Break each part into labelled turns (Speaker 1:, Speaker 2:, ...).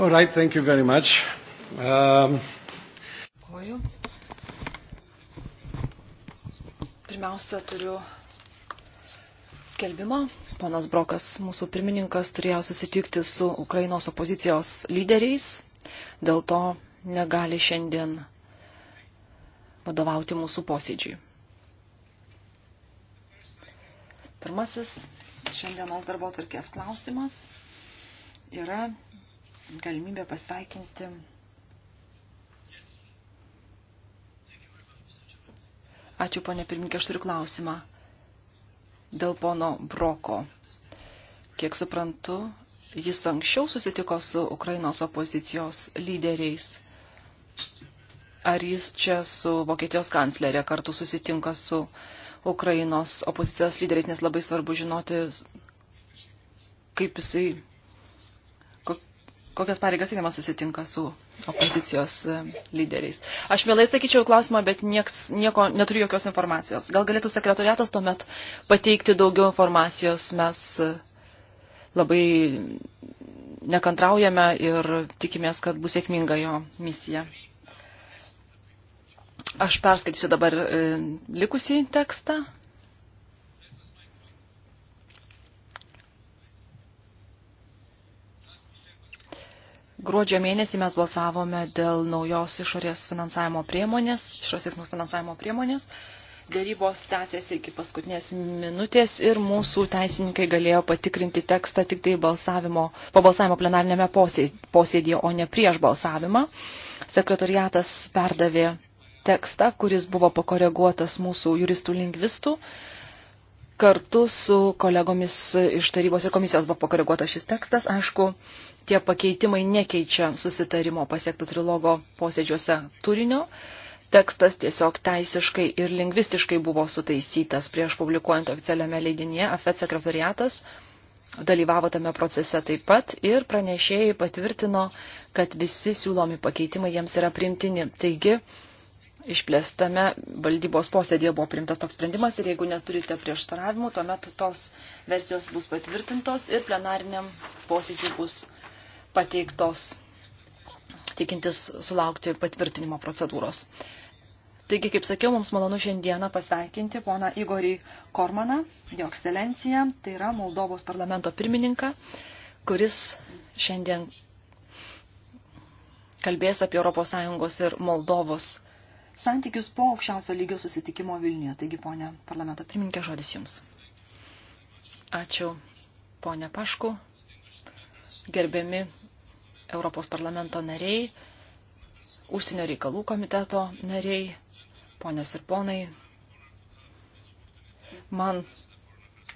Speaker 1: All right, thank you very much. Um...
Speaker 2: Dėkuoju.
Speaker 3: Pirmiausia, turiu skelbimą. Ponas Brokas, mūsų pirmininkas, turėjo susitikti su Ukrainos opozicijos lyderiais, dėl to negali šiandien vadovauti mūsų posėdžiui. Pirmasis šiandienos darbo tvarkės klausimas yra galimybę pasveikinti Ačiū, ponė pirmininkė, aš turiu klausimą dėl pono Broko. Kiek suprantu, jis anksčiau susitiko su Ukrainos opozicijos lyderiais. Ar jis čia su Vokietijos kanclerė kartu susitinka su Ukrainos opozicijos lyderiais, nes labai svarbu žinoti, kaip jisai kokias pareigas einamas susitinka su opozicijos e, lyderiais. Aš vėlai sakyčiau klausimą, bet nieks, nieko neturiu jokios informacijos. Gal galėtų sekretoriatas tuomet pateikti daugiau informacijos, mes e, labai nekantraujame ir tikimės, kad bus sėkminga jo misija. Aš perskaitysiu dabar e, likusį tekstą. Gruodžio mėnesį mes balsavome dėl naujos išorės finansavimo priemonės, išorės finansavimo priemonės. Dėrybos tęsėsi iki paskutinės minutės ir mūsų teisininkai galėjo patikrinti tekstą tik tai balsavimo, po balsavimo plenarinėme posėdėje, o ne prieš balsavimą. Sekretariatas perdavė tekstą, kuris buvo pakoreguotas mūsų juristų lingvistų kartu su kolegomis iš tarybos ir komisijos buvo pakoreguotas šis tekstas. Aišku, tie pakeitimai nekeičia susitarimo pasiektų trilogo posėdžiuose turinio. Tekstas tiesiog teisiškai ir lingvistiškai buvo sutaisytas prieš publikuojant oficialiame leidinėje. AFET sekretariatas dalyvavo tame procese taip pat ir pranešėjai patvirtino, kad visi siūlomi pakeitimai jiems yra primtini. Taigi, išplėstame valdybos posėdėje buvo priimtas toks sprendimas ir jeigu neturite prieštaravimų, tuomet tos versijos bus patvirtintos ir plenariniam posėdžiui bus pateiktos, tikintis sulaukti patvirtinimo procedūros. Taigi, kaip sakiau, mums malonu šiandieną pasveikinti poną Igorį Kormaną, jo ekscelenciją, tai yra Moldovos parlamento pirmininką, kuris šiandien kalbės apie ES ir Moldovos santykius po aukščiausio lygio susitikimo Vilniuje. Taigi, ponė parlamento pirmininkė, žodis jums. Ačiū, ponė Pašku, gerbiami Europos parlamento nariai, užsienio reikalų komiteto nariai, ponios ir ponai. Man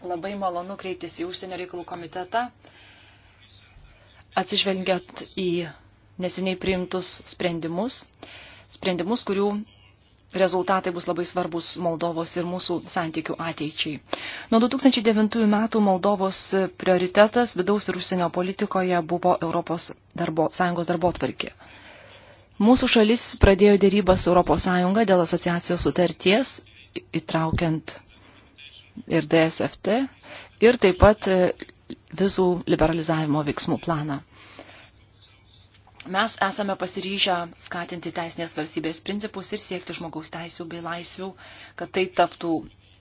Speaker 3: labai malonu kreiptis į užsienio reikalų komitetą, atsižvelgiant į neseniai priimtus sprendimus, sprendimus, kurių rezultatai bus labai svarbus Moldovos ir mūsų santykių ateičiai. Nuo 2009 metų Moldovos prioritetas vidaus ir užsienio politikoje buvo Europos darbo, Sąjungos darbo tvarkė. Mūsų šalis pradėjo dėrybą su Europos Sąjunga dėl asociacijos sutarties, įtraukiant ir DSFT, ir taip pat e, vizų liberalizavimo veiksmų planą. Mes esame pasiryžę skatinti teisinės valstybės principus ir siekti žmogaus teisų bei laisvių, kad tai taptų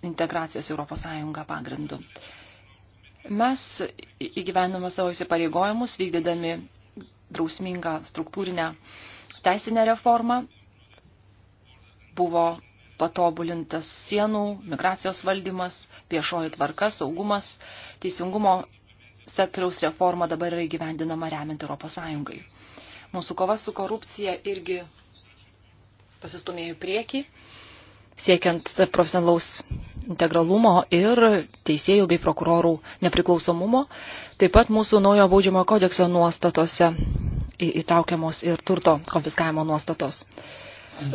Speaker 3: integracijos Europos Sąjunga pagrindu. Mes įgyvendame savo įsipareigojimus, vykdydami drausmingą struktūrinę teisinę reformą. Buvo patobulintas sienų, migracijos valdymas, viešoji tvarka, saugumas, teisingumo sektoriaus reforma dabar yra įgyvendinama remiant Europos Sąjungai. Mūsų kova su korupcija irgi pasistumėjo į priekį, siekiant profesionalaus integralumo ir teisėjų bei prokurorų nepriklausomumo. Taip pat mūsų naujo baudžiamo kodekso nuostatose įtraukiamos ir turto konfiskavimo nuostatos.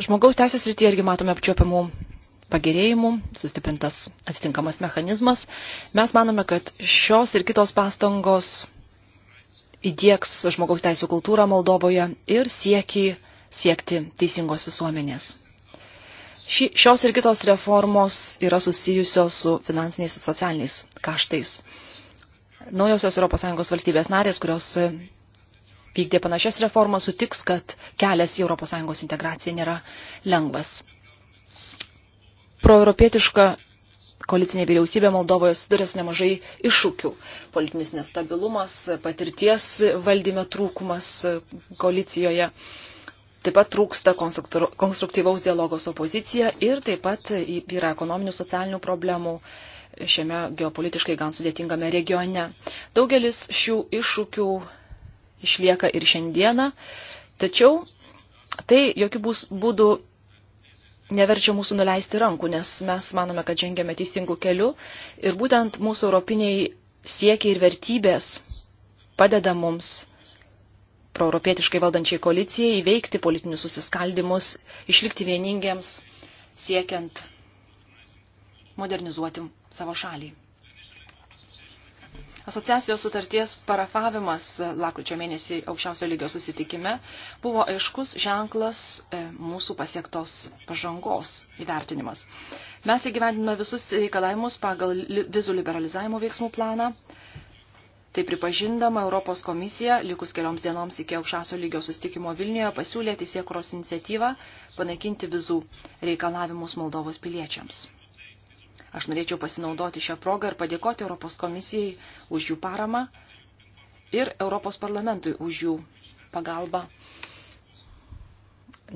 Speaker 3: Žmogaus teisės rytyje irgi matome apčiuopiamų pagerėjimų, sustiprintas atitinkamas mechanizmas. Mes manome, kad šios ir kitos pastangos įdėks žmogaus teisų kultūrą Moldovoje ir sieki siekti teisingos visuomenės. Ši, šios ir kitos reformos yra susijusios su finansiniais ir socialiniais kaštais. Naujosios ES valstybės narės, kurios e, vykdė panašias reformas, sutiks, kad kelias į ES integraciją nėra lengvas. Proeuropietiška koalicinė vyriausybė Moldovoje sudarė su nemažai iššūkių. Politinis nestabilumas, patirties valdyme trūkumas koalicijoje. Taip pat trūksta konstruktyvaus dialogo su opozicija ir taip pat yra ekonominių socialinių problemų šiame geopolitiškai gan sudėtingame regione. Daugelis šių iššūkių išlieka ir šiandieną, tačiau tai jokių būdų neverčia mūsų nuleisti rankų, nes mes manome, kad žengėme teisingų kelių ir būtent mūsų europiniai siekiai ir vertybės padeda mums proeuropietiškai valdančiai koalicijai įveikti politinius susiskaldimus, išlikti vieningiems, siekiant modernizuoti savo šalį. Asociacijos sutarties parafavimas lakryčio mėnesį aukščiausio lygio susitikime buvo aiškus ženklas e, mūsų pasiektos pažangos įvertinimas. Mes įgyvendiname visus reikalavimus pagal vizų liberalizavimo veiksmų planą. Tai pripažindama Europos komisija, likus kelioms dienoms iki aukščiausio lygio sustikimo Vilniuje, pasiūlė teisėkuros iniciatyvą panaikinti vizų reikalavimus Moldovos piliečiams. Aš norėčiau pasinaudoti šią progą ir padėkoti Europos komisijai už jų paramą ir Europos parlamentui už jų pagalbą,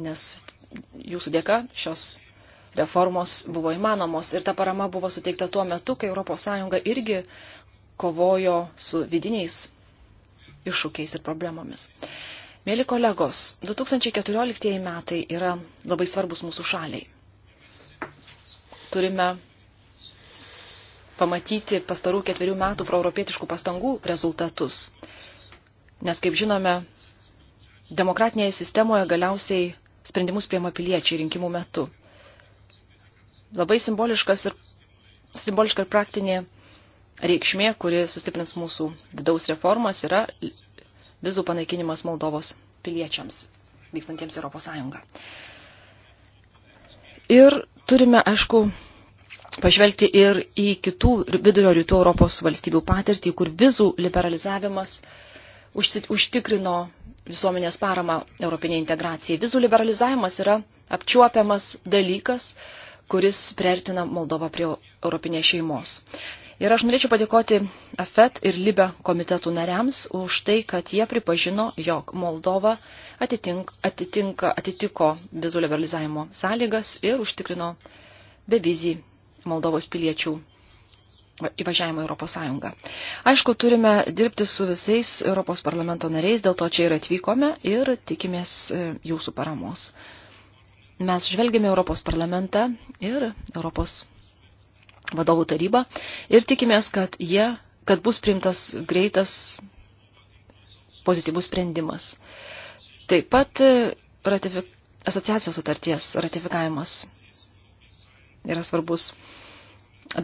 Speaker 3: nes jūsų dėka šios reformos buvo įmanomos ir ta parama buvo suteikta tuo metu, kai ES irgi kovojo su vidiniais iššūkiais ir problemomis. Mėly kolegos, 2014 metai yra labai svarbus mūsų šaliai. Turime pamatyti pastarų ketverių metų proeuropietiškų pastangų rezultatus. Nes, kaip žinome, demokratinėje sistemoje galiausiai sprendimus priema piliečiai rinkimų metu. Labai simboliškas ir, simboliška ir praktinė reikšmė, kuri sustiprins mūsų vidaus reformas, yra vizų panaikinimas Moldovos piliečiams vykstantiems Europos Sąjungą. Ir turime, aišku, pažvelgti ir į kitų vidurio rytų Europos valstybių patirtį, kur vizų liberalizavimas užtikrino visuomenės paramą europinė integracijai. Vizų liberalizavimas yra apčiuopiamas dalykas, kuris priartina Moldovą prie europinės šeimos. Ir aš norėčiau padėkoti AFET ir LIBE komitetų nariams už tai, kad jie pripažino, jog Moldova atitink, atitinka, atitiko vizų liberalizavimo sąlygas ir užtikrino bevizį Moldovos piliečių įvažiavimo Europos Sąjungą. Aišku, turime dirbti su visais Europos parlamento nariais, dėl to čia ir atvykome ir tikimės e, jūsų paramos. Mes žvelgėme Europos parlamentą ir Europos vadovų tarybą ir tikimės, kad, jie, kad bus priimtas greitas pozityvus sprendimas. Taip pat e, ratifik... asociacijos sutarties ratifikavimas yra svarbus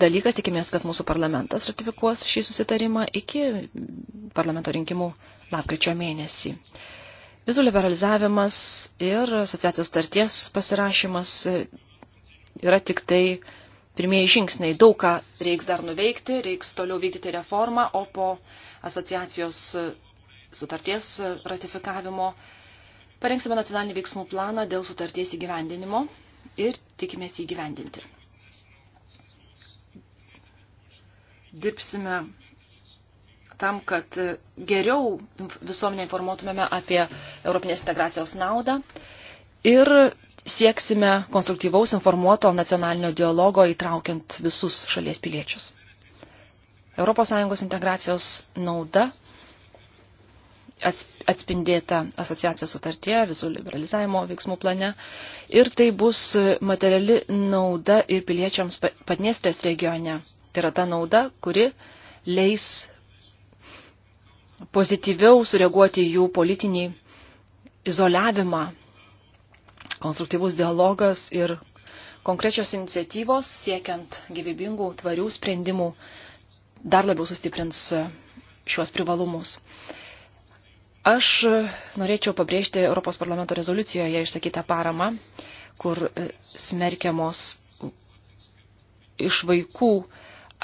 Speaker 3: dalykas. Tikimės, kad mūsų parlamentas ratifikuos šį susitarimą iki parlamento rinkimų lapkričio mėnesį. Vizų liberalizavimas ir asociacijos starties pasirašymas yra tik tai pirmieji žingsniai. Daug ką reiks dar nuveikti, reiks toliau vykdyti reformą, o po asociacijos sutarties ratifikavimo parengsime nacionalinį veiksmų planą dėl sutarties įgyvendinimo ir tikimės įgyvendinti. Dirbsime tam, kad geriau visuomenę informuotumėme apie Europinės integracijos naudą ir sieksime konstruktyvaus informuoto nacionalinio dialogo įtraukiant visus šalies piliečius. ES integracijos nauda atspindėta asociacijos sutartie, visų liberalizavimo veiksmų plane. Ir tai bus materiali nauda ir piliečiams Padniestrės regione. Tai yra ta nauda, kuri leis pozityviau sureaguoti jų politinį izoliavimą. Konstruktyvus dialogas ir konkrečios iniciatyvos siekiant gyvybingų, tvarių sprendimų dar labiau sustiprins šiuos privalumus. Aš norėčiau pabrėžti Europos parlamento rezoliucijoje išsakytą paramą, kur e, smerkiamos iš vaikų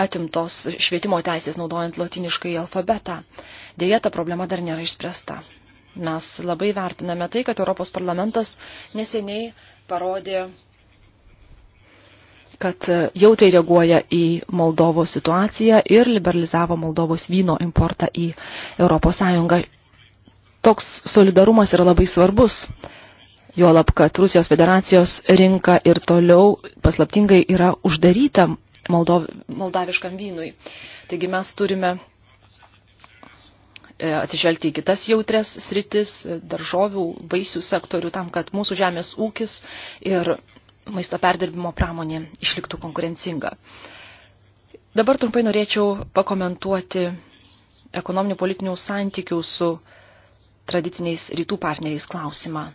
Speaker 3: atimtos švietimo teisės naudojant lotiniškai alfabetą. Deja, ta problema dar nėra išspręsta. Mes labai vertiname tai, kad Europos parlamentas neseniai parodė, kad e, jautriai reaguoja į Moldovos situaciją ir liberalizavo Moldovos vyno importą į Europos Sąjungą Toks solidarumas yra labai svarbus. Juolab, kad Rusijos federacijos rinka ir toliau paslaptingai yra uždaryta Moldov, moldaviškam vynui. Taigi mes turime e, atsižvelgti į kitas jautres sritis, daržovių, vaisių sektorių, tam, kad mūsų žemės ūkis ir maisto perdirbimo pramonė išliktų konkurencinga. Dabar trumpai norėčiau pakomentuoti ekonominių politinių santykių su tradiciniais rytų partneriais klausimą.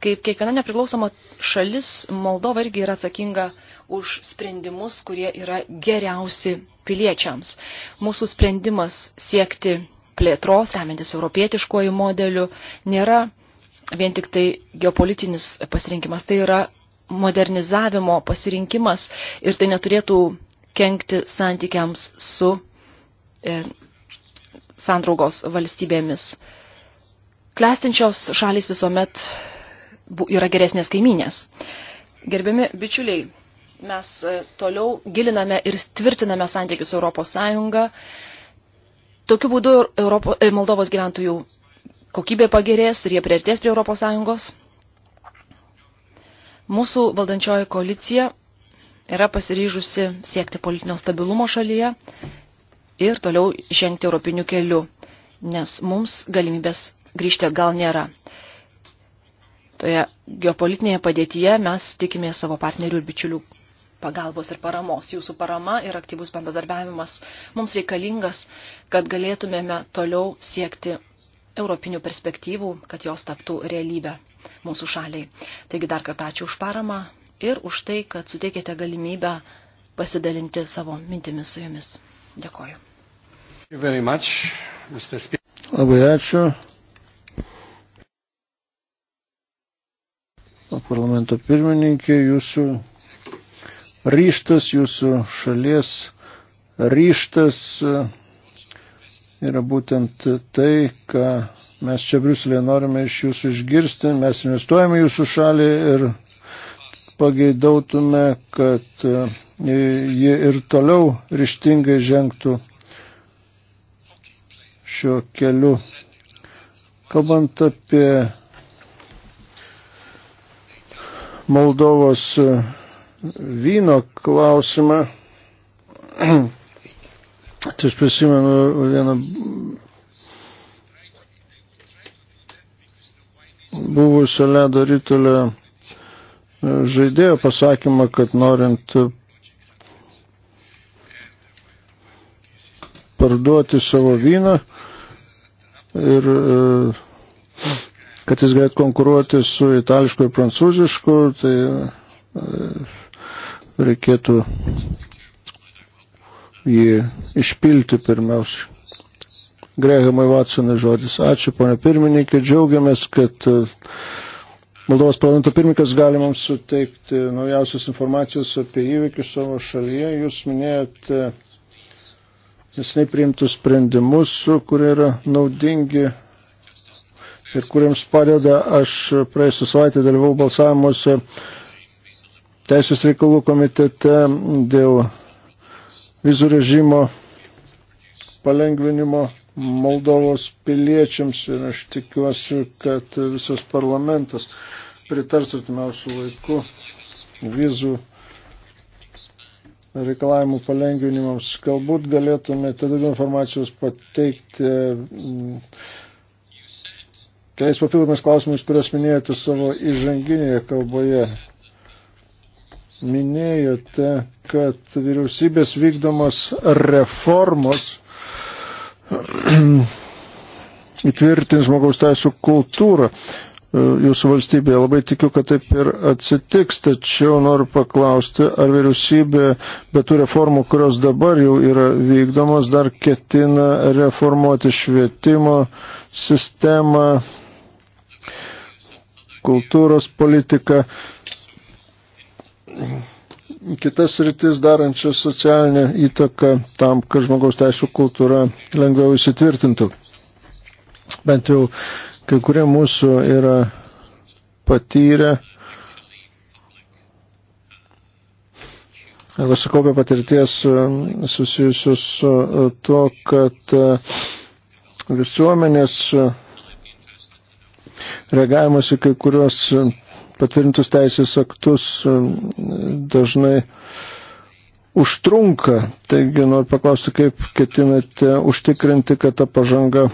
Speaker 3: Kaip kiekviena nepriklausoma šalis, Moldova irgi yra atsakinga už sprendimus, kurie yra geriausi piliečiams. Mūsų sprendimas siekti plėtros, remiantis europietiškojų modelių, nėra vien tik tai geopolitinis pasirinkimas, tai yra modernizavimo pasirinkimas ir tai neturėtų kenkti santykiams su e, sandraugos valstybėmis. Klestinčios šalis visuomet yra geresnės kaiminės. Gerbiami bičiuliai, mes e, toliau giliname ir tvirtiname santykius Europos Sąjungą. Tokiu būdu Europo, e, Moldovos gyventojų kokybė pagerės ir jie priartės prie Europos Sąjungos. Mūsų valdančioji koalicija yra pasiryžusi siekti politinio stabilumo šalyje ir toliau žengti europiniu keliu, nes mums galimybės grįžti atgal nėra. Toje geopolitinėje padėtyje mes tikime savo partnerių ir bičiulių pagalbos ir paramos. Jūsų parama ir aktyvus bendradarbiavimas mums reikalingas, kad galėtumėme toliau siekti europinių perspektyvų, kad jos taptų realybę mūsų šaliai. Taigi dar kartą ačiū už paramą ir už tai, kad suteikėte galimybę pasidalinti savo mintimis su jumis. Dėkoju.
Speaker 4: Much,
Speaker 1: Labai ačiū. Parlamento pirmininkė, jūsų ryštas, jūsų šalies ryštas e, yra būtent tai, ką mes čia Briuselėje norime iš jūsų išgirsti. Mes investuojame jūsų šalį ir pageidautume, kad e, ji ir toliau ryštingai žengtų šiuo keliu. Kalbant apie Moldovos vyno klausimą, tai aš prisimenu vieną buvusio ledo rytulio žaidėjo pasakymą, kad norint parduoti savo vyną, ir e, kad jis galėtų konkuruoti su itališku ir prancūzišku, tai e, reikėtų jį išpilti pirmiausia. Grehamai Vatsonai žodis. Ačiū, ponė pirmininkė, džiaugiamės, kad e, Moldovos parlamento pirmininkas gali mums suteikti naujausios informacijos apie įvykius savo šalyje. Jūs minėjote nesnei priimtus sprendimus, kurie yra naudingi ir kuriems padeda. Aš praėjusią savaitę dalyvau balsavimuose Teisės reikalų komitete dėl vizų režimo palengvinimo Moldovos piliečiams ir aš tikiuosi, kad visas parlamentas pritars artimiausių laikų vizų reikalavimų palengvinimams. Galbūt galėtumėte daugiau informacijos pateikti mm, keliais papildomais klausimais, kuriuos minėjote savo įžanginėje kalboje. Minėjote, kad vyriausybės vykdomos reformos įtvirtins žmogaus teisų kultūrą. E, jūsų valstybėje. Labai tikiu, kad taip ir atsitiks, tačiau noriu paklausti, ar vyriausybė be tų reformų, kurios dabar jau yra vykdomos, dar ketina reformuoti švietimo sistemą, kultūros politiką, kitas rytis darančias socialinę įtaką tam, kad žmogaus teisų kultūra lengviau įsitvirtintų. Bent jau uh, Kai kurie mūsų yra patyrę arba sukaupę patirties e, susijusius su e, to, kad e, visuomenės reagavimas į kai kurios patvirtintus teisės aktus dažnai užtrunka. Taigi noriu paklausti, kaip ketinate užtikrinti, kad ta pažanga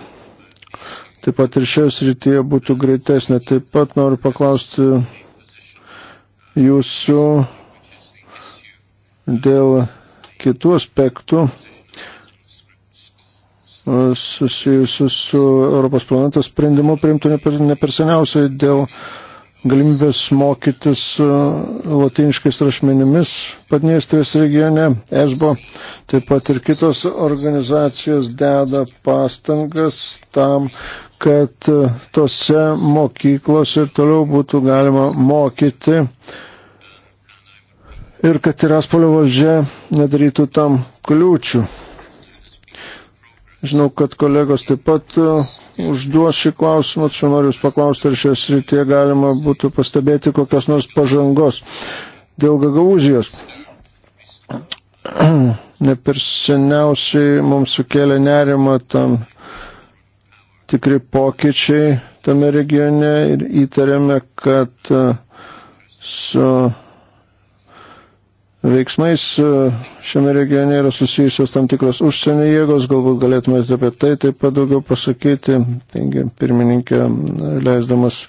Speaker 1: taip pat ir šioje srityje būtų greitesnė. Taip pat noriu paklausti jūsų dėl kitų aspektų e, susijusių su Europos planeto sprendimu priimtų ne per seniausiai dėl galimybės mokytis e, latiniškais rašmenimis Padniestrės regione, ESBO, taip pat ir kitos organizacijos deda pastangas tam, kad e, tose mokyklose ir toliau būtų galima mokyti ir kad Tiraspolio valdžia nedarytų tam kliūčių. Žinau, kad kolegos taip pat e, užduos šį klausimą, čia noriu Jūs paklausti, ar šioje srityje galima būtų pastebėti kokios nors pažangos dėl gagaūzijos. Ne per seniausiai mums sukėlė nerima tam tikri pokyčiai tame regione ir įtariame, kad e, su veiksmais e, šiame regione yra susijusios tam tikros užsienio jėgos, galbūt galėtumėte apie tai taip pat daugiau pasakyti. Taigi, pirmininkė, leisdamas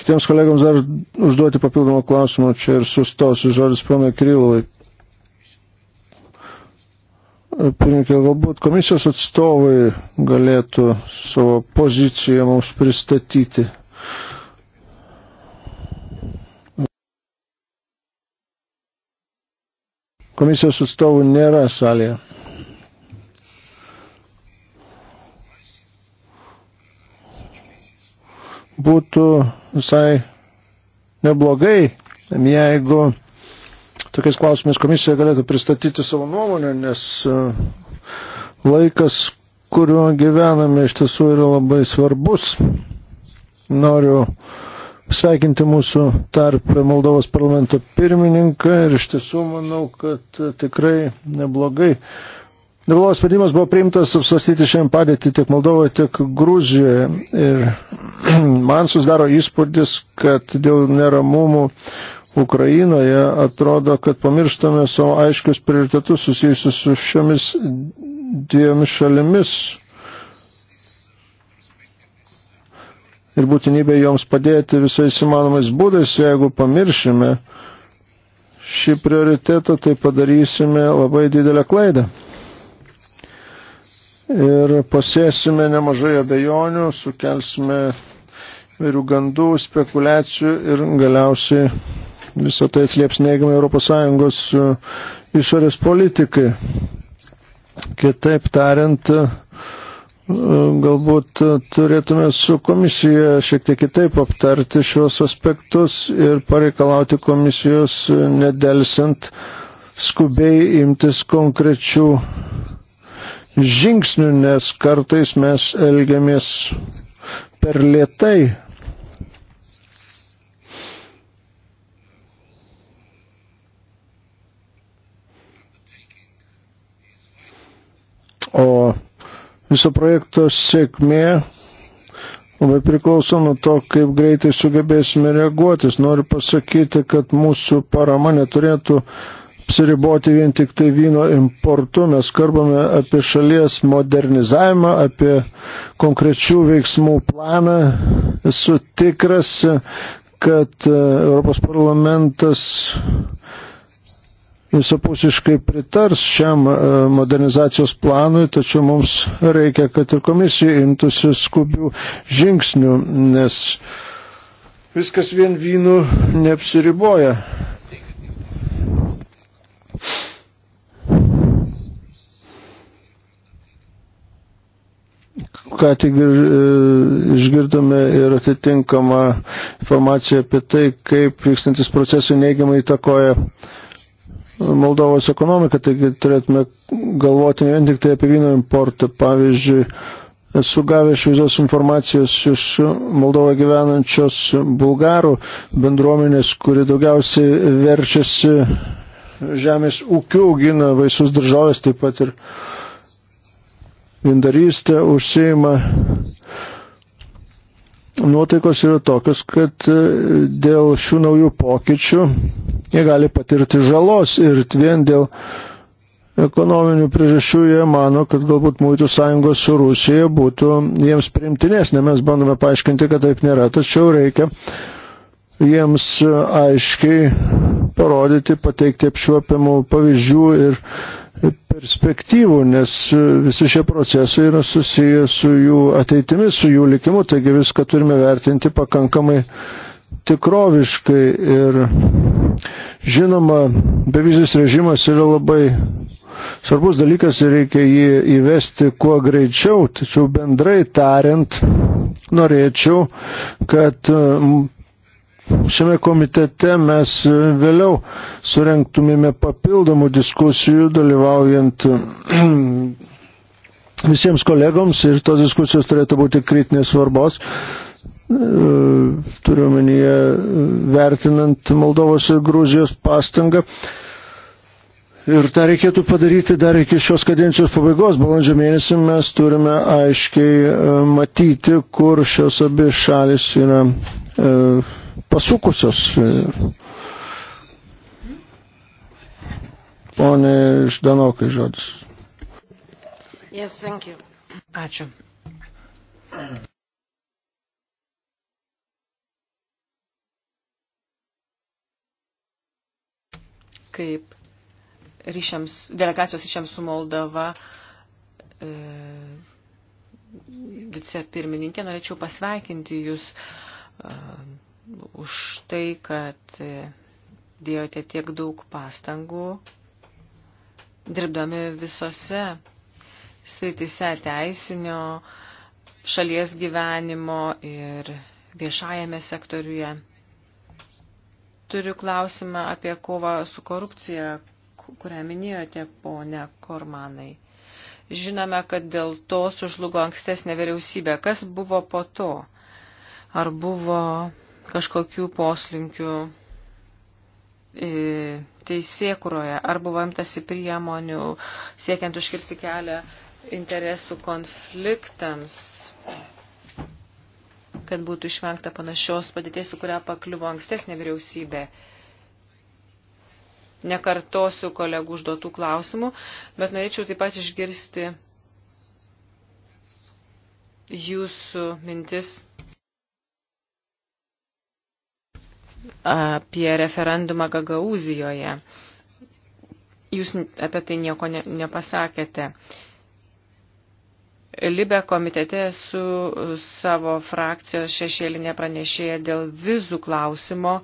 Speaker 1: kitiems kolegams dar užduoti papildomą klausimą, čia ir sustosiu žodis pana Krylovai. Pirinkė, galbūt komisijos atstovai galėtų savo poziciją mums pristatyti. Komisijos atstovų nėra salėje. Būtų visai neblogai, jeigu tokiais klausimais komisija galėtų pristatyti savo nuomonę, nes e, laikas, kuriuo gyvename, iš tiesų yra labai svarbus. Noriu sveikinti mūsų tarp Moldovos parlamento pirmininką ir iš tiesų manau, kad tikrai neblogai Dabalos sprendimas buvo priimtas apsvarstyti šiandien padėtį tiek Moldovoje, tiek Gruzijoje. Ir man susidaro įspūdis, kad dėl neramumų Ukrainoje atrodo, kad pamirštame savo aiškius prioritetus susijusius su šiomis dviejomis šalimis ir būtinybė joms padėti visais įmanomais būdais, jeigu pamiršime šį prioritetą, tai padarysime labai didelę klaidą. Ir pasėsime nemažai abejonių, sukelsime vairių gandų, spekulacijų ir galiausiai visą tai atslieps neigiamai ES e, išorės politikai. Kitaip tariant, e, galbūt e, turėtume su komisija šiek tiek kitaip aptarti šios aspektus ir pareikalauti komisijos nedelsint skubiai imtis konkrečių žingsnių, nes kartais mes elgiamės per lietai O viso projekto sėkmė labai priklauso nuo to, kaip greitai sugebėsime reaguotis. Noriu pasakyti, kad mūsų parama neturėtų apsiriboti vien tik tai vyno importu. Mes kalbame apie šalies modernizavimą, apie konkrečių veiksmų planą. Esu tikras, kad Europos parlamentas visapusiškai pritars šiam e, modernizacijos planui, tačiau mums reikia, kad ir komisija imtųsi skubių žingsnių, nes viskas vien vynų neapsiriboja. ką tik ir, e, išgirdome ir atitinkamą informaciją apie tai, kaip vykstantis procesai neigiamai įtakoja uh, Moldovos ekonomiką, taigi turėtume galvoti ne vien tik tai apie vyno importą. Pavyzdžiui, esu gavęs švizos informacijos iš Moldovoje gyvenančios bulgarų bendruomenės, kuri daugiausiai verčiasi žemės ūkių, augina vaisius daržovės, taip pat ir vindarystę užsieima. Nuotaikos yra tokios, kad dėl šių naujų pokyčių jie gali patirti žalos ir vien dėl ekonominių priežasčių jie mano, kad galbūt mūtų sąjungos su Rusija būtų jiems primtinesnė. Mes bandome paaiškinti, kad taip nėra, tačiau reikia jiems aiškiai parodyti, pateikti apčiuopiamų pavyzdžių ir perspektyvų, nes visi šie procesai yra susiję su jų ateitimi, su jų likimu, taigi viską turime vertinti pakankamai tikroviškai ir žinoma, bevizis režimas yra labai svarbus dalykas ir reikia jį įvesti kuo greičiau, tačiau bendrai tariant, norėčiau, kad šiame komitete mes vėliau surenktumėme papildomų diskusijų dalyvaujant visiems kolegoms ir tos diskusijos turėtų būti kritinės svarbos E, turiuomenyje vertinant Moldovos ir Gruzijos pastangą. Ir tą reikėtų padaryti dar iki šios kadencijos pabaigos. Balandžio mėnesį mes turime aiškiai e, matyti, kur šios abi šalis yra e, pasukusios. Pone Ždanokai žodis.
Speaker 4: Yes, thank you. Ačiū.
Speaker 2: kaip ryšiams, delegacijos ryšiams su Moldova e, vicepirmininkė, norėčiau pasveikinti Jūs e, už tai, kad e, dėjote tiek daug pastangų, dirbdami visose sritise teisinio, šalies gyvenimo ir viešajame sektoriuje. Turiu klausimą apie kovą su korupcija, kurią minėjote, ponė Kormanai. Žinome, kad dėl to sužlugo ankstesnė vyriausybė. Kas buvo po to? Ar buvo kažkokių poslinkių e, teisėkuroje, ar buvo imtasi priemonių siekiant užkirsti kelią interesų konfliktams kad būtų išvengta panašios padėties, su kuria pakliuvo ankstesnė vyriausybė. Nekartosiu kolegų užduotų klausimų, bet norėčiau taip pat išgirsti jūsų mintis apie referendumą Gagauzijoje. Jūs apie tai nieko ne, nepasakėte. Uh, Libe komitete esu savo frakcijos šešėlinė pranešėja dėl vizų klausimo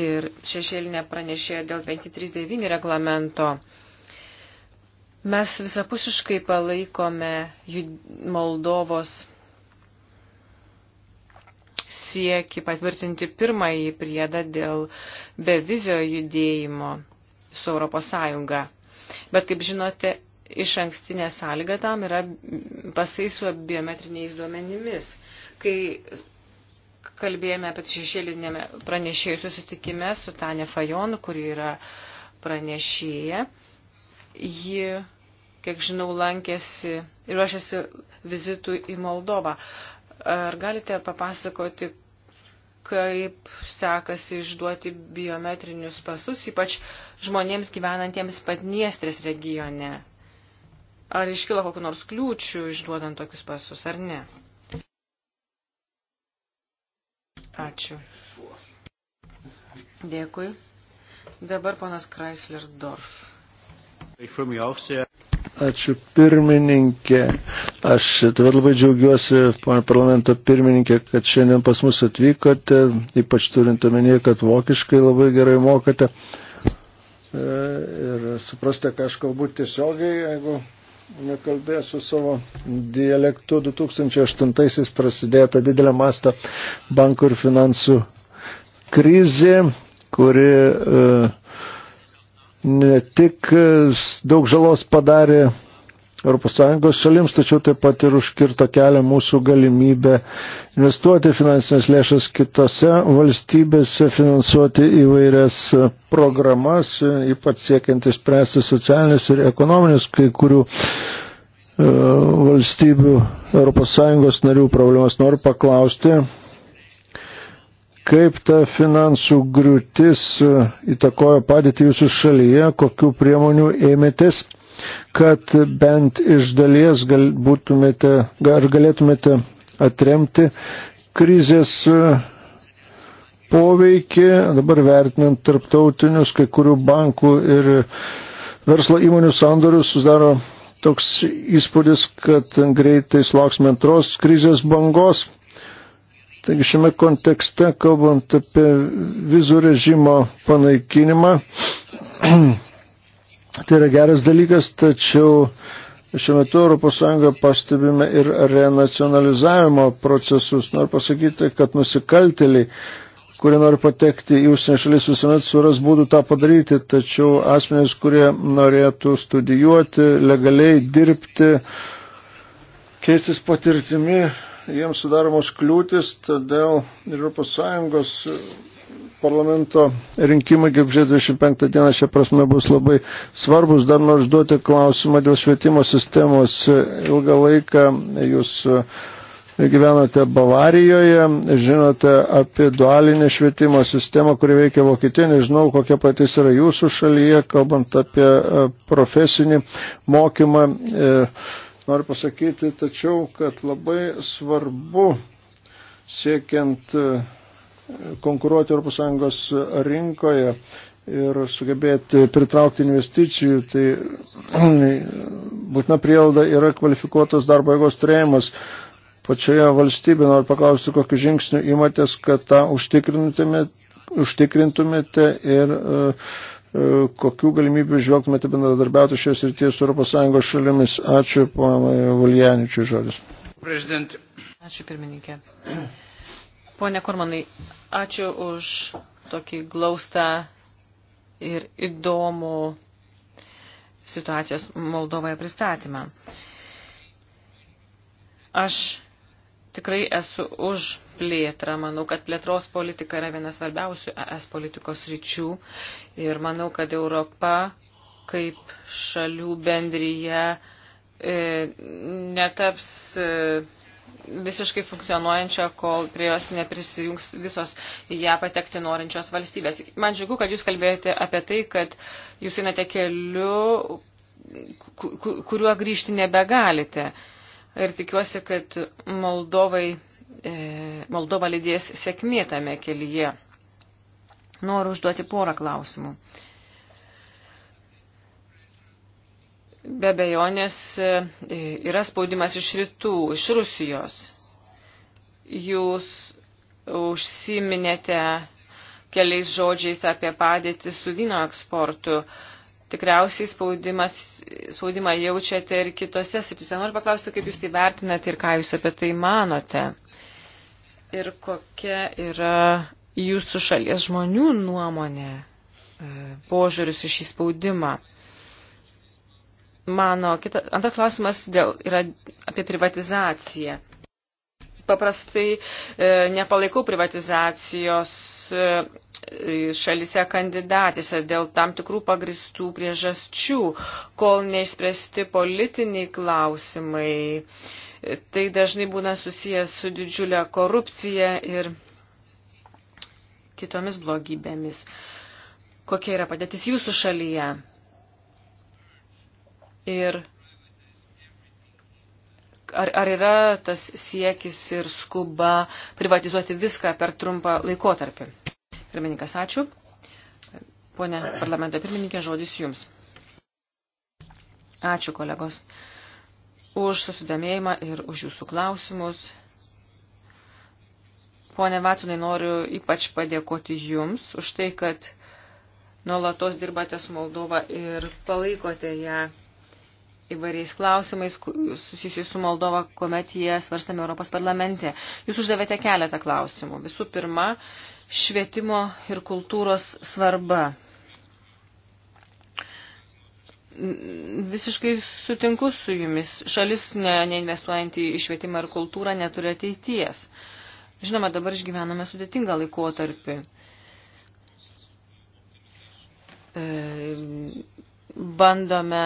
Speaker 2: ir šešėlinė pranešėja dėl 539 reglamento. Mes visapusiškai palaikome Moldovos sieki patvirtinti pirmąjį priedą dėl bevizio judėjimo su Europos Sąjunga. Bet kaip žinote, iš ankstinė sąlyga tam yra pasai su biometriniais duomenimis. Kai kalbėjome apie šešėlinėme pranešėjų susitikime su Tane Fajon, kuri yra pranešėja, ji, kiek žinau, lankėsi ir ruošiasi vizitų į Moldovą. Ar galite papasakoti, kaip sekasi išduoti biometrinius pasus, ypač žmonėms gyvenantiems Padniestrės regione? Ar iškilo kokiu nors kliūčių išduodant tokius pasus, ar ne? Ačiū. Dėkui. Dabar ponas Chrysler Dorf.
Speaker 1: Ačiū pirmininkė. Aš taip pat labai džiaugiuosi, ponė parlamento pirmininkė, kad šiandien pas mus atvykote, ypač turint omenyje, kad vokiškai labai gerai mokate. E, ir suprastė, ką aš kalbu tiesiogiai, jeigu nekalbėsiu savo dialektu. 2008-aisiais prasidėjo ta didelė masta bankų ir finansų krizė, kuri e, ne tik daug žalos padarė ES šalims, tačiau taip pat ir užkirto kelią mūsų galimybę investuoti finansinės lėšas kitose valstybėse, finansuoti įvairias programas, ypač siekiant išspręsti socialinius ir ekonominius kai kurių e, valstybių ES narių problemas. Noriu paklausti, kaip ta finansų griūtis e, įtakojo padėti jūsų šalyje, kokiu priemonių ėmėtės kad bent iš dalies gal, būtumėte, ar galėtumėte atremti krizės e, poveikį, dabar vertinant tarptautinius kai kurių bankų ir verslo įmonių sandorius, susidaro toks įspūdis, kad greitai sulauksime antros krizės bangos. Taigi šiame kontekste, kalbant apie vizų režimo panaikinimą, Tai yra geras dalykas, tačiau šiuo metu ES pastebime ir renacionalizavimo procesus. Noriu pasakyti, kad nusikaltėliai, kurie nori patekti į užsienio šalis, visuomet suras būdų tą padaryti, tačiau asmenys, kurie norėtų studijuoti, legaliai dirbti, keistis patirtimi, jiems sudaromos kliūtis, todėl ES parlamento rinkimai, kaip žiūrėt, 25 dieną šią prasme bus labai svarbus. Dar noriu užduoti klausimą dėl švietimo sistemos. Ilgą laiką jūs e, gyvenote Bavarijoje, žinote apie dualinę švietimo sistemą, kuri veikia Vokietijoje. Nežinau, kokia patys yra jūsų šalyje, kalbant apie e, profesinį mokymą. E, noriu pasakyti, tačiau, kad labai svarbu siekiant konkuruoti ES rinkoje ir sugebėti pritraukti investicijų, tai būtina prielda yra kvalifikuotos darbo jėgos turėjimas. Pačioje valstybėje noriu paklausti, kokiu žingsniu įmatės, kad tą užtikrintumėte ir uh, kokių galimybių žvelgtumėte bendradarbiauti šioje srityje su ES šalimis. Ačiū, ponai Valjaničiui, žodis.
Speaker 4: Prezident. Ačiū, pirmininkė.
Speaker 2: Pone Kormanai, ačiū už tokį glaustą ir įdomų situacijos Moldovoje pristatymą. Aš tikrai esu už plėtrą. Manau, kad plėtros politika yra vienas svarbiausių ES politikos ryčių ir manau, kad Europa kaip šalių bendryje e, netaps. E, visiškai funkcionuojančią, kol prie jos neprisijungs visos ją patekti norinčios valstybės. Man džiugu, kad jūs kalbėjote apie tai, kad jūs einate keliu, kuriuo grįžti nebegalite. Ir tikiuosi, kad Moldovai, e, Moldova lydės sėkmė tame kelyje. Noriu užduoti porą klausimų. Be bejonės e, yra spaudimas iš rytų, iš Rusijos. Jūs užsiminėte keliais žodžiais apie padėtį su vyno eksportu. Tikriausiai spaudimą jaučiate ir kitose srityse. Noriu paklausti, kaip jūs tai vertinate ir ką jūs apie tai manote. Ir kokia yra jūsų šalies žmonių nuomonė, e, požiūris į šį spaudimą mano. Kita, antras klausimas dėl, yra apie privatizaciją. Paprastai e, nepalaikau privatizacijos e, šalise kandidatėse dėl tam tikrų pagristų priežasčių, kol neišspręsti politiniai klausimai. E, tai dažnai būna susijęs su didžiulė korupcija ir kitomis blogybėmis. Kokia yra padėtis jūsų šalyje? Ir ar, ar yra tas siekis ir skuba privatizuoti viską per trumpą laikotarpį? Pirmininkas, ačiū. Pone parlamento pirmininkė, žodis jums. Ačiū, kolegos, už susidomėjimą ir už jūsų klausimus. Pone Vatsonai, noriu ypač padėkoti Jums už tai, kad nuolatos dirbate su Moldova ir palaikote ją įvairiais klausimais susijusiais su Moldova, kuomet jie svarstami Europos parlamente. Jūs uždavėte keletą klausimų. Visų pirma, švietimo ir kultūros svarba. Visiškai sutinku su jumis. Šalis ne, neinvestuojant į švietimą ir kultūrą neturi ateities. Žinoma, dabar išgyvename sudėtingą laikotarpį. E, bandome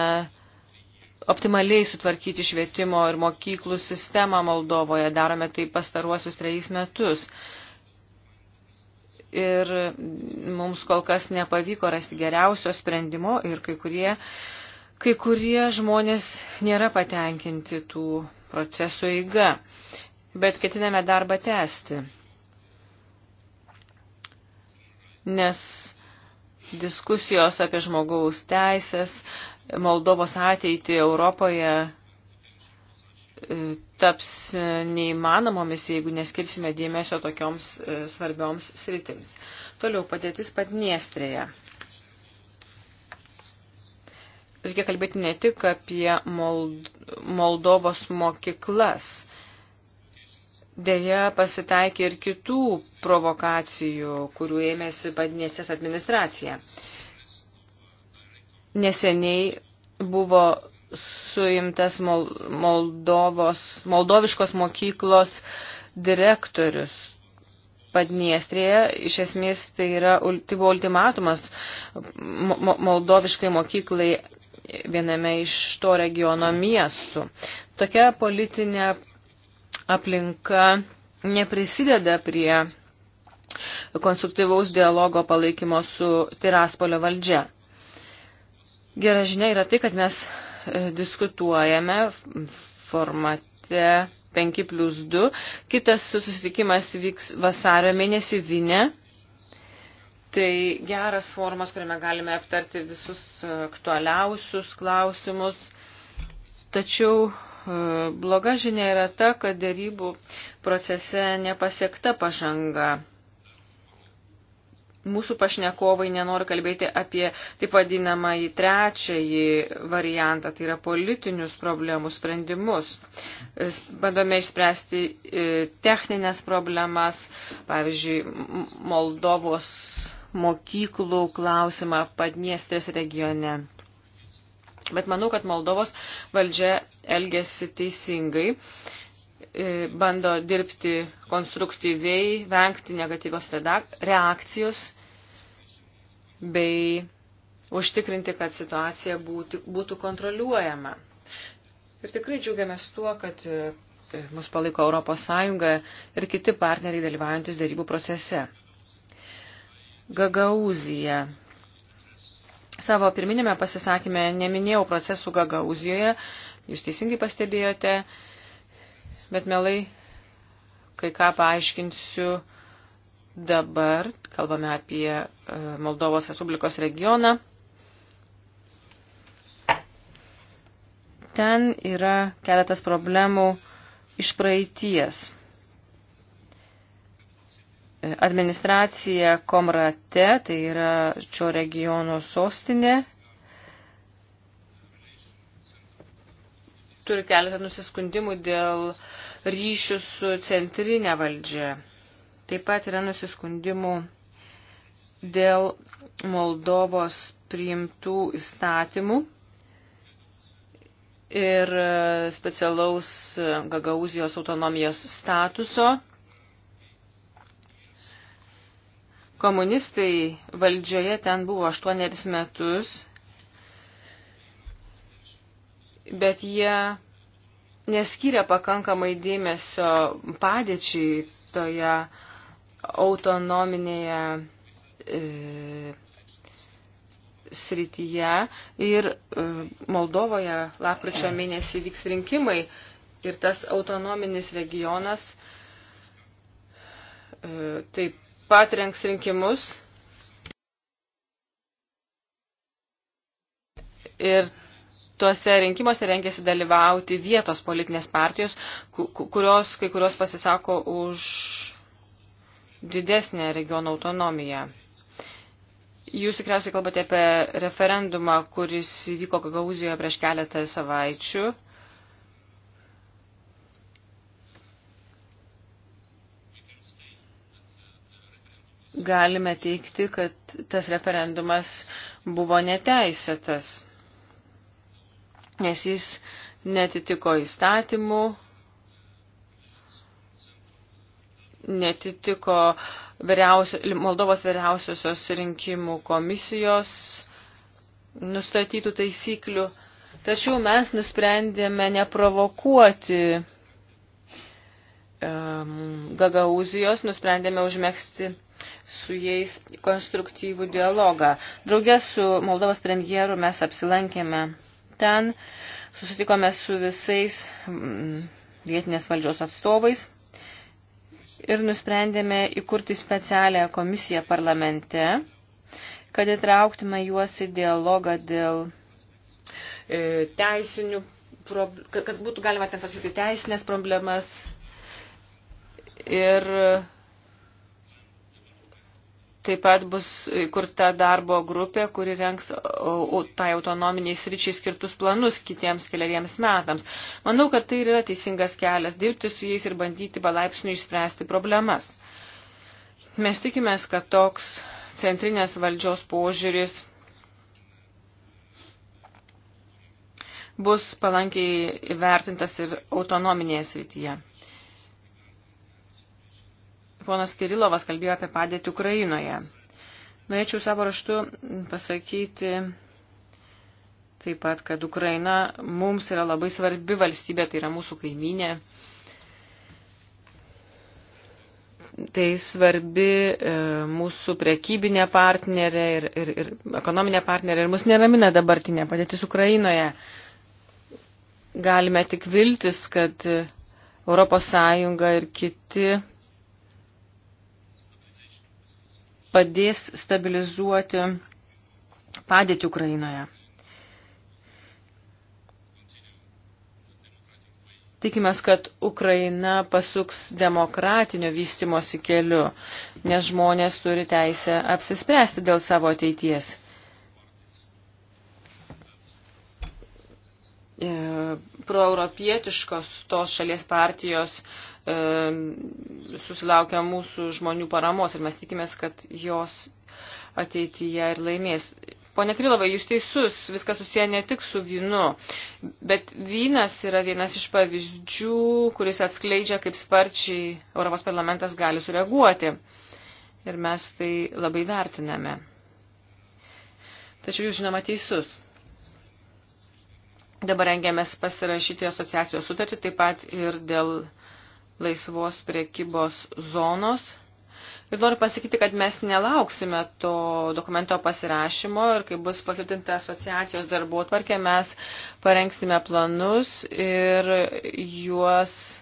Speaker 2: optimaliai sutvarkyti švietimo ir mokyklų sistemą Moldovoje. Darome tai pastaruosius trejus metus. Ir mums kol kas nepavyko rasti geriausio sprendimo ir kai kurie, kai kurie žmonės nėra patenkinti tų procesų eiga. Bet ketiname darbą tęsti. Nes diskusijos apie žmogaus teisės, Moldovos ateitį Europoje e, taps neįmanomomis, jeigu neskirsime dėmesio tokioms e, svarbioms sritims. Toliau padėtis Padniestrėje. Reikia kalbėti ne tik apie Moldovos mokyklas. Deja, pasitaikė ir kitų provokacijų, kurių ėmėsi Padniestės administracija. Neseniai buvo suimtas Moldovos, moldoviškos mokyklos direktorius Padniestrėje. Iš esmės tai, yra, tai buvo ultimatumas mo, moldoviškai mokyklai viename iš to regiono miestų. Tokia politinė aplinka neprisideda prie konstruktyvaus dialogo palaikymo su Tiraspolio valdžia. Gera žinia yra tai, kad mes e, diskutuojame formate 5 plus 2. Kitas susitikimas vyks vasario mėnesį Vinė. Tai geras formas, kuriame galime aptarti visus e, aktualiausius klausimus. Tačiau e, bloga žinia yra ta, kad dėrybų procese nepasiekta pažanga. Mūsų pašnekovai nenori kalbėti apie taip vadinamąjį trečiąjį variantą, tai yra politinius problemų sprendimus. Bandome išspręsti e, techninės problemas, pavyzdžiui, Moldovos mokyklų klausimą Padniestrės regione. Bet manau, kad Moldovos valdžia elgesi teisingai E, bando dirbti konstruktyviai, vengti negatyvios reakcijos bei užtikrinti, kad situacija būtų, būtų kontroliuojama. Ir tikrai džiaugiamės tuo, kad e, e, mus palaiko Europos Sąjunga ir kiti partneriai dalyvaujantis darybų procese. Gagauzija. Savo pirminėme pasisakymė neminėjau procesų Gagauzijoje, jūs teisingai pastebėjote, bet melai kai ką paaiškinsiu dabar. Kalbame apie e, Moldovos Respublikos regioną. Ten yra keletas problemų iš praeities. E, administracija Komrate, tai yra šio regiono sostinė, turi keletą nusiskundimų dėl ryšių su centrinė valdžia. Taip pat yra nusiskundimų dėl Moldovos priimtų įstatymų ir specialaus Gagauzijos autonomijos statuso. Komunistai valdžioje ten buvo aštuoneris metus bet jie neskiria pakankamai dėmesio padėčiai toje autonominėje e, srityje ir e, Moldovoje lapkričio mėnesį vyks rinkimai ir tas autonominis regionas e, taip pat renks rinkimus ir tuose rinkimuose rengėsi dalyvauti vietos politinės partijos, kurios kai kurios pasisako už didesnę regiono autonomiją. Jūs tikriausiai kalbate apie referendumą, kuris vyko Gagauzijoje prieš keletą savaičių. Galime teikti, kad tas referendumas buvo neteisėtas nes jis netitiko įstatymų, netitiko vyriausio, Moldovos vyriausiosios rinkimų komisijos nustatytų taisyklių. Tačiau mes nusprendėme neprovokuoti um, Gagauzijos, nusprendėme užmėgsti su jais konstruktyvų dialogą. Draugė su Moldovos premjeru mes apsilankėme Ten susitikome su visais mm, vietinės valdžios atstovais ir nusprendėme įkurti specialią komisiją parlamente, kad įtrauktume juos į dialogą dėl e, teisinių, kad būtų galima ten pasakyti teisinės problemas ir Taip pat bus kurta darbo grupė, kuri renks tai autonominiai sričiai skirtus planus kitiems keliariems metams. Manau, kad tai yra teisingas kelias dirbti su jais ir bandyti palaipsniui išspręsti problemas. Mes tikimės, kad toks centrinės valdžios požiūris bus palankiai įvertintas ir autonominėje srityje. Ponas Kirilovas kalbėjo apie padėtį Ukrainoje. Norėčiau savo raštu pasakyti taip pat, kad Ukraina mums yra labai svarbi valstybė, tai yra mūsų kaiminė. Tai svarbi e, mūsų prekybinė partnerė ir, ir, ir ekonominė partnerė ir mus neramina dabartinė padėtis Ukrainoje. Galime tik viltis, kad Europos Sąjunga ir kiti padės stabilizuoti padėtį Ukrainoje. Tikimės, kad Ukraina pasuks demokratinio vystimosi keliu, nes žmonės turi teisę apsispręsti dėl savo ateities. E, proeuropietiškos tos šalies partijos uh, susilaukia mūsų žmonių paramos ir mes tikimės, kad jos ateityje ir laimės. Pone Krilovai, jūs teisus, viskas susiję ne tik su vynu, bet vynas yra vienas iš pavyzdžių, kuris atskleidžia, kaip sparčiai Europos parlamentas gali sureaguoti. Ir mes tai labai vertiname. Tačiau jūs žinoma teisus. Dabar rengiamės pasirašyti asociacijos sutartį, taip pat ir dėl uh, laisvos priekybos zonos. Ir noriu pasakyti, kad mes nelauksime to dokumento pasirašymo ir kai bus patvirtinta asociacijos darbo tvarkė, mes parengsime planus ir juos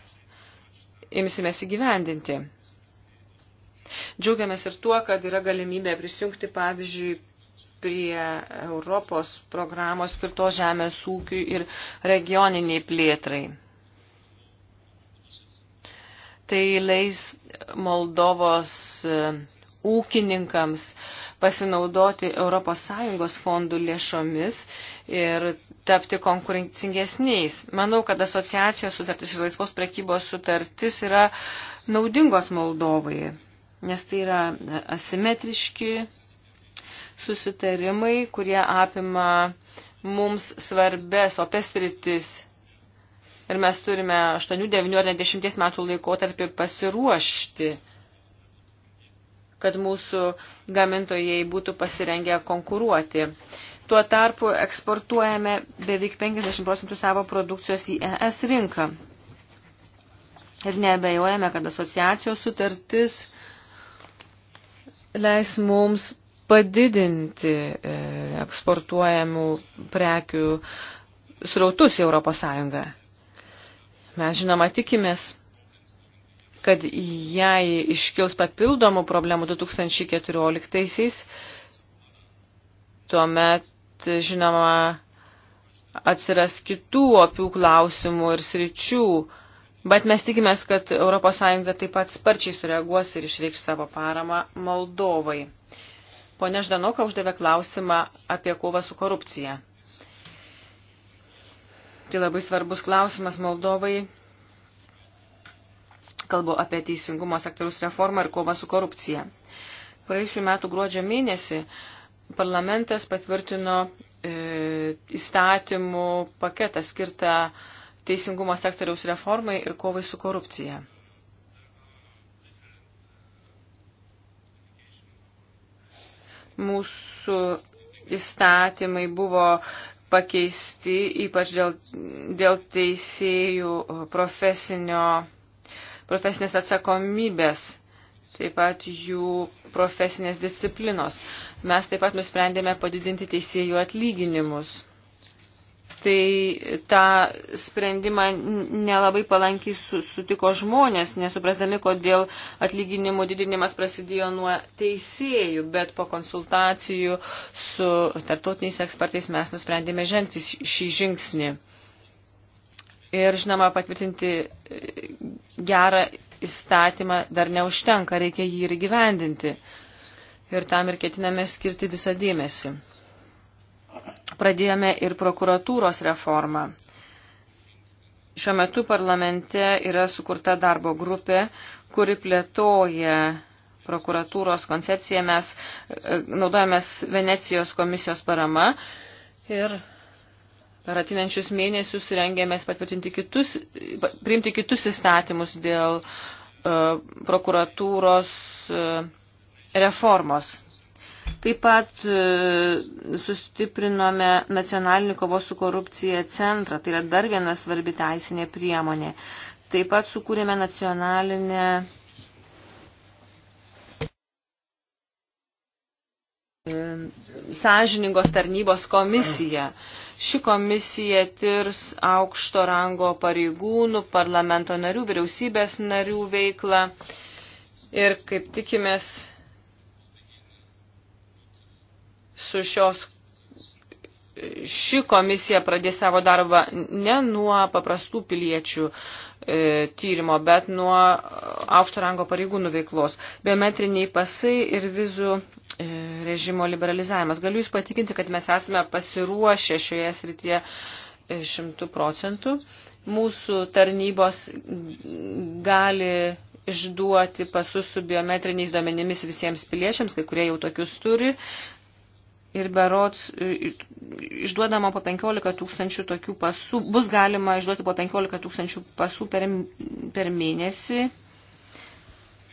Speaker 2: imsimės įgyvendinti. Džiaugiamės ir tuo, kad yra galimybė prisijungti, pavyzdžiui, prie Europos programos skirtos žemės ūkiui ir regioniniai plėtrai. Tai leis Moldovos e, ūkininkams pasinaudoti ES fondų lėšomis ir tapti konkurencingesniais. Manau, kad asociacijos sutartis ir laisvos prekybos sutartis yra naudingos Moldovai, nes tai yra asimetriški susitarimai, kurie apima mums svarbės opes rytis ir mes turime 8, 9 ar 10 metų laikotarpį pasiruošti, kad mūsų gamintojai būtų pasirengę konkuruoti. Tuo tarpu eksportuojame beveik 50 procentų savo produkcijos į ES rinką. Ir nebejojame, kad asociacijos sutartis leis mums padidinti e, eksportuojamų prekių srautus į Europos Sąjungą. Mes žinoma tikimės, kad jei iškils papildomų problemų 2014-aisiais, tuomet, žinoma, atsiras kitų opių klausimų ir sričių, bet mes tikimės, kad ES taip pat sparčiai sureaguos ir išreikš savo paramą Moldovai. Pone Ždanoka uždavė klausimą apie kovą su korupcija. Tai labai svarbus klausimas Moldovai. Kalbu apie teisingumo sektoriaus reformą ir kovą su korupcija. Praėjusiu metu gruodžio mėnesį parlamentas patvirtino e, įstatymų paketą skirtą teisingumo sektoriaus reformai ir kovai su korupcija. Mūsų įstatymai buvo pakeisti, ypač dėl, dėl teisėjų profesinio, profesinės atsakomybės, taip pat jų profesinės disciplinos. Mes taip pat nusprendėme padidinti teisėjų atlyginimus tai tą sprendimą nelabai palankiai sutiko žmonės, nesuprasdami, kodėl atlyginimų didinimas prasidėjo nuo teisėjų, bet po konsultacijų su tartutiniais ekspertais mes nusprendėme žengti šį žingsnį. Ir, žinoma, patvirtinti e, gerą įstatymą dar neužtenka, reikia jį ir gyvendinti. Ir tam ir ketiname skirti visą dėmesį pradėjome ir prokuratūros reformą. Šiuo metu parlamente yra sukurta darbo grupė, kuri plėtoja prokuratūros koncepciją. Mes e, naudojamės Venecijos komisijos parama ir per atinančius mėnesius rengiamės patvirtinti kitus, priimti kitus įstatymus dėl e, prokuratūros e, reformos. Taip pat e, sustiprinome nacionalinį kovos su korupcija centrą, tai yra dar viena svarbi teisinė priemonė. Taip pat sukūrėme nacionalinę e, sąžiningos tarnybos komisija. Ši komisija tirs aukšto rango pareigūnų, parlamento narių, vyriausybės narių veiklą ir kaip tikimės su šios ši komisija pradės savo darbą ne nuo paprastų piliečių e, tyrimo, bet nuo aukšto rango pareigūnų veiklos. Biometriniai pasai ir vizų e, režimo liberalizavimas. Galiu Jūs patikinti, kad mes esame pasiruošę šioje srityje e, šimtų procentų. Mūsų tarnybos gali išduoti pasus su biometriniais duomenimis visiems piliečiams, kai kurie jau tokius turi, ir berots e, išduodama po 15 tūkstančių tokių pasų, bus galima išduoti po 15 tūkstančių pasų per, per mėnesį,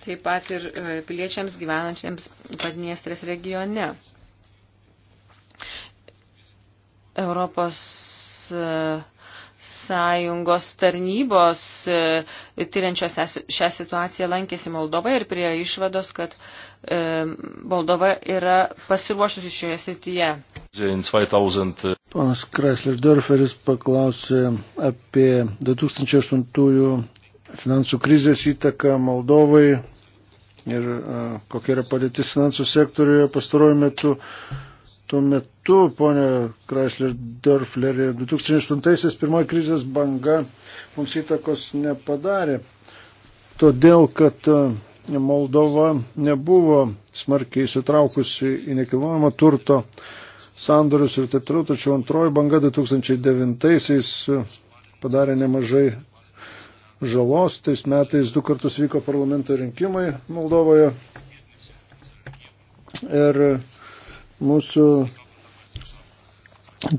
Speaker 2: taip pat ir e, piliečiams gyvenančiams Padniestrės regione. Europos uh, sąjungos tarnybos e, tyriančios šią situaciją lankėsi Moldova ir prie išvados, kad e, Moldova yra pasiruošusi šioje srityje.
Speaker 1: E, Panas Kreisler Dörferis paklausė apie 2008 finansų krizės įtaką Moldovai ir kokia yra padėtis finansų sektoriuje pastaruoju metu. Tuo metu, ponė Chrysler Dörfler, 2008-aisiais pirmoji krizės banga mums įtakos nepadarė, todėl kad e, Moldova nebuvo smarkiai įsitraukusi į nekilnojamo turto sandorius ir taip toliau, tačiau antroji banga 2009-aisiais e, padarė nemažai žalos. Tais metais du kartus vyko parlamento rinkimai Moldovoje. Ir Mūsų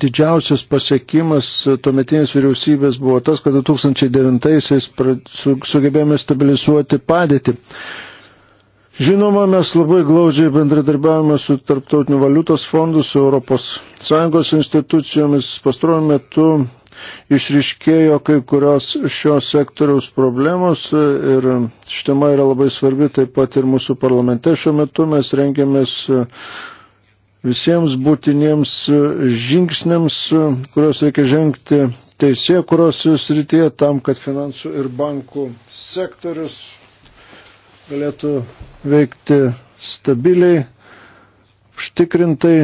Speaker 1: didžiausias pasiekimas tuometinės vyriausybės buvo tas, kad 2009-aisiais sugebėjome stabilizuoti padėtį. Žinoma, mes labai glaudžiai bendradarbiavome su Tarptautiniu valiutos fondu, su Europos Sąjungos institucijomis. Pastaruoju metu išriškėjo kai kurios šio sektoriaus problemos ir ši tema yra labai svarbi taip pat ir mūsų parlamente. Šiuo metu mes rengiamės visiems būtiniems e, žingsniams, e, kuriuos reikia žengti teisė, kurios srityje tam, kad finansų ir bankų sektorius galėtų veikti stabiliai, užtikrintai.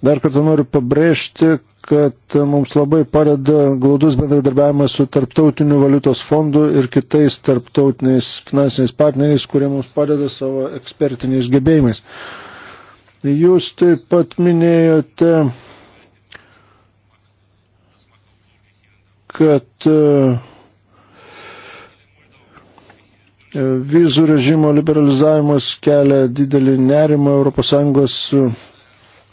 Speaker 1: Dar kartą noriu pabrėžti, kad mums labai padeda glaudus bendradarbiavimas su tarptautiniu valiutos fondu ir kitais tarptautiniais finansiniais partneriais, kurie mums padeda savo ekspertiniais gebėjimais. Jūs taip pat minėjote, kad e, vizų režimo liberalizavimas kelia didelį nerimą ES e,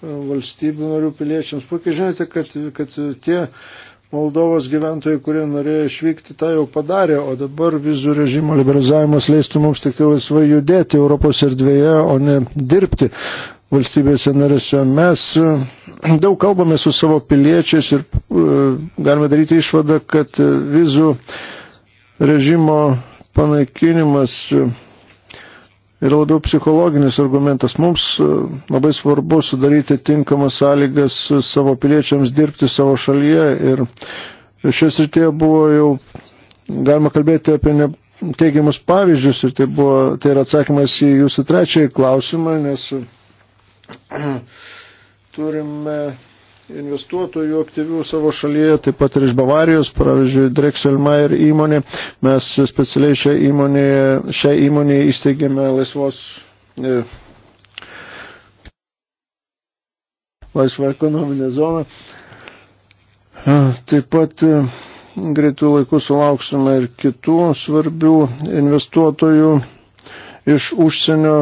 Speaker 1: valstybių narių piliečiams. Puikiai žinote, kad, kad tie Moldovos gyventojai, kurie norėjo išvykti, tą jau padarė, o dabar vizų režimo liberalizavimas leistų mums tik tai laisvai judėti Europos erdvėje, o ne dirbti valstybėse narėse. Mes e, daug kalbame su savo piliečiais ir e, galime daryti išvadą, kad e, vizų režimo panaikinimas yra labiau psichologinis argumentas. Mums labai svarbu sudaryti tinkamas sąlygas savo piliečiams dirbti savo šalyje ir šios rytėje buvo jau, galima kalbėti apie ne teigiamus pavyzdžius ir tai, buvo, tai yra atsakymas į jūsų trečiąjį klausimą, nes Turime investuotojų aktyvių savo šalyje, taip pat ir iš Bavarijos, pavyzdžiui, Drexelmeier įmonė. Mes specialiai šią įmonę, šią įmonę įsteigėme laisvos, e, laisvą ekonominę zoną. E, taip pat e, greitų laikų sulauksime ir kitų svarbių investuotojų iš užsienio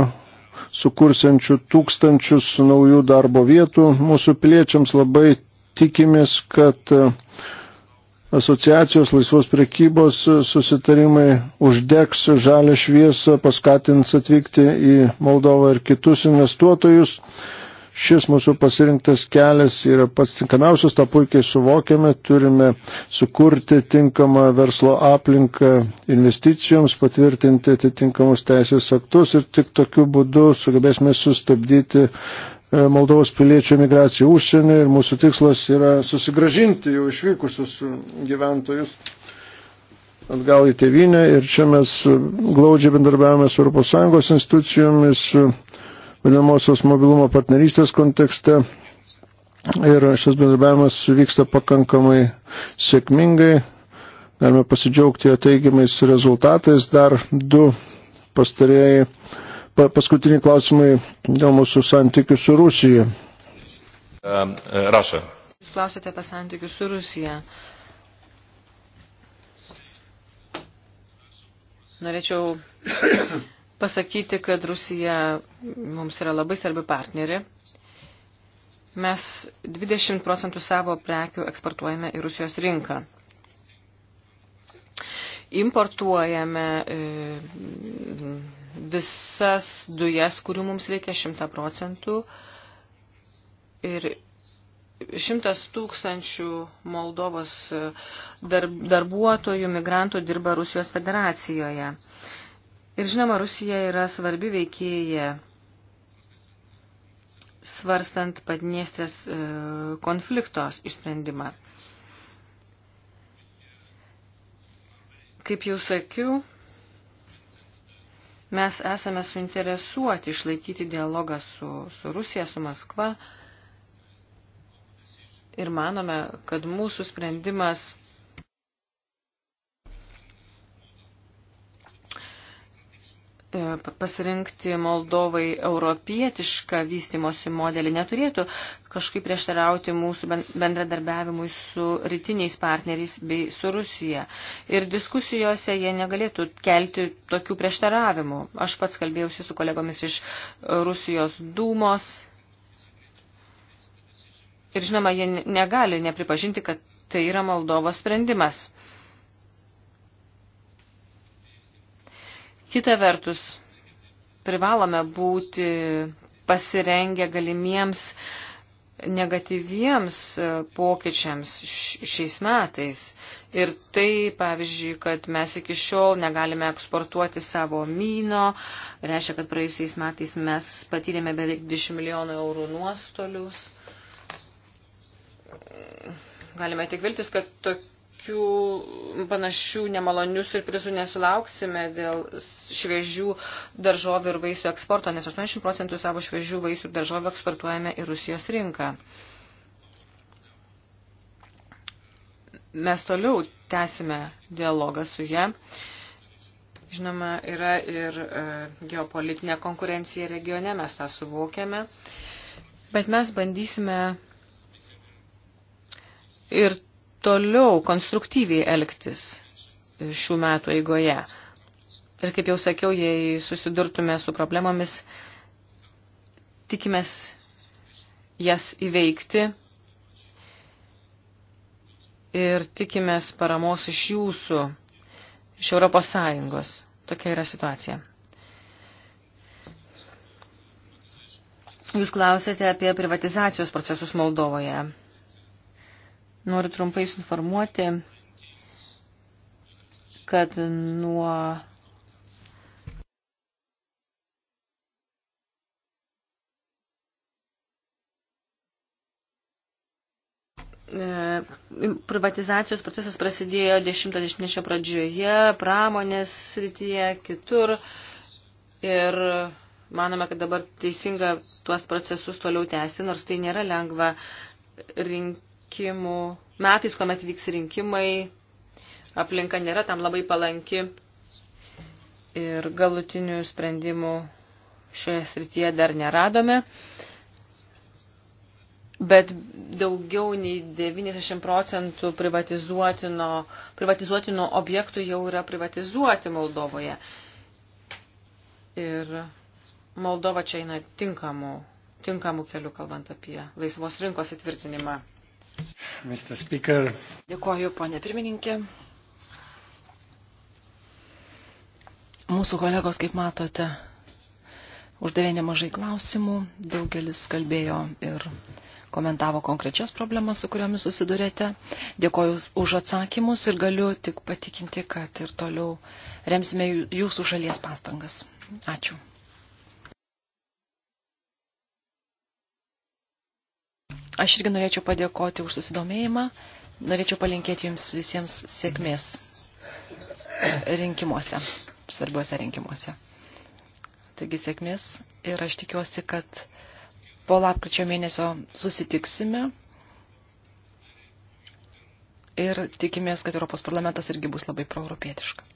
Speaker 1: sukursiančių tūkstančius naujų darbo vietų. Mūsų piliečiams labai tikimės, kad e, asociacijos laisvos prekybos susitarimai uždegs žalę šviesą, paskatins atvykti į Moldovą ir kitus investuotojus. Šis mūsų pasirinktas kelias yra pats tinkamiausias, tą puikiai suvokiame, turime sukurti tinkamą verslo aplinką investicijoms, patvirtinti atitinkamus teisės aktus ir tik tokiu būdu sugebėsime sustabdyti e, Moldovos piliečių migraciją užsienį ir mūsų tikslas yra susigražinti jau išvykusius gyventojus atgal į tėvynę ir čia mes glaudžiai bendarbiavame su ES institucijomis, vadinamosios mobilumo partnerystės kontekste. Ir šis bendrabiavimas vyksta pakankamai sėkmingai. Galime pasidžiaugti jo teigiamais rezultatais. Dar du pastarėjai, pa, paskutiniai klausimai dėl mūsų santykių su Rusija. Um, uh, Rašo.
Speaker 2: Jūs klausėte apie santykių su Rusija. Norėčiau pasakyti, kad Rusija mums yra labai svarbi partnerė. Mes 20 procentų savo prekių eksportuojame į Rusijos rinką. Importuojame e, visas dujas, kurių mums reikia 100 procentų. Ir šimtas tūkstančių Moldovos e, darbuotojų, migrantų dirba Rusijos federacijoje. Ir žinoma, Rusija yra svarbi veikėja svarstant Padniestrės e, konfliktos išsprendimą. Kaip jau sakiau, mes esame suinteresuoti išlaikyti dialogą su, su Rusija, su Maskva ir manome, kad mūsų sprendimas E, pasirinkti Moldovai europietišką vystimosi modelį neturėtų kažkaip prieštarauti mūsų bendradarbiavimui su rytiniais partneriais bei su Rusija. Ir diskusijose jie negalėtų kelti tokių prieštaravimų. Aš pats kalbėjausi su kolegomis iš Rusijos Dūmos. Ir žinoma, jie negali nepripažinti, kad tai yra Moldovos sprendimas. Kita vertus, privalome būti pasirengę galimiems negatyviems e, pokyčiams šiais metais. Ir tai, pavyzdžiui, kad mes iki šiol negalime eksportuoti savo myno, reiškia, kad praėjusiais metais mes patyrėme beveik 20 milijonų eurų nuostolius. Galime tik viltis, kad tokie tokių panašių nemalonių surprizų nesulauksime dėl šviežių daržovių ir vaisių eksporto, nes 80 procentų savo šviežių vaisių ir daržovių eksportuojame į Rusijos rinką. Mes toliau tęsime dialogą su jie. Žinoma, yra ir e, geopolitinė konkurencija regione, mes tą suvokiame, bet mes bandysime ir toliau konstruktyviai elgtis šių metų eigoje. Ir kaip jau sakiau, jei susidurtume su problemomis, tikimės jas įveikti ir tikimės paramos iš jūsų, iš Europos Sąjungos. Tokia yra situacija. Jūs klausėte apie privatizacijos procesus Moldovoje. Noriu trumpai informuoti, kad nuo e, privatizacijos procesas prasidėjo 10-mečio pradžioje, pramonės srityje, kitur. Ir manome, kad dabar teisinga tuos procesus toliau tęsi, nors tai nėra lengva rink, rinkimų metais, kuomet vyks rinkimai, aplinka nėra tam labai palanki ir galutinių sprendimų šioje srityje dar neradome. Bet daugiau nei 90 procentų privatizuotino, privatizuotino objektų jau yra privatizuoti Moldovoje. Ir Moldova čia eina tinkamu, tinkamu keliu, kalbant apie laisvos rinkos įtvirtinimą.
Speaker 4: Dėkuoju,
Speaker 2: ponė pirmininkė.
Speaker 3: Mūsų kolegos, kaip matote, uždavė nemažai klausimų, daugelis kalbėjo ir komentavo konkrečias problemas, su kuriomis susidurėte. Dėkoju už atsakymus ir galiu tik patikinti, kad ir toliau remsime jūsų šalies pastangas. Ačiū. Aš irgi norėčiau padėkoti už susidomėjimą. Norėčiau palinkėti jums visiems sėkmės rinkimuose, svarbiuose rinkimuose. Taigi sėkmės ir aš tikiuosi, kad po lapkričio mėnesio susitiksime ir tikimės, kad Europos parlamentas irgi bus labai proeuropietiškas.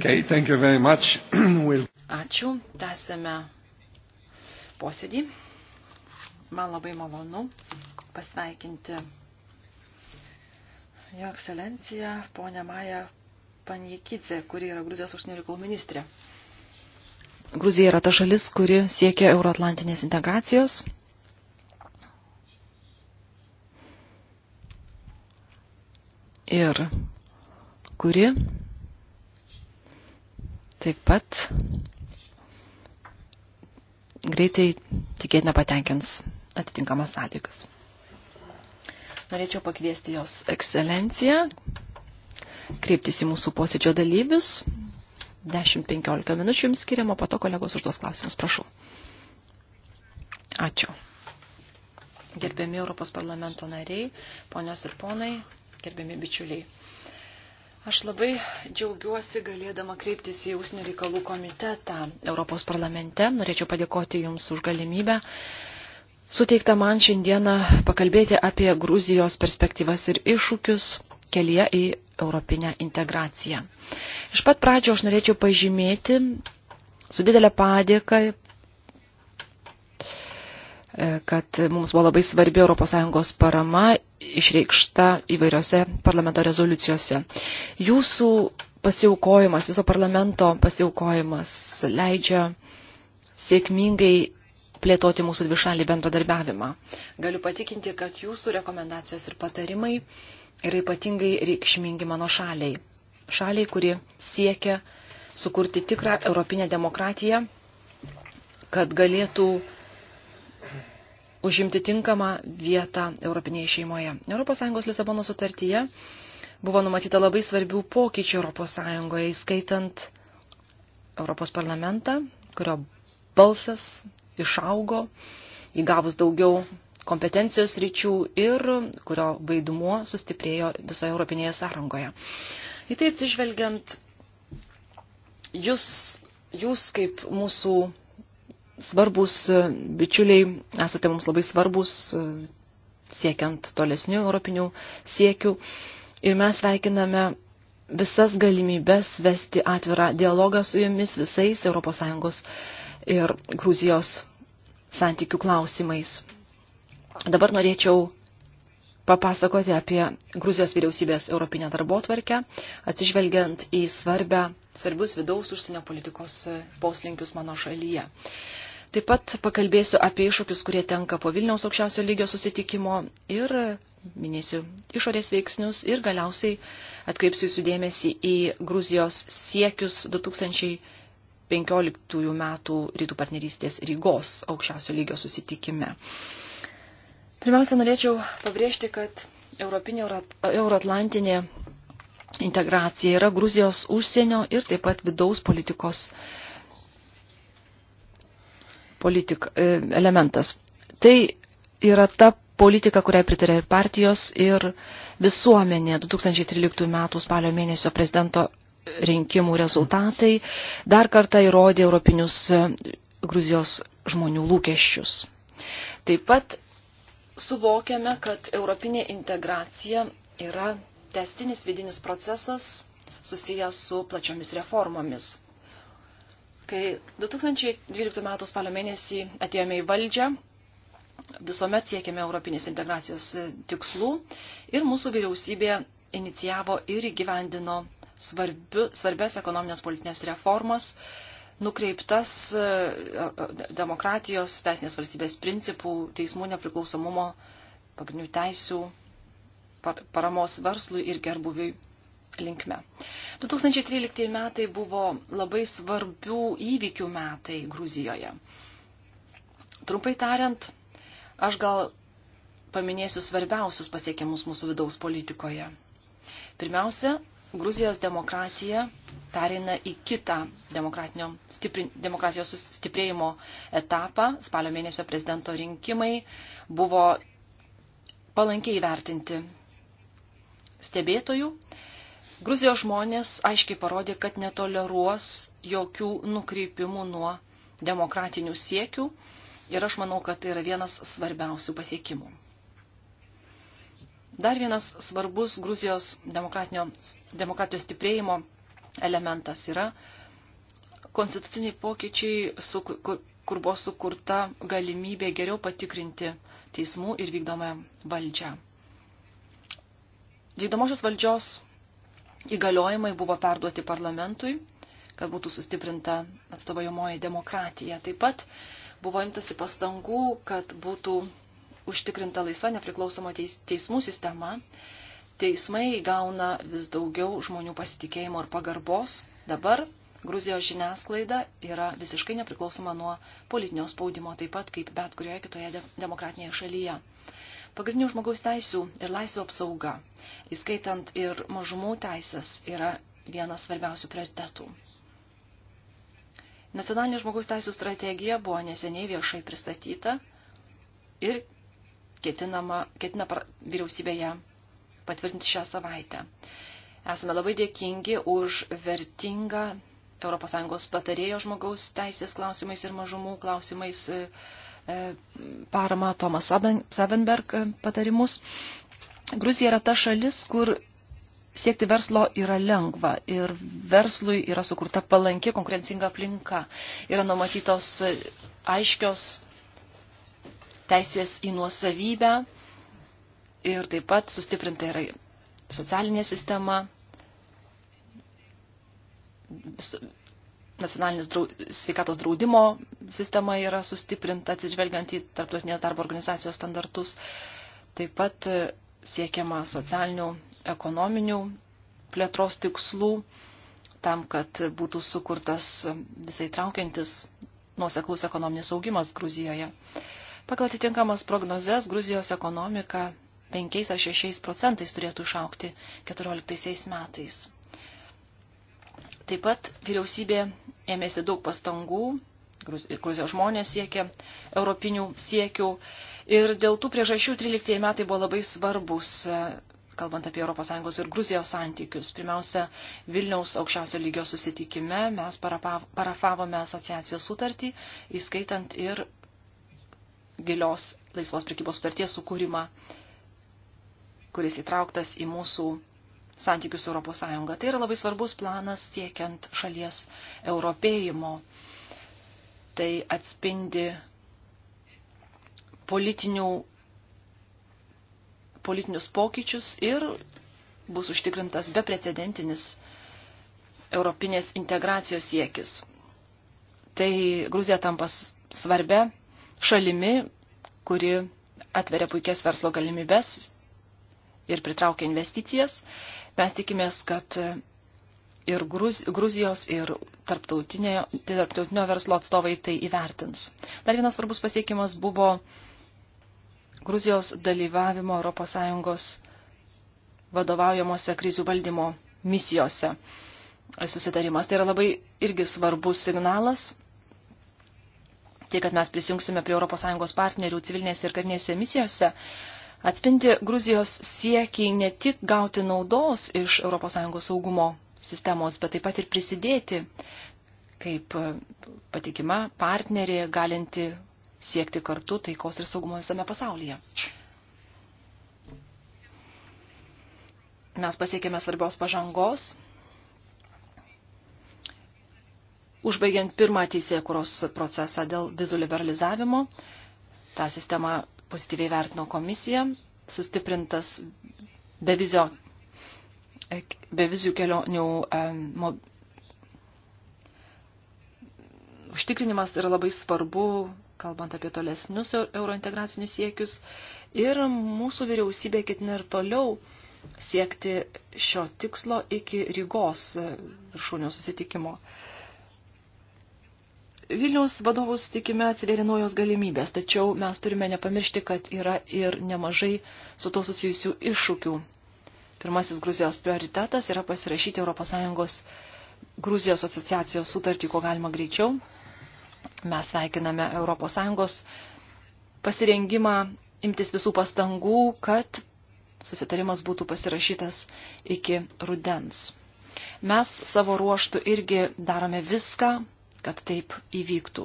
Speaker 1: Okay, thank you very much. we'll...
Speaker 3: Ačiū, tęsėme posėdį. Man labai malonu pasveikinti Jo ekscelenciją, ponę Mają Panikidze, kuri yra Gruzijos užsienio reikalų ministrė. Gruzija yra ta šalis, kuri siekia euroatlantinės integracijos. Ir kuri taip pat greitai tikėtina patenkins atitinkamas sąlygas. Norėčiau pakviesti jos ekscelenciją, kreiptis į mūsų posėdžio dalyvius. 10-15 minučių jums skiriamo, pato kolegos užduos klausimus, prašau. Ačiū. Gerbiami Europos parlamento nariai, ponios ir ponai, gerbiami bičiuliai. Aš labai džiaugiuosi galėdama kreiptis į Užsienio reikalų komitetą Europos parlamente. Norėčiau padėkoti Jums už galimybę suteikta man šiandieną pakalbėti apie Gruzijos perspektyvas ir iššūkius kelyje į europinę integraciją. Iš pat pradžio aš norėčiau pažymėti su didelė padėka, e, kad mums buvo labai svarbi ES parama išreikšta įvairiose parlamento rezoliucijose. Jūsų pasiaukojimas, viso parlamento pasiaukojimas leidžia sėkmingai plėtoti mūsų dvišalį bendradarbiavimą. Galiu patikinti, kad jūsų rekomendacijos ir patarimai yra ypatingai reikšmingi mano šaliai. Šaliai, kuri siekia sukurti tikrą europinę demokratiją, kad galėtų užimti tinkamą vietą Europinėje šeimoje. ES Lisabono sutartyje buvo numatyta labai svarbių pokyčių ES, įskaitant Europos parlamentą, kurio balsas išaugo, įgavus daugiau kompetencijos ryčių ir kurio vaidmuo sustiprėjo visoje Europinėje sąrangoje. Į tai atsižvelgiant, jūs, jūs kaip mūsų svarbus e, bičiuliai, esate mums labai svarbus e, siekiant tolesnių europinių siekių. Ir mes veikiname visas galimybės vesti atvirą dialogą su jumis visais ES ir Gruzijos santykių klausimais. Dabar norėčiau papasakoti apie Gruzijos vyriausybės europinę darbotvarkę, atsižvelgiant į svarbę, svarbius vidaus užsienio politikos poslinkius mano šalyje. Taip pat pakalbėsiu apie iššūkius, kurie tenka po Vilniaus aukščiausio lygio susitikimo ir minėsiu išorės veiksnius ir galiausiai atkreipsiu jūsų dėmesį į Gruzijos siekius 2015 metų rytų partnerystės Rygos aukščiausio lygio susitikime. Pirmiausia, norėčiau pabrėžti, kad europinė euroatlantinė integracija yra Gruzijos užsienio ir taip pat vidaus politikos politik, e, elementas. Tai yra ta politika, kuriai pritarė ir partijos, ir visuomenė 2013 m. spalio mėnesio prezidento rinkimų rezultatai dar kartą įrodė europinius e, Gruzijos žmonių lūkesčius. Taip pat suvokiame, kad europinė integracija yra testinis vidinis procesas susijęs su plačiomis reformomis. Kai 2012 m. spalio mėnesį atėjome į valdžią, visuomet siekėme europinės integracijos e, tikslų ir mūsų vyriausybė inicijavo ir įgyvendino svarbiu, svarbias ekonominės politinės reformas, nukreiptas e, demokratijos, teisinės valstybės principų, teismų nepriklausomumo, pagrindinių teisių, paramos verslui ir gerbuviui linkme. 2013 metai buvo labai svarbių įvykių metai Gruzijoje. Trumpai tariant, aš gal paminėsiu svarbiausius pasiekimus mūsų vidaus politikoje. Pirmiausia, Gruzijos demokratija pereina į kitą stipri, demokratijos stiprėjimo etapą. Spalio mėnesio prezidento rinkimai buvo palankiai vertinti stebėtojų Gruzijos žmonės aiškiai parodė, kad netoleruos jokių nukreipimų nuo demokratinių siekių ir aš manau, kad tai yra vienas svarbiausių pasiekimų. Dar vienas svarbus Gruzijos demokratijos stiprėjimo elementas yra konstituciniai pokyčiai, su, kur, kur buvo sukurta galimybė geriau patikrinti teismų ir vykdomą valdžią. Vykdomosios valdžios įgaliojimai buvo perduoti parlamentui, kad būtų sustiprinta atstovajomoji demokratija. Taip pat buvo imtasi pastangų, kad būtų užtikrinta laisva nepriklausoma teismų sistema. Teismai gauna vis daugiau žmonių pasitikėjimo ir pagarbos. Dabar Gruzijos žiniasklaida yra visiškai nepriklausoma nuo politinio spaudimo, taip pat kaip bet kurioje kitoje demokratinėje šalyje. Pagrindinių žmogaus teisų ir laisvių apsauga, įskaitant ir mažumų teisės, yra vienas svarbiausių prioritetų. Nacionalinė žmogaus teisų strategija buvo neseniai viešai pristatyta ir ketinama, ketina vyriausybėje patvirtinti šią savaitę. Esame labai dėkingi už vertingą ES patarėjo žmogaus teisės klausimais ir mažumų klausimais E, paramą Tomas Savenberg e, patarimus. Gruzija yra ta šalis, kur siekti verslo yra lengva ir verslui yra sukurta palanki konkurencinga aplinka. Yra numatytos aiškios teisės į nuosavybę ir taip pat sustiprinta yra socialinė sistema, nacionalinis drau, sveikatos draudimo sistema yra sustiprinta, atsižvelgiant į tarptautinės darbo organizacijos standartus. Taip pat e, siekiama socialinių, ekonominių plėtros tikslų tam, kad būtų sukurtas visai traukiantis nuoseklus ekonominis augimas Gruzijoje. Pagal atitinkamas prognozes, Gruzijos ekonomika 5 ar 6 procentais turėtų išaukti 14 metais. Taip pat vyriausybė ėmėsi daug pastangų, Gruzijos žmonės siekia europinių siekių ir dėl tų priežasčių 13 metai buvo labai svarbus, e, kalbant apie ES ir Gruzijos santykius. Pirmiausia, Vilniaus aukščiausio lygio susitikime mes parafavome asociacijos sutartį, įskaitant ir gilios laisvos prekybos sutarties sukūrimą, kuris įtrauktas į mūsų santykius Europos Sąjungą. Tai yra labai svarbus planas siekiant šalies europėjimo. Tai atspindi politinių, politinius pokyčius ir bus užtikrintas beprecedentinis europinės integracijos siekis. Tai Gruzija tampa svarbia šalimi, kuri atveria puikias verslo galimybes ir pritraukia investicijas. Mes tikimės, kad ir Gruz, Gruzijos, ir tarptautinio, tai tarptautinio verslo atstovai tai įvertins. Dar vienas svarbus pasiekimas buvo Gruzijos dalyvavimo ES vadovaujamuose krizių valdymo misijose susitarimas. Tai yra labai irgi svarbus signalas. Tai, kad mes prisijungsime prie ES partnerių civilinėse ir karinėse misijose, atspindi Gruzijos siekį ne tik gauti naudos iš ES saugumo sistemos, bet taip pat ir prisidėti kaip patikima partnerė galinti siekti kartu taikos ir saugumo visame pasaulyje. Mes pasiekėme svarbios pažangos, užbaigiant pirmą teisėkuros procesą dėl vizų liberalizavimo. Ta sistema pozityviai vertino komisija, sustiprintas bevizio, bevizijų kelionių um, užtikrinimas yra labai svarbu, kalbant apie tolesnius eurointegracinius siekius. Ir mūsų vyriausybė ketina ir toliau siekti šio tikslo iki Rygos e, viršūnių susitikimo. Uh, Vilniaus vadovų sutikime atsiveria naujos galimybės, tačiau mes turime nepamiršti, kad yra ir nemažai su to susijusių iššūkių. Pirmasis Gruzijos prioritetas yra pasirašyti ES Gruzijos asociacijos sutartį, ko galima greičiau. Mes sveikiname ES pasirengimą imtis visų pastangų, kad susitarimas būtų pasirašytas iki rudens. Mes savo ruoštų irgi darome viską, kad taip įvyktų.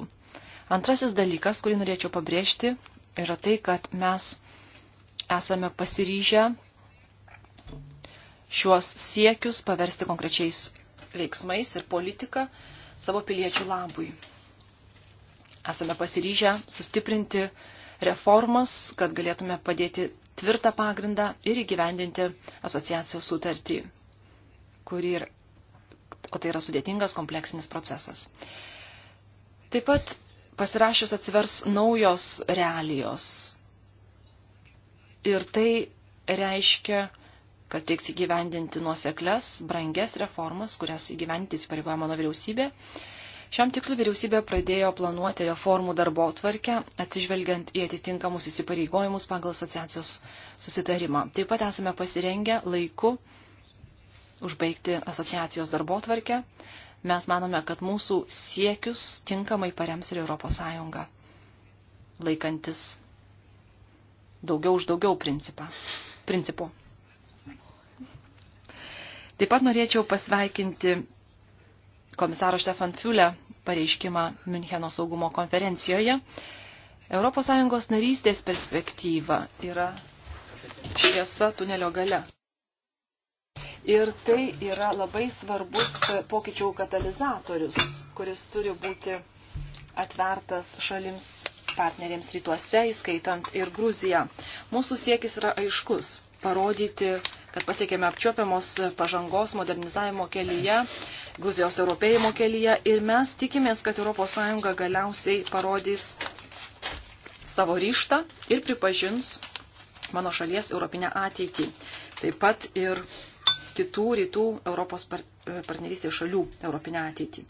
Speaker 3: Antrasis dalykas, kurį norėčiau pabrėžti, yra tai, kad mes esame pasiryžę šiuos siekius paversti konkrečiais veiksmais ir politiką savo piliečių labui. Esame pasiryžę sustiprinti reformas, kad galėtume padėti tvirtą pagrindą ir įgyvendinti asociacijos sutartį, kuri o tai yra sudėtingas kompleksinis procesas. Taip pat pasirašius atsivers naujos realijos. Ir tai reiškia, kad reiks įgyvendinti nuosekles, brangias reformas, kurias įgyvendinti įsipareigoja mano vyriausybė. Šiam tikslui vyriausybė pradėjo planuoti reformų darbo tvarkę, atsižvelgiant į atitinkamus įsipareigojimus pagal asociacijos susitarimą. Taip pat esame pasirengę laiku užbaigti asociacijos darbo tvarkę. Mes manome, kad mūsų siekius tinkamai parems ir Europos Sąjunga, laikantis daugiau už daugiau principą, principų. Taip pat norėčiau pasveikinti komisaro Štefan Fiulę pareiškimą Müncheno saugumo konferencijoje. ES narystės perspektyva yra šviesa tunelio gale. Ir tai yra labai svarbus pokyčių katalizatorius, kuris turi būti atvertas šalims partneriams rytuose, įskaitant ir Gruziją. Mūsų siekis yra aiškus - parodyti, kad pasiekėme apčiopiamos pažangos modernizavimo kelyje, Gruzijos europėjimo kelyje ir mes tikimės, kad ES galiausiai parodys savo ryštą ir pripažins mano šalies europinę ateitį. Taip pat ir kitų rytų Europos e, partnerystės šalių europinę ateitį.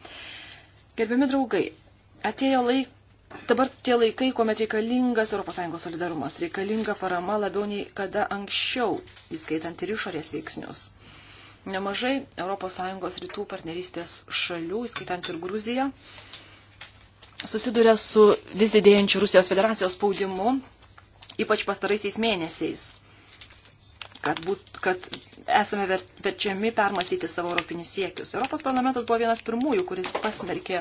Speaker 3: Gerbiami draugai, atėjo laik, dabar tie laikai, kuomet reikalingas ES solidarumas, reikalinga parama labiau nei kada anksčiau, įskaitant ir išorės veiksnius. Nemažai ES rytų partnerystės šalių, įskaitant ir Gruziją, susiduria su vis didėjančiu Rusijos federacijos spaudimu, ypač pastaraisiais mėnesiais kad, būt, kad esame verčiami permastyti savo europinius siekius. Europos parlamentas buvo vienas pirmųjų, kuris pasmerkė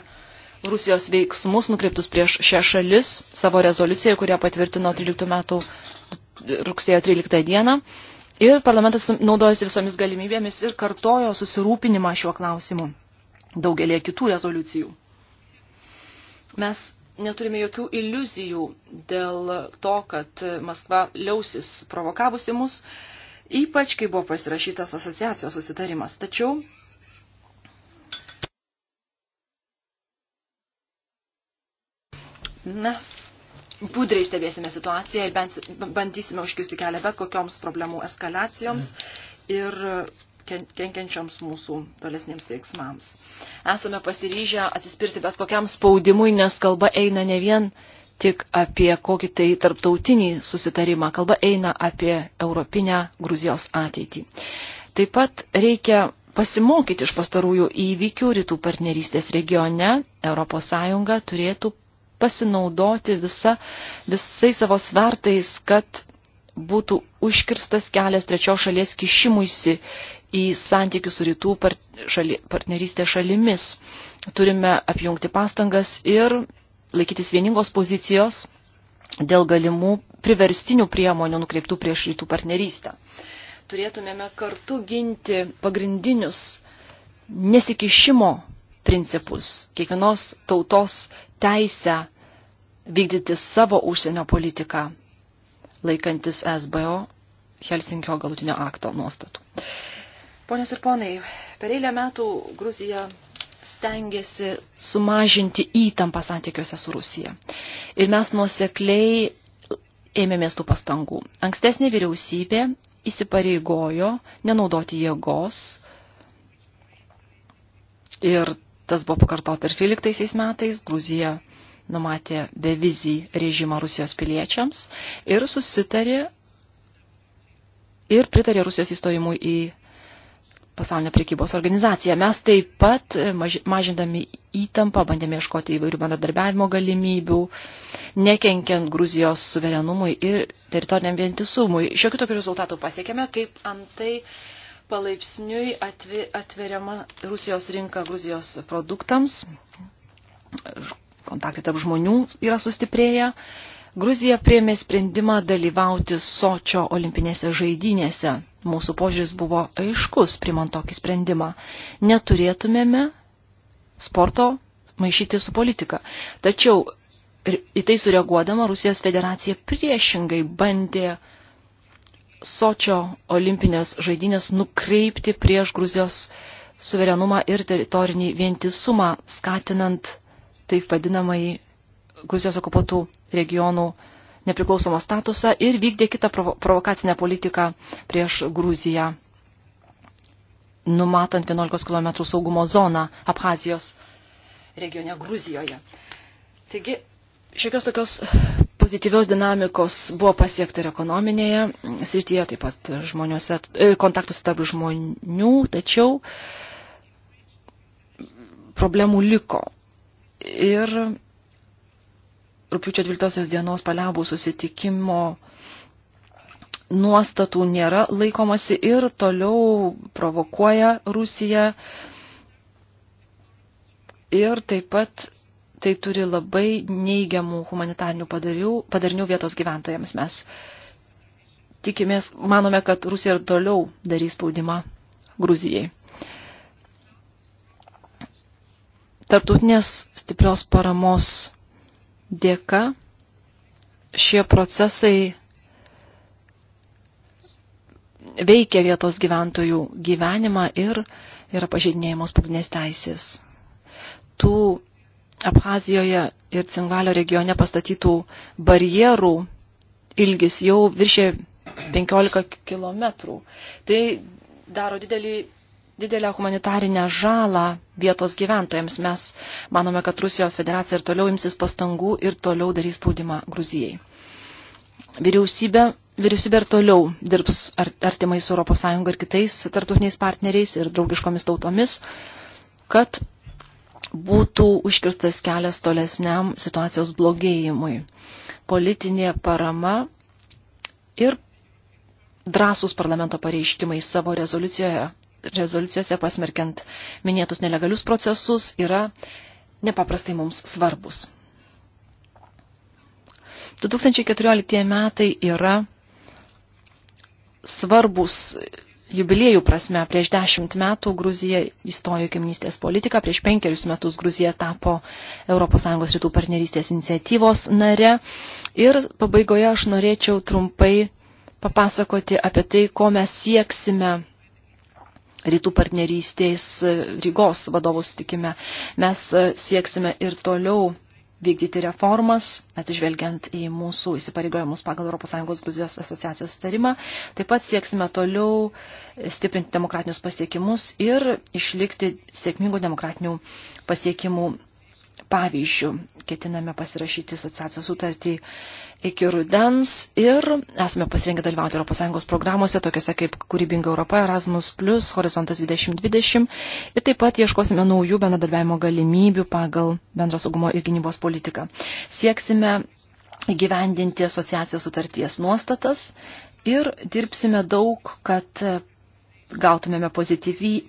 Speaker 3: Rusijos veiksmus nukreiptus prieš šią šalis savo rezoliuciją, kurią patvirtino 13 metų rugsėjo 13 dieną. Ir parlamentas naudojasi visomis galimybėmis ir kartojo susirūpinimą šiuo klausimu daugelį kitų rezoliucijų. Mes neturime jokių iliuzijų dėl to, kad Maskva liausis provokavusi mus ypač kai buvo pasirašytas asociacijos susitarimas. Tačiau mes budriai stebėsime situaciją ir bandysime užkisti kelią bet kokioms problemų eskalacijoms ir kenkiančioms mūsų tolesniems veiksmams. Esame pasiryžę atsispirti bet kokiam spaudimui, nes kalba eina ne vien tik apie kokį tai tarptautinį susitarimą, kalba eina apie europinę Gruzijos ateitį. Taip pat reikia pasimokyti iš pastarųjų įvykių rytų partnerystės regione, ES turėtų pasinaudoti visa, visai savo svertais, kad būtų užkirstas kelias trečios šalies kišimuisi į santykius su rytų part, šali, partnerystės šalimis. Turime apjungti pastangas ir laikytis vieningos pozicijos dėl galimų priverstinių priemonių nukreiptų prieš rytų partnerystę. Turėtumėme kartu ginti pagrindinius nesikišimo principus, kiekvienos tautos teisę vykdyti savo užsienio politiką, laikantis SBO Helsinkio galutinio akto nuostatų. Ponios ir ponai, per eilę metų Gruzija stengiasi sumažinti įtampą santykiuose su Rusija. Ir mes nuosekliai ėmėmės tų pastangų. Ankstesnė vyriausybė įsipareigojo nenaudoti jėgos ir tas buvo pakartota ir 13 metais. Gruzija numatė bevizį režimą Rusijos piliečiams ir susitarė ir pritarė Rusijos įstojimui į pasaulinę priekybos organizaciją. Mes taip pat, e, mažindami įtampą, bandėme ieškoti įvairių bendradarbiavimo galimybių, nekenkiant Gruzijos suverenumui ir teritoriniam vientisumui. Šiokių tokių rezultatų pasiekėme, kaip antai palaipsniui atvi, atveriama Rusijos rinka Gruzijos produktams, kontaktai tarp žmonių yra sustiprėję Gruzija priemė sprendimą dalyvauti Sočio olimpinėse žaidynėse. Mūsų požiūris buvo aiškus, primant tokį sprendimą. Neturėtumėme sporto maišyti su politika. Tačiau į tai sureaguodama Rusijos federacija priešingai bandė Sočio olimpinės žaidynės nukreipti prieš Gruzijos suverenumą ir teritorinį vientisumą, skatinant taip vadinamai Gruzijos okupuotų regionų nepriklausomą statusą ir vykdė kitą provokacinę politiką prieš Gruziją, numatant 11 km saugumo zoną Abhazijos regione Gruzijoje. Taigi, šiokios tokios pozityvios dinamikos buvo pasiekta ir ekonominėje srityje, taip pat žmoniuose, e, kontaktuose tarp žmonių, tačiau problemų liko. Ir rūpiučio 12 dienos paliaubų susitikimo nuostatų nėra laikomasi ir toliau provokuoja Rusiją. Ir taip pat tai turi labai neigiamų humanitarnių padarių, padarinių vietos gyventojams. Mes tikimės, manome, kad Rusija ir toliau darys spaudimą Gruzijai. Tarptautinės stiprios paramos dėka šie procesai veikia vietos gyventojų gyvenimą ir yra pažeidinėjimos pagrindinės teisės. Tų Abhazijoje ir Cingvalio regione pastatytų barjerų ilgis jau viršė 15 km. Tai daro didelį didelę humanitarinę žalą vietos gyventojams. Mes manome, kad Rusijos federacija ir toliau imsis pastangų ir toliau darys spaudimą Gruzijai. Vyriausybė, vyriausybė ir toliau dirbs artimai su ES ir kitais tartutiniais partneriais ir draugiškomis tautomis, kad būtų užkirstas kelias tolesniam situacijos blogėjimui. Politinė parama ir drąsūs parlamento pareiškimai savo rezoliucijoje rezoliucijose pasmerkiant minėtus nelegalius procesus yra nepaprastai mums svarbus. 2014 metai yra svarbus jubiliejų prasme. Prieš dešimt metų Gruzija įstojo į kaiminystės politiką, prieš penkerius metus Gruzija tapo ES rytų partnerystės iniciatyvos nare. Ir pabaigoje aš norėčiau trumpai papasakoti apie tai, ko mes sieksime rytų partnerystės e, Rygos vadovų sutikime. Mes e, sieksime ir toliau vykdyti reformas, atsižvelgiant į mūsų įsipareigojimus pagal ES Gruzijos asociacijos sutarimą. Taip pat sieksime toliau stiprinti demokratinius pasiekimus ir išlikti sėkmingų demokratinių pasiekimų pavyzdžių. Ketiname pasirašyti asociacijos sutartį iki rudens ir esame pasirengę dalyvauti ES programuose, tokiuose kaip Kūrybinga Europa, Erasmus, Horizontas 2020 ir taip pat ieškosime naujų bendradarbiavimo galimybių pagal bendrą saugumo ir gynybos politiką. Sieksime įgyvendinti asociacijos sutarties nuostatas ir dirbsime daug, kad gautumėme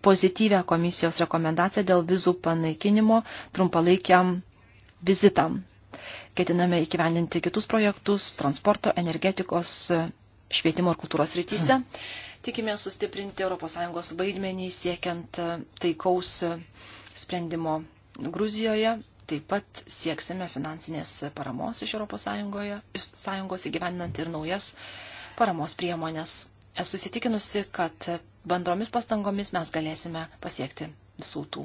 Speaker 3: pozityvę komisijos rekomendaciją dėl vizų panaikinimo trumpalaikiam vizitam. Ketiname įgyvendinti kitus projektus transporto, energetikos, švietimo ir kultūros rytise. Tikime sustiprinti ES vaidmenį siekiant taikaus sprendimo Gruzijoje. Taip pat sieksime finansinės paramos iš ES įgyvendinant ir naujas paramos priemonės esu įsitikinusi, kad bendromis pastangomis mes galėsime pasiekti visų tų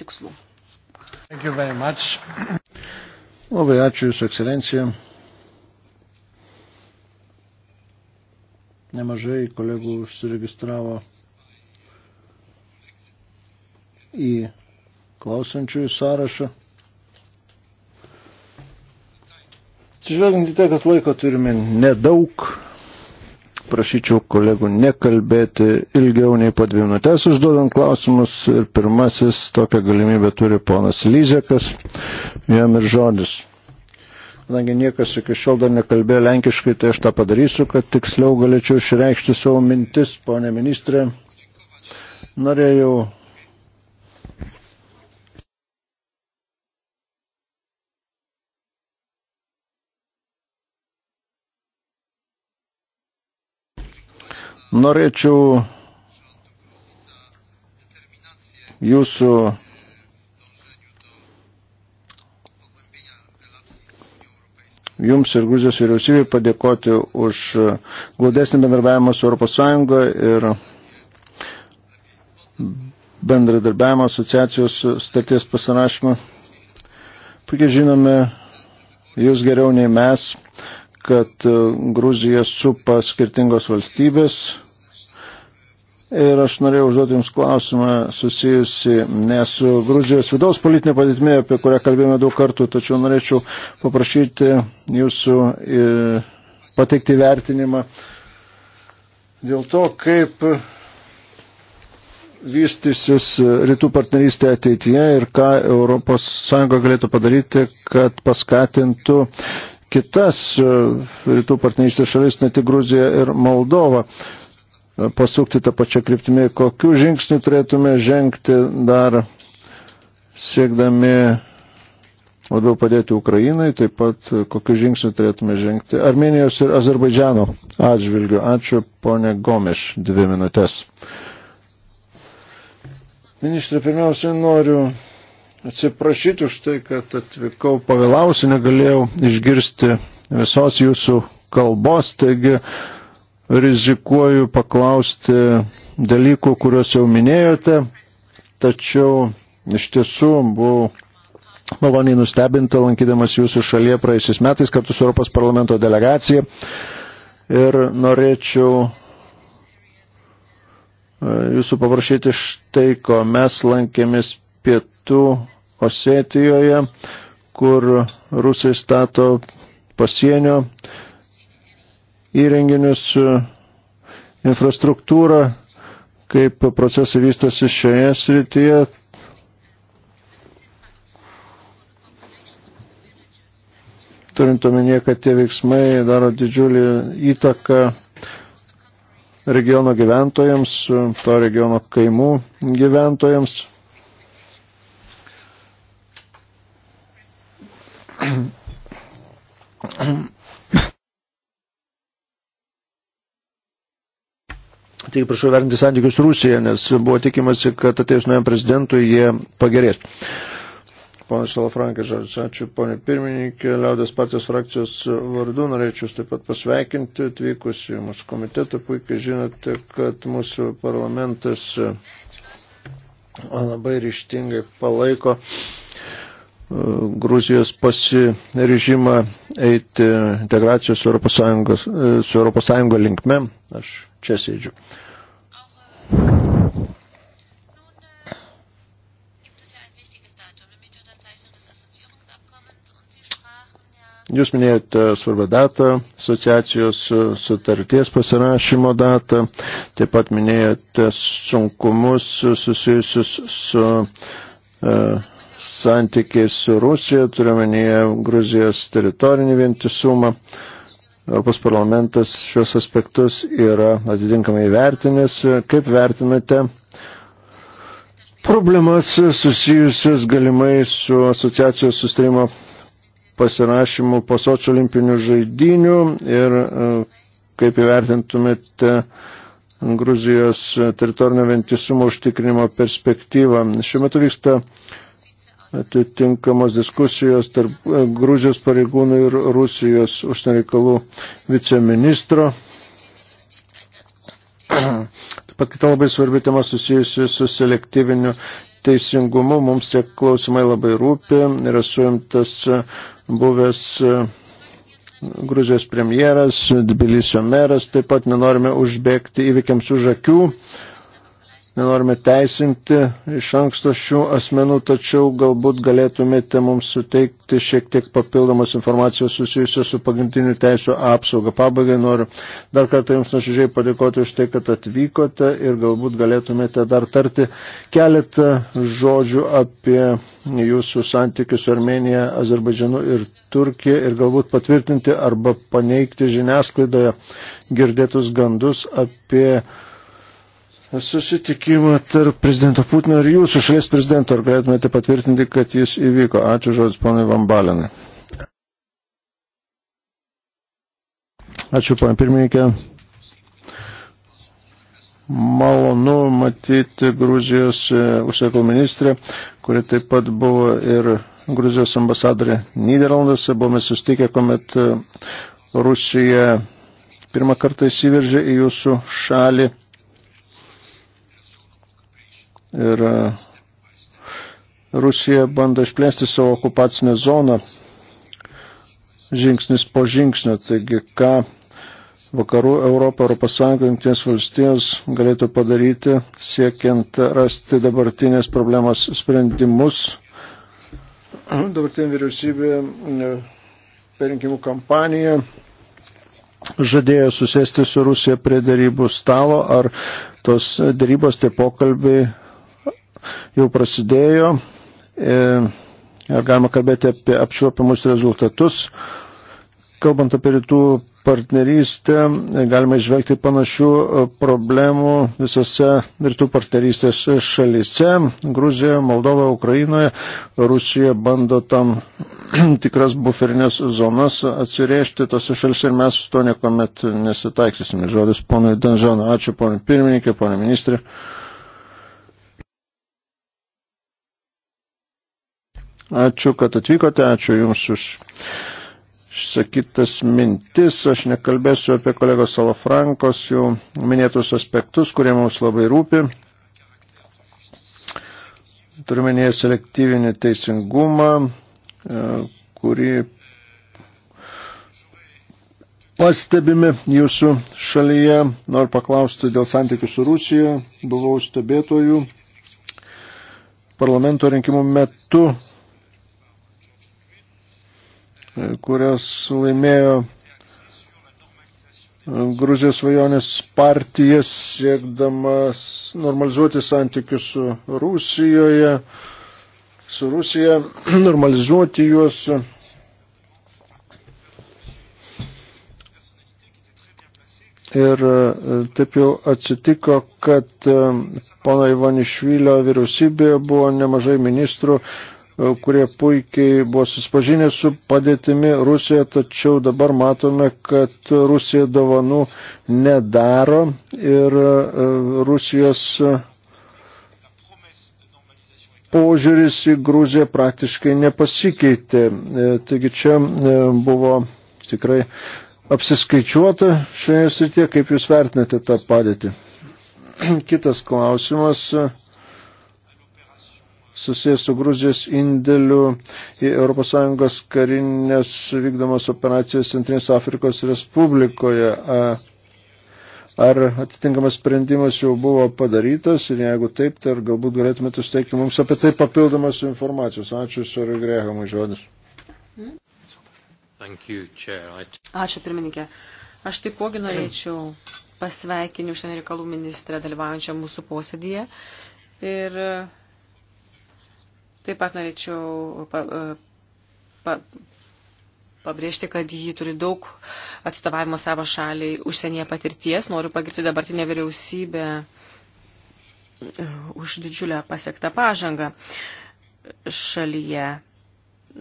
Speaker 3: tikslų.
Speaker 1: Labai ačiū Jūsų ekscelencija. Nemažai kolegų užsiregistravo į klausančiųjų sąrašą. Atsižvelgiant į tai, kad laiko turime nedaug, prašyčiau kolegų nekalbėti ilgiau nei po dvi minutės užduodant klausimus. Ir pirmasis tokią galimybę turi ponas Lyzekas, jam ir žodis. Kadangi niekas iki šiol dar nekalbėjo lenkiškai, tai aš tą padarysiu, kad tiksliau galėčiau išreikšti savo mintis, ponė ministrė. Norėjau Norėčiau jūsų Jums ir Gruzijos vyriausybė padėkoti už glaudesnį bendarbiavimą su Europos Sąjunga ir bendradarbiavimo asociacijos starties pasirašymą. Puikiai žinome, jūs geriau nei mes kad e, Gruziją supa skirtingos valstybės. Ir aš norėjau užduoti Jums klausimą susijusi ne su Gruzijos vidaus politinė padėtmė, apie kurią kalbėjome daug kartų, tačiau norėčiau paprašyti Jūsų e, pateikti vertinimą dėl to, kaip vystysis rytų partnerystė ateityje ir ką ES galėtų padaryti, kad paskatintų kitas e, rytų partnerystės šalis, ne tik Gruziją ir Moldovą, e, pasukti tą pačią kryptimį. Kokių žingsnių turėtume žengti dar siekdami labiau padėti Ukrainai, taip pat e, kokių žingsnių turėtume žengti Armenijos ir Azerbaidžiano atžvilgiu. Ačiū, ponė Gomiš, dvi minutės. Ministrė, pirmiausia, noriu atsiprašyti už tai, kad atvykau pavėlausi, negalėjau išgirsti visos jūsų kalbos, taigi rizikuoju paklausti dalykų, kuriuos jau minėjote, tačiau iš tiesų buvau maloniai nustebinta lankydamas jūsų šalyje praėjusiais metais kartu su Europos parlamento delegacija ir norėčiau e, jūsų paprašyti štai ko mes lankėmės pietų Osetijoje, kur rusai stato pasienio įrenginius infrastruktūrą, kaip procesai vystosi šioje srityje. Turint omenyje, kad tie veiksmai daro didžiulį įtaką regiono gyventojams, to regiono kaimų gyventojams. Taigi prašau vertinti santykius Rusiją, nes buvo tikimasi, kad atėjus naujam prezidentui jie pagerės. Ponas Salafrankė Žodis, ačiū ponė pirmininkė, Liaudės partijos frakcijos vardu, norėčiau taip pat pasveikinti atvykus į mūsų komitetą, puikiai žinote, kad mūsų parlamentas labai ryštingai palaiko uh, Gruzijos pasirežimą eiti integracijos su Europos, Sąjungos, su Europos Sąjungo linkme. Aš čia sėdžiu. Jūs minėjote svarbę datą, asociacijos sutarties pasirašymo datą, taip pat minėjote sunkumus susijusius su uh, santykiai su Rusija, turiuomenyje Gruzijos teritorinį vientisumą. Europos parlamentas šios aspektus yra atitinkamai vertinęs. Kaip vertinate problemas susijusias galimai su asociacijos sustarimo pasirašymu po sočio olimpinių žaidinių ir e, kaip įvertintumėte Gruzijos teritorinio vientisumo užtikrinimo perspektyvą. Šiuo metu vyksta uh, atitinkamos diskusijos tarp e, Grūžijos pareigūnų ir Rusijos užsienio reikalų viceministro. Taip pat kita labai svarbi tema susijusi su selektyviniu teisingumu. Mums tie klausimai labai rūpi. Yra suimtas buvęs e, Gruzijos premjeras, Tbilisio meras, taip pat nenorime užbėgti įvykiams už akių nenorime teisinti iš anksto šių asmenų, tačiau galbūt galėtumėte mums suteikti šiek tiek papildomos informacijos susijusios su pagrindiniu teisų apsauga. Pabaigai noriu dar kartą Jums nuoširdžiai padėkoti už tai, kad atvykote ir galbūt galėtumėte dar tarti keletą žodžių apie Jūsų santykius su Armenija, Azerbaidžianu ir Turkija ir galbūt patvirtinti arba paneigti žiniasklaidoje girdėtus gandus apie susitikimą tarp prezidento Putino ir jūsų šalies prezidento. Ar galėtumėte patvirtinti, kad jis įvyko? Ačiū žodis ponui Vambalinai. Ačiū, pan pirmininkė. Malonu matyti Gruzijos e, užsienio ministrė, kuri taip pat buvo ir Gruzijos ambasadorė Niderlanduose. Buvome sustikę, kuomet e, Rusija pirmą kartą įsiveržė į jūsų šalį Ir e, Rusija bando išplėsti savo okupacinę zoną žingsnis po žingsnio. Taigi, ką vakarų Europą, Europos Sąjungą, Junktinės valstijos galėtų padaryti, siekiant rasti dabartinės problemos sprendimus. Dabartinė vyriausybė e, per rinkimų kampaniją žadėjo susėsti su Rusija prie darybų stalo, ar tos darybos tie pokalbiai jau prasidėjo. Ir e, galima kalbėti apie apčiuopiamus rezultatus. Kalbant apie rytų partnerystę, galima išvelgti panašių e, problemų visose rytų partnerystės šalyse - Gruzijoje, Moldovoje, Ukrainoje. Rusija bando tam tikras buferinės zonas atsirėžti tose šalyse ir mes su to niekuomet nesitaiksime. Žodis ponui Danžano. Ačiū, ponui pirmininkė, ponui ministrė. Ačiū, kad atvykote, ačiū Jums už išsakytas mintis. Aš nekalbėsiu apie kolegos Salafrankos jau minėtus aspektus, kurie mums labai rūpi. Turiminėje selektyvinį teisingumą, e, kurį pastebime jūsų šalyje. Noriu paklausti dėl santykių su Rusija. Buvau stebėtojų parlamento rinkimų metu kurias laimėjo e, Gruzijos svajonės partija siekdamas normalizuoti santykius su Rusijoje, su Rusija, normalizuoti juos. Ir e, taip jau atsitiko, kad e, pono Ivanišvilio vyriausybėje buvo nemažai ministrų, E, kurie puikiai buvo suspažinę su padėtimi Rusijoje, tačiau dabar matome, kad Rusija dovanų nedaro ir e, Rusijos e, požiūris į Gruziją praktiškai nepasikeitė. Taigi čia buvo tikrai apsiskaičiuota šioje srityje, kaip jūs vertinate tą padėtį. Kitas klausimas susijęs su Gruzijos indėliu į ES karinės vykdomas operacijas Centrinės Afrikos Respublikoje. Ar atitinkamas sprendimas jau buvo padarytas ir jeigu taip, tai ar galbūt galėtumėte suteikti mums apie tai papildomas informacijos. Ačiū, Soriu Grehamui žodis.
Speaker 4: Ačiū,
Speaker 2: pirmininkė. Aš taipogi norėčiau pasveikinti užsienio reikalų ministrę dalyvaujančią mūsų posėdėje ir Taip pat norėčiau pa, e, pa, pabrėžti, kad jį turi daug atstovavimo savo šaliai užsienyje patirties. Noriu pagirti dabartinę vyriausybę e, už didžiulę pasiektą pažangą šalyje.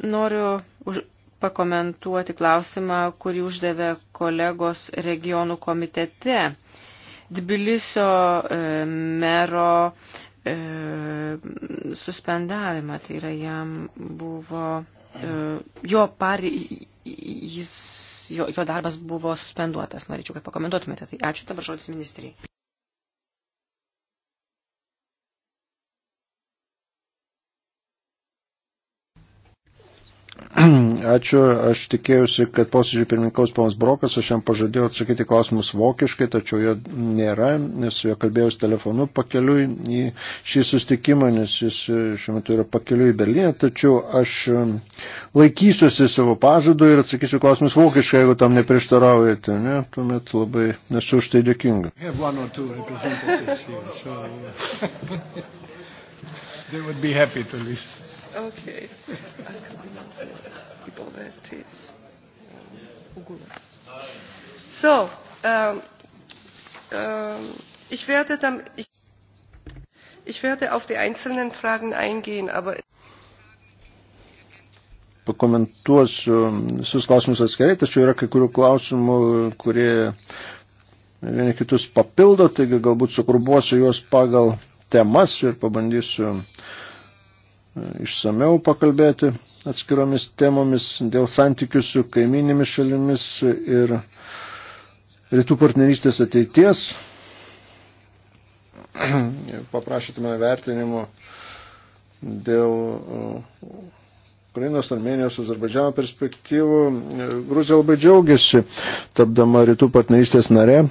Speaker 2: Noriu už, pakomentuoti klausimą, kurį uždavė kolegos regionų komitete. Dbilisio e, mero e, suspendavimą, tai yra jam buvo, e, jo pari, jis, jo, jo darbas buvo suspenduotas. Norėčiau, kad pakomentuotumėte. Tai ačiū dabar žodis ministrijai.
Speaker 1: Ačiū, aš tikėjausi, kad posėdžių pirmininkaus ponas Brokas, aš jam pažadėjau atsakyti klausimus vokiškai, tačiau jo nėra, nes jo kalbėjausi telefonu pakeliui į šį sustikimą, nes jis e, šiuo metu yra pakeliui į Berliną, tačiau aš e, laikysiuosi savo pažadu ir atsakysiu klausimus vokiškai, jeigu tam neprieštaraujate, ne, tuomet labai nesu už tai dėkinga.
Speaker 4: Uh,
Speaker 1: they would be happy to listen.
Speaker 4: Okay. Liberties. Um, so, ähm, ähm, ich werde dann, ich,
Speaker 3: ich werde auf die einzelnen Fragen eingehen, aber
Speaker 1: pakomentuosiu visus klausimus atskirai, tačiau yra kai kurių klausimų, kurie vieni kitus papildo, taigi galbūt sukurbuosiu juos pagal temas ir pabandysiu uh, išsameu pakalbėti atskiromis temomis dėl santykių su kaiminėmis šalimis ir rytų partnerystės ateities. Paprašyti mane vertinimo dėl uh, Ukrainos, Armenijos, Azerbaidžiano perspektyvų. Gruzija labai džiaugiasi, tapdama rytų partnerystės nare.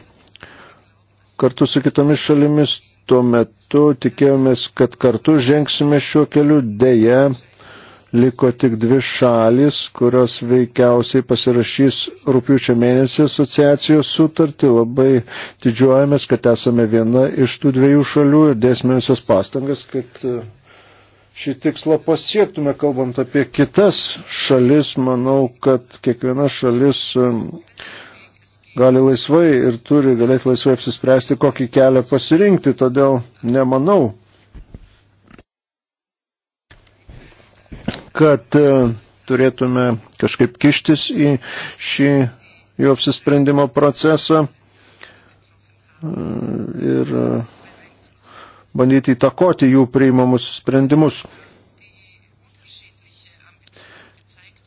Speaker 1: Kartu su kitomis šalimis tuo metu tikėjomės, kad kartu žengsime šiuo keliu, dėje liko tik dvi šalis, kurios veikiausiai pasirašys rūpiučio mėnesį asociacijos sutartį. Labai didžiuojamės, kad esame viena iš tų dviejų šalių ir dėsime visas pastangas, kad e, šį tikslą pasiektume, kalbant apie kitas šalis. Manau, kad kiekviena šalis e, gali laisvai ir turi galėti laisvai apsispręsti, kokį kelią pasirinkti, todėl nemanau, kad e, turėtume kažkaip kištis į šį jų apsisprendimo procesą e, ir e, bandyti įtakoti jų priimamus sprendimus.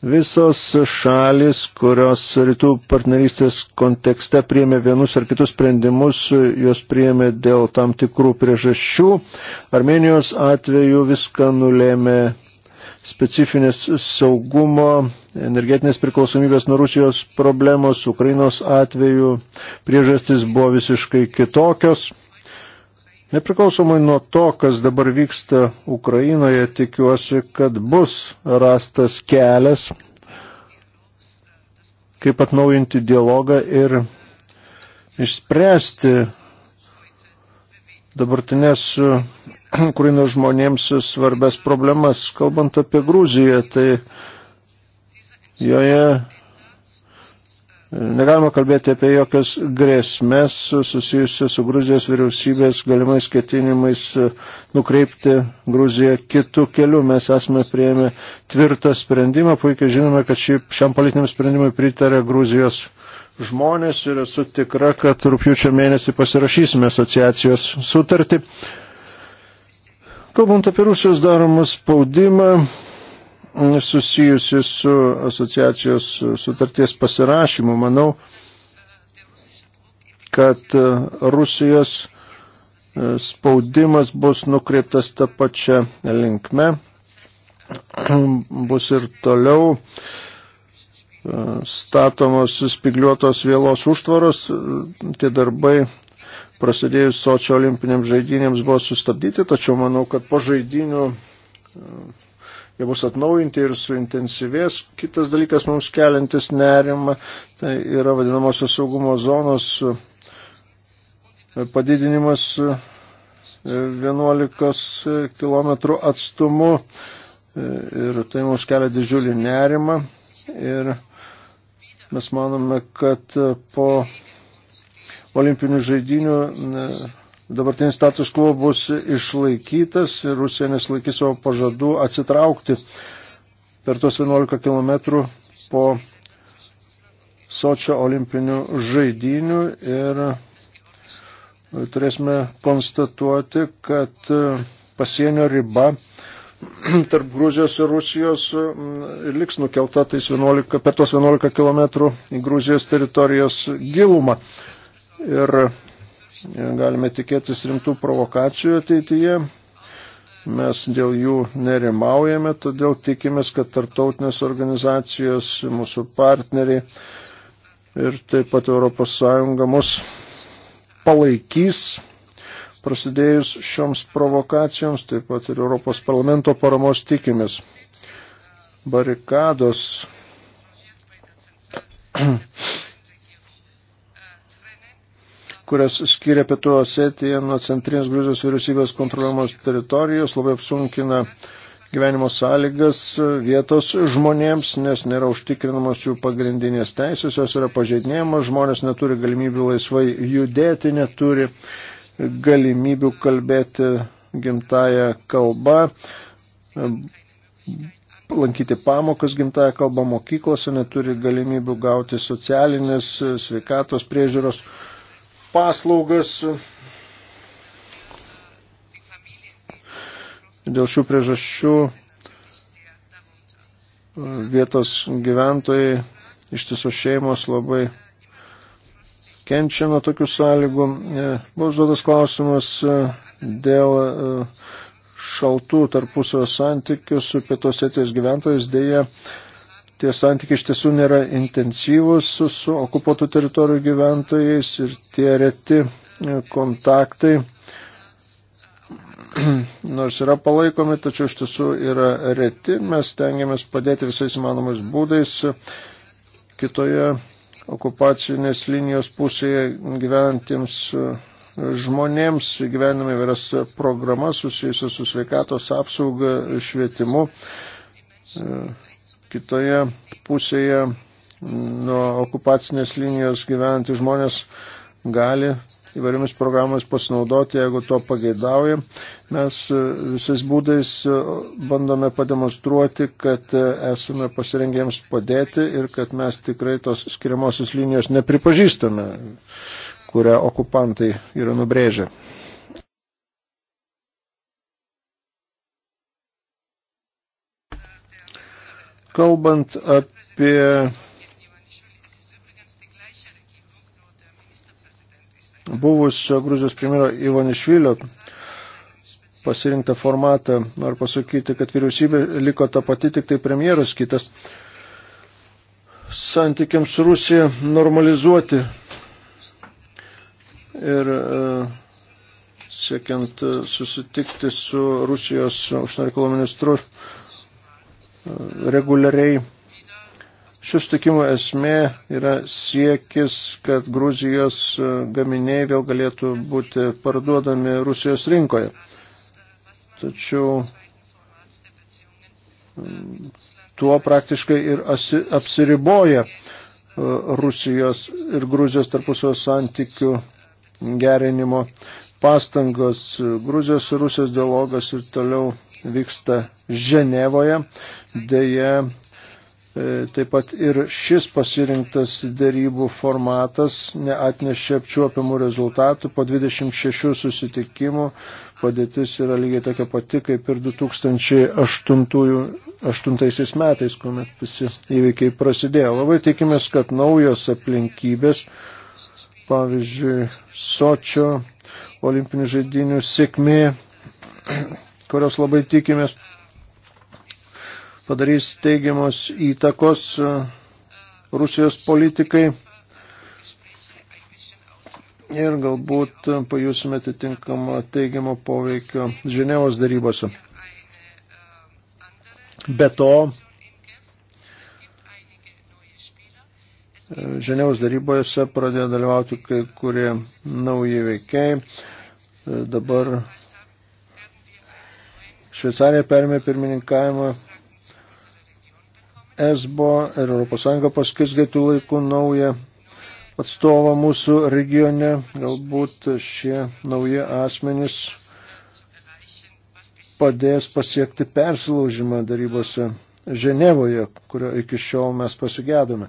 Speaker 1: Visos šalis, kurios rytų partnerystės kontekste priėmė vienus ar kitus sprendimus, juos priėmė dėl tam tikrų priežasčių. Armenijos atveju viską nulėmė specifinės saugumo, energetinės priklausomybės nuo Rusijos problemos, Ukrainos atveju priežastis buvo visiškai kitokios. Nepriklausomai nuo to, kas dabar vyksta Ukrainoje, tikiuosi, kad bus rastas kelias, kaip atnaujinti dialogą ir išspręsti dabartinės Ukrainos žmonėms svarbės problemas. Kalbant apie Gruziją, tai joje Negalima kalbėti apie jokias grėsmės susijusios su Gruzijos vyriausybės galimais ketinimais nukreipti Gruziją kitų kelių. Mes esame prieėmę tvirtą sprendimą, puikiai žinome, kad šį, šiam politiniam sprendimui pritarė Gruzijos žmonės ir esu tikra, kad rūpjūčio mėnesį pasirašysime asociacijos sutartį. Kalbant apie Rusijos daromą spaudimą, susijusi su asociacijos sutarties pasirašymu. Manau, kad e, Rusijos e, spaudimas bus nukreiptas tą pačią linkmę, bus ir toliau e, statomos spigliuotos vėlos užtvaros, tie darbai prasidėjus sočio olimpinėms žaidynėms buvo sustabdyti, tačiau manau, kad po žaidinių jie bus atnaujinti ir suintensyvės. Kitas dalykas mums keliantis nerima, tai yra vadinamosios saugumo zonos e, padidinimas 11 e, km atstumu e, ir tai mums kelia didžiulį nerimą ir mes manome, kad po olimpinių žaidynių dabartinis status quo bus išlaikytas ir Rusija nesilaikys savo pažadų atsitraukti per tuos 11 km po Sočio olimpinių žaidynių ir e, turėsime konstatuoti, kad e, pasienio riba tarp Gruzijos ir Rusijos ir mm, liks nukelta tais 11, per tuos 11 km į Gruzijos teritorijos gilumą. Ir galime tikėtis rimtų provokacijų ateityje. Mes dėl jų nerimaujame, todėl tikimės, kad tarptautinės organizacijos, mūsų partneriai ir taip pat ES mus palaikys prasidėjus šioms provokacijoms, taip pat ir Europos parlamento paramos tikimės. Barikados kurias skiria Pietų Osetija nuo centrinės Gruzijos vyriausybės kontroliuojamos teritorijos, labai apsunkina gyvenimo sąlygas vietos žmonėms, nes nėra užtikrinamos jų pagrindinės teisės, jos yra pažeidinėjamos, žmonės neturi galimybių laisvai judėti, neturi galimybių kalbėti gimtają kalbą, lankyti pamokas gimtają kalbą mokyklose, neturi galimybių gauti socialinės, sveikatos priežiūros paslaugas. Dėl šių priežasčių e, vietos gyventojai iš tiesų šeimos labai kenčia nuo tokių sąlygų. E, buvo užduotas klausimas e, dėl šaltų tarpusio santykių su pietos etijos gyventojais. Dėja, tie santykiai iš tiesų nėra intensyvūs su, su okupuotų teritorijų gyventojais ir tie reti e, kontaktai, nors yra palaikomi, tačiau iš tiesų yra reti. Mes tengiamės padėti visais įmanomais būdais kitoje okupacinės linijos pusėje gyventiems e, žmonėms gyvenime įvairias programas susijusias su sveikatos apsauga, švietimu, e, kitoje pusėje nuo okupacinės linijos gyventi žmonės gali įvairiomis programomis pasinaudoti, jeigu to pageidauja. Mes e, visais būdais e, bandome pademonstruoti, kad e, esame pasirengėms padėti ir kad mes tikrai tos skiriamosios linijos nepripažįstame, kurią okupantai yra nubrėžę. Kalbant apie buvusio Gruzijos premjero Ivanišvilio pasirinktą formatą, noriu pasakyti, kad vyriausybė liko ta pati, tik tai premjeras kitas santykiams su Rusija normalizuoti ir e, siekiant e, susitikti su Rusijos užsienio reikalų ministru reguliariai. Šių sutikimų esmė yra siekis, kad Gruzijos e, gaminiai vėl galėtų būti parduodami Rusijos rinkoje. Tačiau mm, tuo praktiškai ir apsiriboja e, Rusijos ir Gruzijos tarpusio santykių gerinimo pastangos. Gruzijos ir Rusijos dialogas ir toliau vyksta Ženevoje. Deja, e, taip pat ir šis pasirinktas dėrybų formatas neatnešė apčiuopiamų rezultatų. Po 26 susitikimų padėtis yra lygiai tokia pati kaip ir 2008 metais, kuomet visi įveikiai prasidėjo. Labai tikimės, kad naujos aplinkybės, pavyzdžiui, Sočio olimpinių žaidinių sėkmė kurios labai tikimės padarys teigiamos įtakos e, Rusijos politikai ir galbūt e, pajusime atitinkamą teigiamą poveikio Ženevos darybose. Be to, e, Ženevos darybose pradėjo dalyvauti kai kurie nauji veikiai. Dabar Šveicarija perėmė pirmininkavimą ESBO ir ES paskirs greitų laikų naują atstovą mūsų regione. Galbūt šie nauji asmenys padės pasiekti persilaužimą darybose Ženevoje, kurio iki šiol mes pasigėdome.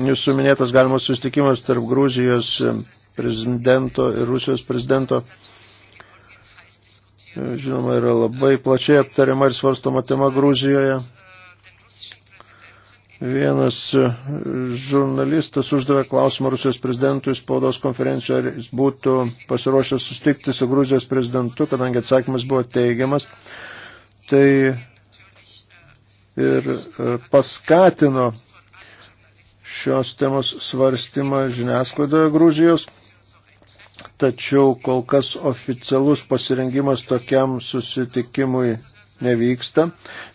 Speaker 1: jūsų minėtas galimas susitikimas tarp Grūzijos prezidento ir Rusijos prezidento, žinoma, yra labai plačiai aptariama ir svarstoma tema Grūzijoje. Vienas žurnalistas uždavė klausimą Rusijos prezidentui spaudos konferencijoje, ar jis būtų pasiruošęs sustikti su Gruzijos prezidentu, kadangi atsakymas buvo teigiamas. Tai ir paskatino šios temos svarstymą žiniasklaidoje Grūzijos, tačiau kol kas oficialus pasirengimas tokiam susitikimui nevyksta.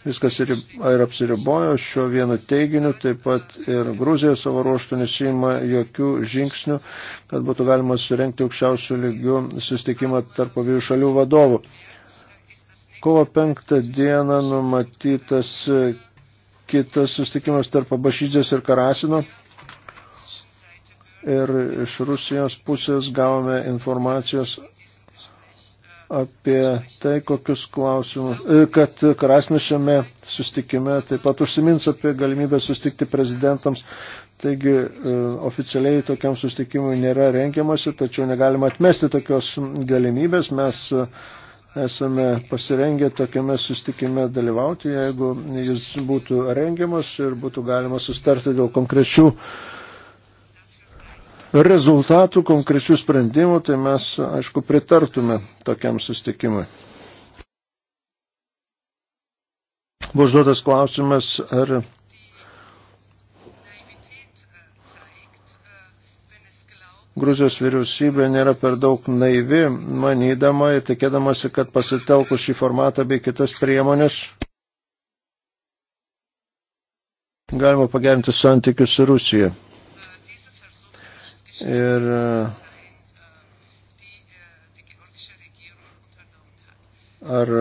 Speaker 1: Viskas ir, ir apsiribojo šiuo vienu teiginiu, taip pat ir Gruzija savo ruoštų nesima jokių žingsnių, kad būtų galima surenkti aukščiausių lygių susitikimą tarp abiejų šalių vadovų. Kovo penktą dieną numatytas kitas sustikimas tarp Bašydės ir Karasino. Ir iš Rusijos pusės gavome informacijos apie tai, kokius klausimus, e, kad Karasinas šiame sustikime taip pat užsimins apie galimybę sustikti prezidentams. Taigi e, oficialiai tokiam sustikimui nėra rengiamasi, tačiau negalima atmesti tokios galimybės. Mes e, esame pasirengę tokiame sustikime dalyvauti, jeigu jis būtų rengiamas ir būtų galima sustarti dėl konkrečių rezultatų, konkrečių sprendimų, tai mes, aišku, pritartume tokiam sustikimui. Buvo užduotas klausimas, ar Gruzijos vyriausybė nėra per daug naivi, manydama ir tikėdamasi, kad pasitelkus šį formatą bei kitas priemonės galima pagerinti santykius su Rusija. Ir e, ar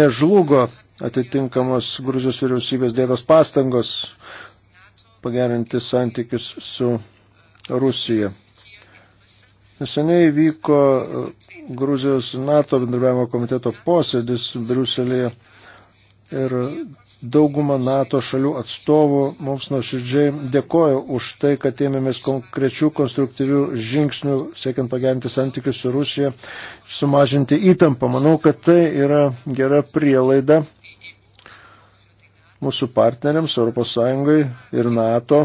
Speaker 1: nežlugo atitinkamos Gruzijos vyriausybės dėtos pastangos pagerinti santykius su Rusija. Neseniai vyko e, Gruzijos NATO bendrabiavimo komiteto posėdis Briuselėje ir dauguma NATO šalių atstovų mums nuoširdžiai dėkoja už tai, kad ėmėmės konkrečių konstruktyvių žingsnių, siekiant pagerinti santykius su Rusija, sumažinti įtampą. Manau, kad tai yra gera prielaida mūsų partneriams, ES ir NATO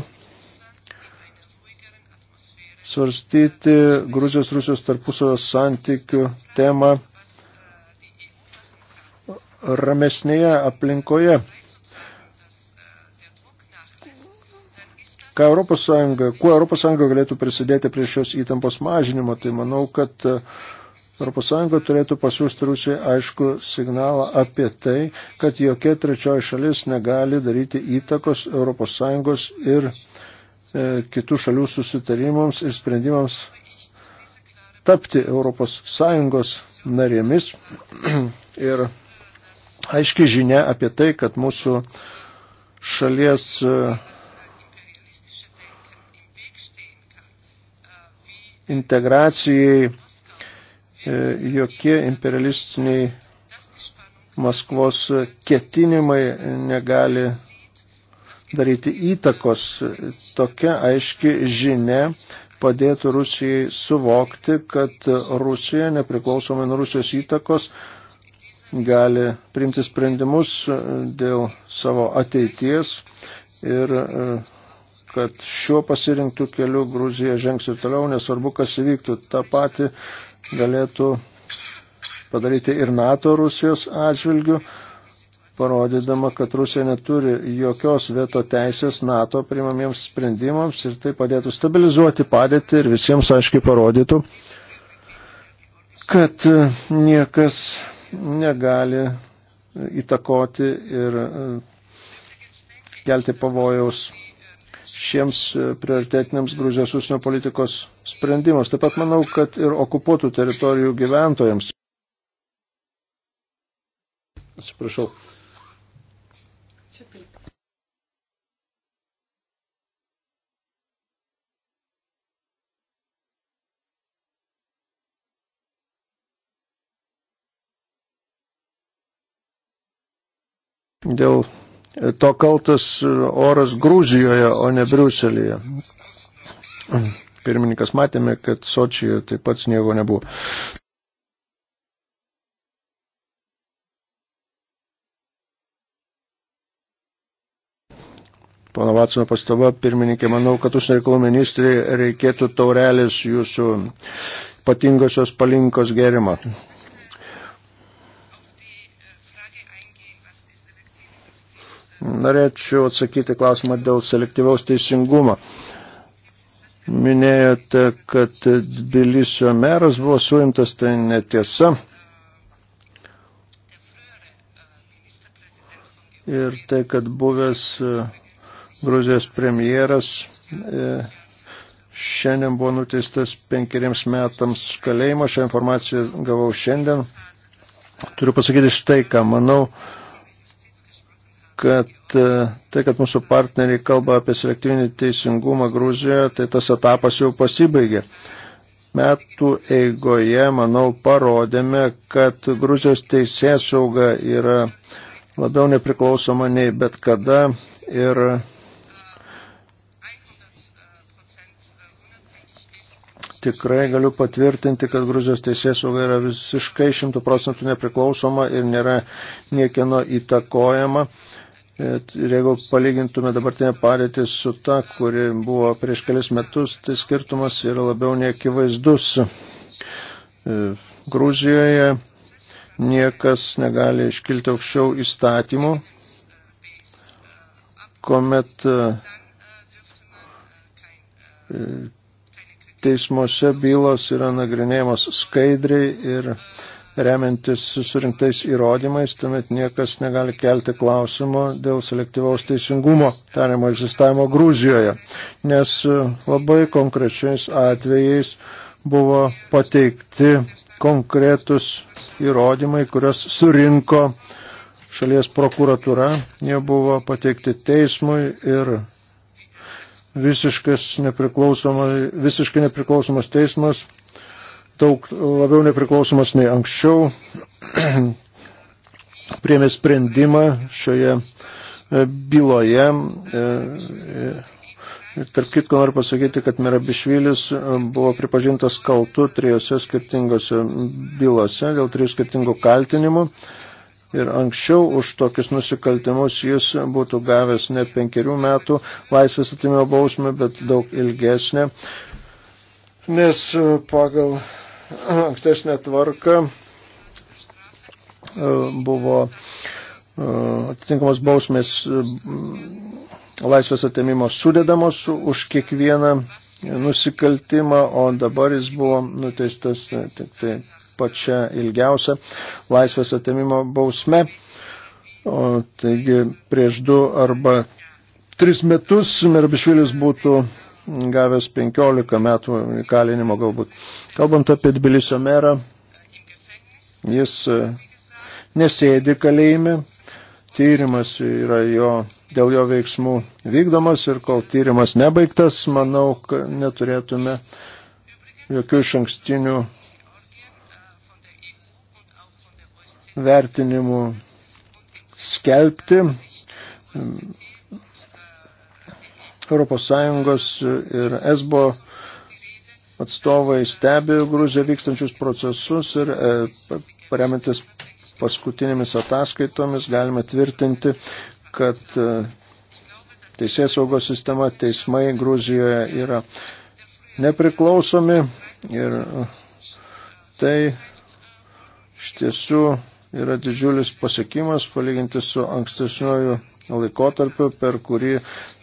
Speaker 1: svarstyti Gruzijos Rusijos tarpusavio santykių temą ramesnėje aplinkoje. Ką Europos Sąjunga, kuo Europos Sąjunga galėtų prisidėti prie šios įtampos mažinimo, tai manau, kad e, Europos Sąjunga turėtų pasiūsti Rusijai aišku signalą apie tai, kad jokia trečioji šalis negali daryti įtakos Europos Sąjungos ir uh, E, kitų šalių susitarimams ir sprendimams tapti Europos Sąjungos narėmis. ir aiški žinia apie tai, kad mūsų šalies e, integracijai e, jokie imperialistiniai Maskvos ketinimai negali daryti įtakos. Tokia aiški žinia padėtų Rusijai suvokti, kad Rusija, nepriklausomai nuo Rusijos įtakos, gali priimti sprendimus dėl savo ateities ir e, kad šiuo pasirinktų keliu Gruzija žengs ir toliau, nesvarbu, kas įvyktų. Ta pati galėtų padaryti ir NATO Rusijos atžvilgių parodydama, kad Rusija neturi jokios veto teisės NATO primamiems sprendimams ir tai padėtų stabilizuoti padėtį ir visiems aiškiai parodytų, kad e, niekas negali įtakoti ir e, kelti pavojaus šiems e, prioritetiniams Gruzijos užsienio politikos sprendimams. Taip pat manau, kad ir okupuotų teritorijų gyventojams. Atsiprašau. Dėl e, to kaltas e, oras Grūzijoje, o ne Briuselėje. Pirmininkas matėme, kad Sočijoje taip pat sniego nebuvo. Pana Vatsino pastaba, pirmininkė, manau, kad užsienio reikalų ministrė reikėtų taurelės jūsų patingosios palinkos gerimą. Norėčiau atsakyti klausimą dėl selektyvaus teisingumo. Minėjote, kad Tbilisio meras buvo suimtas, tai netiesa. Ir tai, kad buvęs e, Gruzijos premjeras e, šiandien buvo nuteistas penkeriems metams kalėjimo. Šią informaciją gavau šiandien. Turiu pasakyti štai ką. Manau, kad e, tai, kad mūsų partneriai kalba apie selektyvinį teisingumą Gruzijoje, tai tas etapas jau pasibaigė. Metų eigoje, manau, parodėme, kad Gruzijos teisės sauga yra labiau nepriklausoma nei bet kada ir tikrai galiu patvirtinti, kad Gruzijos teisės sauga yra visiškai 100 procentų nepriklausoma ir nėra niekieno įtakojama. Ir jeigu palygintume dabartinę padėtį su ta, kuri buvo prieš kelias metus, tai skirtumas yra labiau neakivaizdus. E, Gruzijoje niekas negali iškilti aukščiau įstatymų, kuomet e, teismuose bylos yra nagrinėjamos skaidriai ir remiantis surinktais įrodymais, tuomet niekas negali kelti klausimo dėl selektyvaus teisingumo tariamo egzistavimo Gruzijoje, nes e, labai konkrečiais atvejais buvo pateikti konkretus įrodymai, kurios surinko šalies prokuratūra, jie buvo pateikti teismui ir visiškai nepriklausomas teismas daug labiau nepriklausomas nei anksčiau, priemė sprendimą šioje e, byloje. E, e, ir tarp kitko noriu pasakyti, kad Merabišvilis buvo pripažintas kaltu trijose skirtingose bylose dėl trijų skirtingų kaltinimų. Ir anksčiau už tokius nusikaltimus jis būtų gavęs ne penkerių metų laisvės atimimo bausmę, bet daug ilgesnė nes e, pagal ankstesnę tvarką e, buvo e, atitinkamos bausmės laisvės atėmimos sudedamos už kiekvieną nusikaltimą, o dabar jis buvo nuteistas tik tai pačia ilgiausia laisvės atėmimo bausme. O taigi prieš du arba tris metus Merbišvilis būtų gavęs 15 metų kalinimo galbūt. Kalbant apie Tbilisio merą, jis e, nesėdi kalėjime, tyrimas yra jo, dėl jo veiksmų vykdomas ir kol tyrimas nebaigtas, manau, kad neturėtume jokių iš ankstinių vertinimų skelbti. ES ir ESBO atstovai stebi Gruziją vykstančius procesus ir e, paremintis paskutinėmis ataskaitomis galima tvirtinti, kad e, teisės saugos sistema, teismai Gruzijoje yra nepriklausomi ir tai iš tiesų yra didžiulis pasiekimas palyginti su ankstesniuoju laikotarpiu, per kurį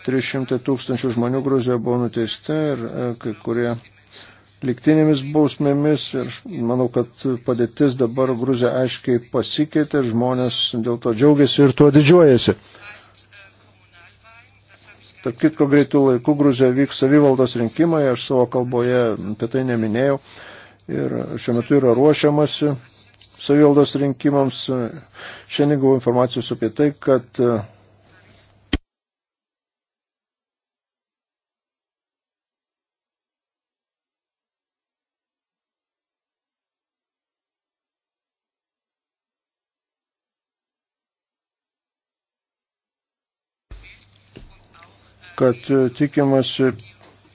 Speaker 1: 300 tūkstančių žmonių Gruzijoje buvo nuteisti ir e, kai kurie liktinėmis bausmėmis. Ir manau, kad padėtis dabar Gruzija aiškiai pasikeitė, žmonės dėl to džiaugiasi ir tuo didžiuojasi. Tarp kitko greitų laikų Gruzija vyks savivaldos rinkimai, aš savo kalboje apie tai neminėjau. Ir šiuo metu yra ruošiamasi savivaldos rinkimams. Šiandien gavau informacijos apie tai, kad kad e, tikimasi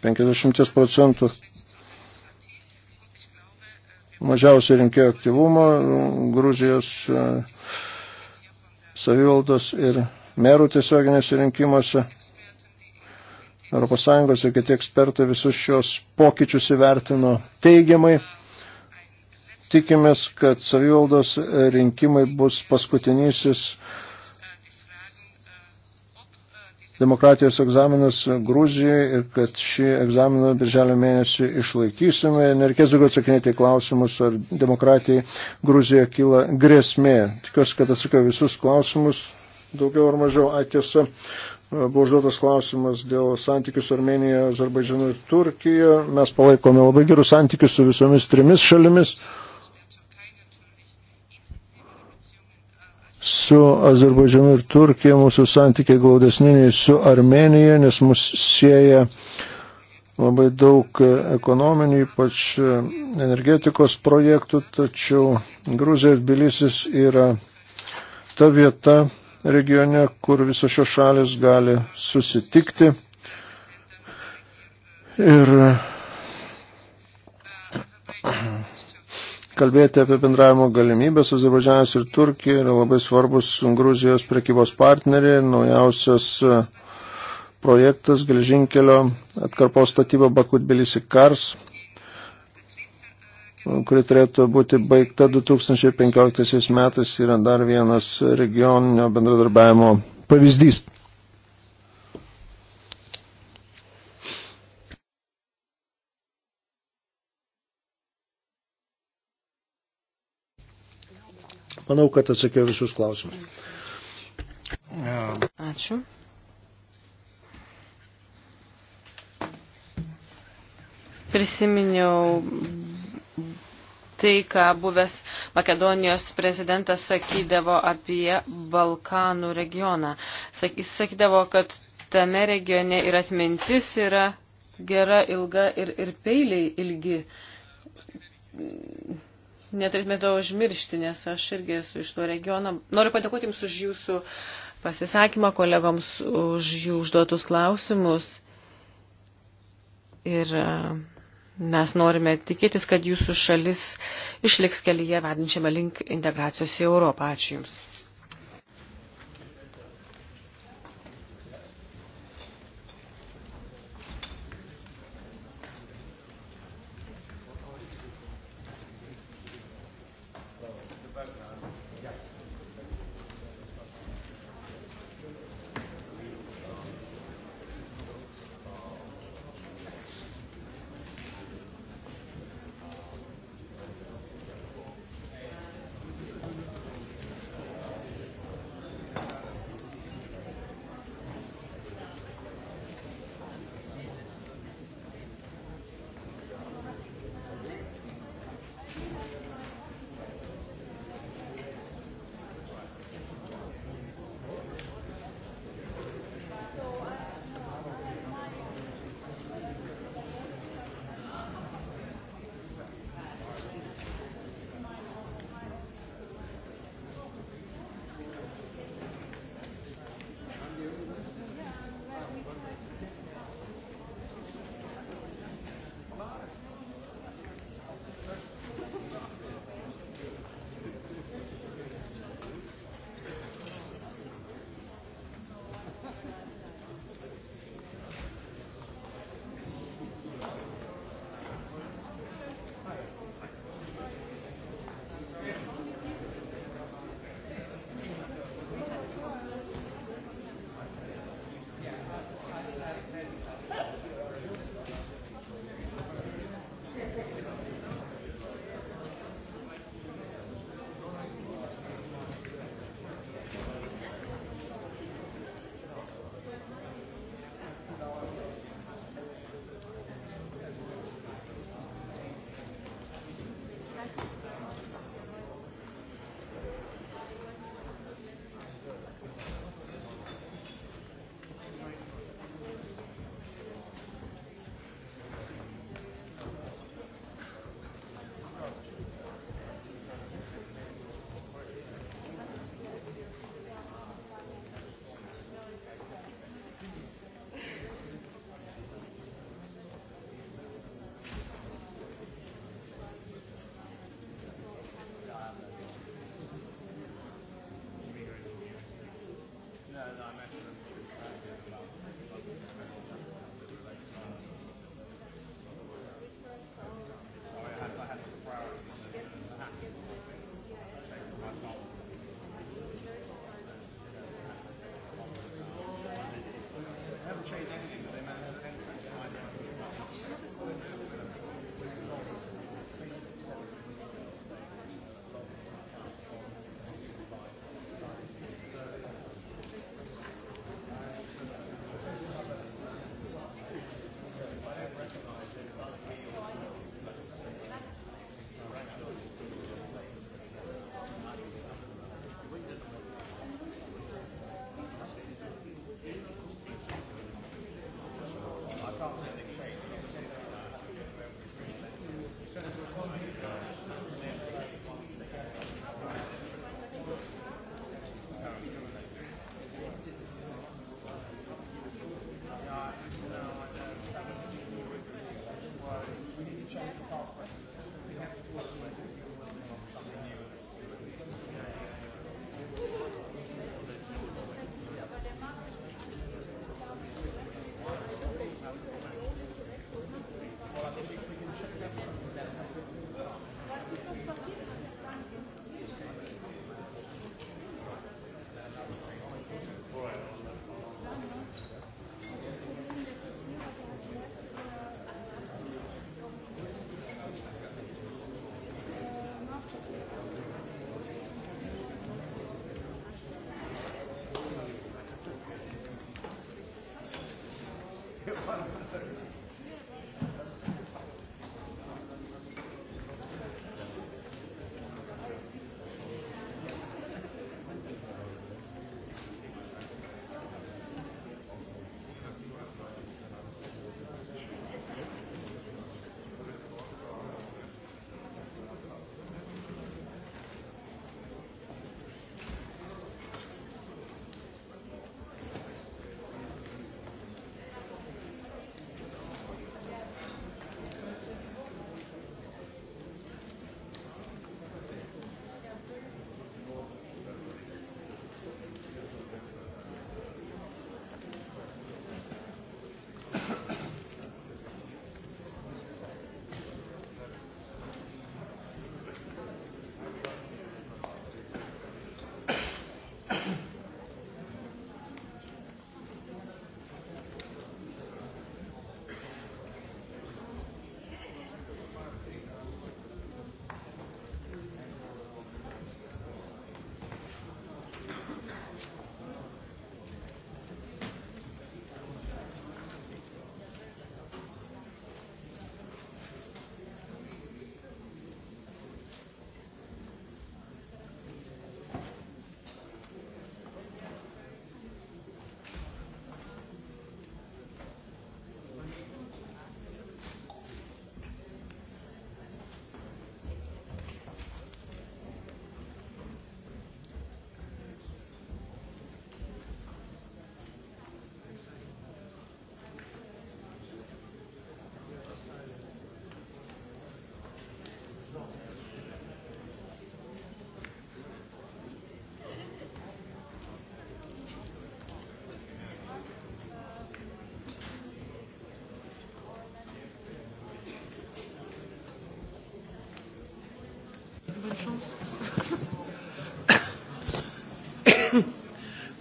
Speaker 1: 50 procentų mažiausiai rinkėjo aktyvumo Gruzijos e, savivaldos ir merų tiesioginėse rinkimuose. ES ir kiti ekspertai visus šios pokyčius įvertino teigiamai. Tikimės, kad savivaldos rinkimai bus paskutinysis demokratijos egzaminas Gruzijai ir kad šį egzaminą birželio mėnesį išlaikysime. Nereikės daugiau atsakinėti į klausimus, ar demokratijai Gruzijoje kyla grėsmė. Tikiuosi, kad atsakiau visus klausimus, daugiau ar mažiau atiesa. Buvo užduotas klausimas dėl santykių su Armenija, Azerbaidžanu ir Turkija. Mes palaikome labai gerus santykius su visomis trimis šalimis. su Azerbaidžianu ir Turkija, mūsų santykiai glaudesniniai su Armenija, nes mus sieja labai daug ekonominių, ypač energetikos projektų, tačiau Gruzija ir Bilisis yra ta vieta regione, kur visos šios šalis gali susitikti. Ir kalbėti apie bendravimo galimybės. Azerbaidžianas ir Turkija yra labai svarbus Gruzijos prekybos partneriai. Naujausias e, projektas geležinkelio atkarpos statyba Bakutbilisi Kars, e, kuri turėtų būti baigta 2015 metais, yra dar vienas regioninio bendradarbiavimo pavyzdys. Manau, kad atsakiau visus klausimus.
Speaker 2: Ačiū. Prisiminiau tai, ką buvęs Makedonijos prezidentas sakydavo apie Balkanų regioną. Jis sakydavo, kad tame regione ir atmintis yra gera, ilga ir, ir peiliai ilgi neturėtume to užmiršti, nes aš irgi esu iš to regiono. Noriu padėkoti Jums už Jūsų pasisakymą, kolegoms už jų užduotus klausimus. Ir e, mes norime tikėtis, kad Jūsų šalis išliks kelyje vedančiame link integracijos į Europą. Ačiū Jums.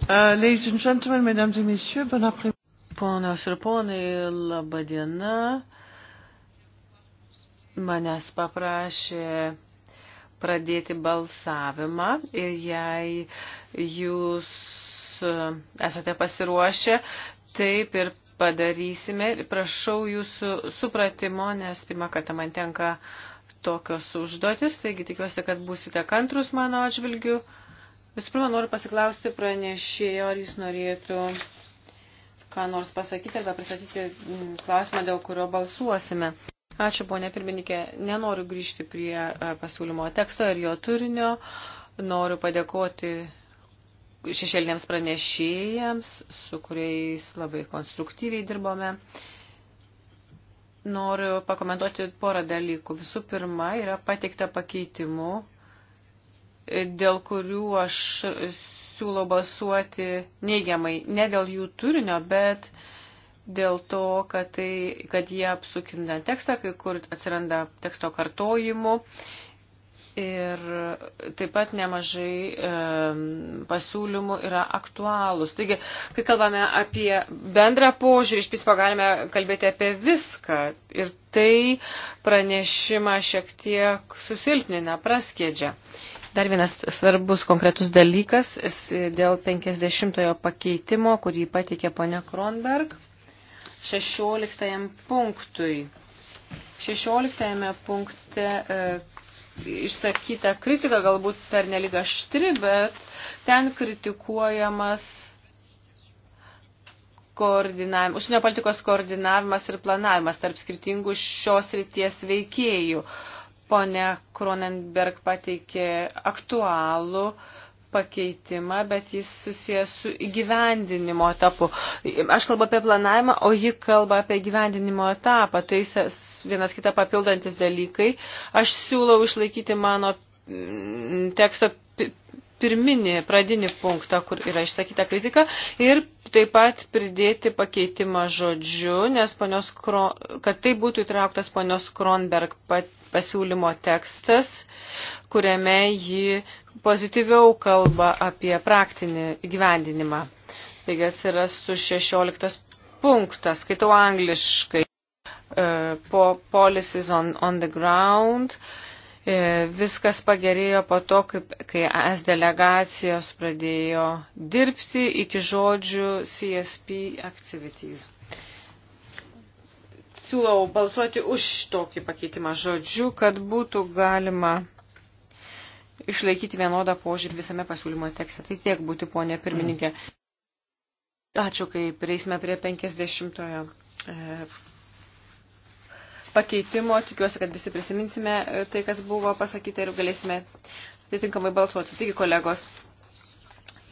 Speaker 2: Uh, Ponios ir ponai, laba diena. Manęs paprašė pradėti balsavimą ir jei jūs uh, esate pasiruošę, taip ir padarysime. Prašau jūsų supratimo, nes pirmą kartą man tenka tokios užduotis, taigi tikiuosi, kad būsite kantrus mano atžvilgiu. Visų pirma, noriu pasiklausti pranešėjo, ar jis norėtų ką nors pasakyti arba pristatyti mm, klausimą, dėl kurio balsuosime. Ačiū, ponė pirmininkė. Nenoriu grįžti prie e, pasiūlymo teksto ir jo turinio. Noriu padėkoti šešėlinėms pranešėjams, su kuriais labai konstruktyviai dirbome. Noriu pakomentuoti porą dalykų. Visų pirma, yra pateikta pakeitimu dėl kurių aš siūlau balsuoti neigiamai, ne dėl jų turinio, bet dėl to, kad, tai, kad jie apsukina tekstą, kai kur atsiranda teksto kartojimų. Ir taip pat nemažai e, pasiūlymų yra aktualūs. Taigi, kai kalbame apie bendrą požiūrį, iš principo galime kalbėti apie viską. Ir tai pranešimą šiek tiek susilpnina, praskėdžia. E, Dar vienas svarbus konkretus dalykas dėl 50-ojo pakeitimo, kurį patikė ponia Kronberg, 16 punktui. 16 punkte e, išsakyta kritika galbūt per nelik aštri, bet ten kritikuojamas koordinavimas, užsienio politikos koordinavimas ir planavimas tarp skirtingų šios ryties veikėjų. E, Pone Kronenberg pateikė aktualų pakeitimą, bet jis susijęs su įgyvendinimo etapu. Aš kalbu apie planavimą, o ji kalba apie įgyvendinimo etapą. Tai vienas kitą papildantis dalykai. Aš siūlau išlaikyti mano mm, teksto pirminį, pradinį punktą, kur yra išsakyta kritika ir taip pat pridėti pakeitimą žodžiu, nes ponios, Kron, kad tai būtų įtrauktas ponios Kronberg pat, pasiūlymo tekstas, kuriame ji pozityviau kalba apie praktinį gyvendinimą. Taigi atsirastų 16 punktas, skaitau angliškai, e, po policies on, on the ground. E, viskas pagerėjo po to, kaip, kai ES delegacijos pradėjo dirbti iki žodžių CSP activities siūlau balsuoti už tokį pakeitimą žodžiu, kad būtų galima išlaikyti vienodą požiūrį visame pasiūlymo tekste. Tai tiek būtų, ponė pirmininkė. Ačiū, kai prieisime prie 50-ojo e, pakeitimo. Tikiuosi, kad visi prisiminsime e, tai, kas buvo pasakyta ir galėsime atitinkamai balsuoti. Taigi, kolegos,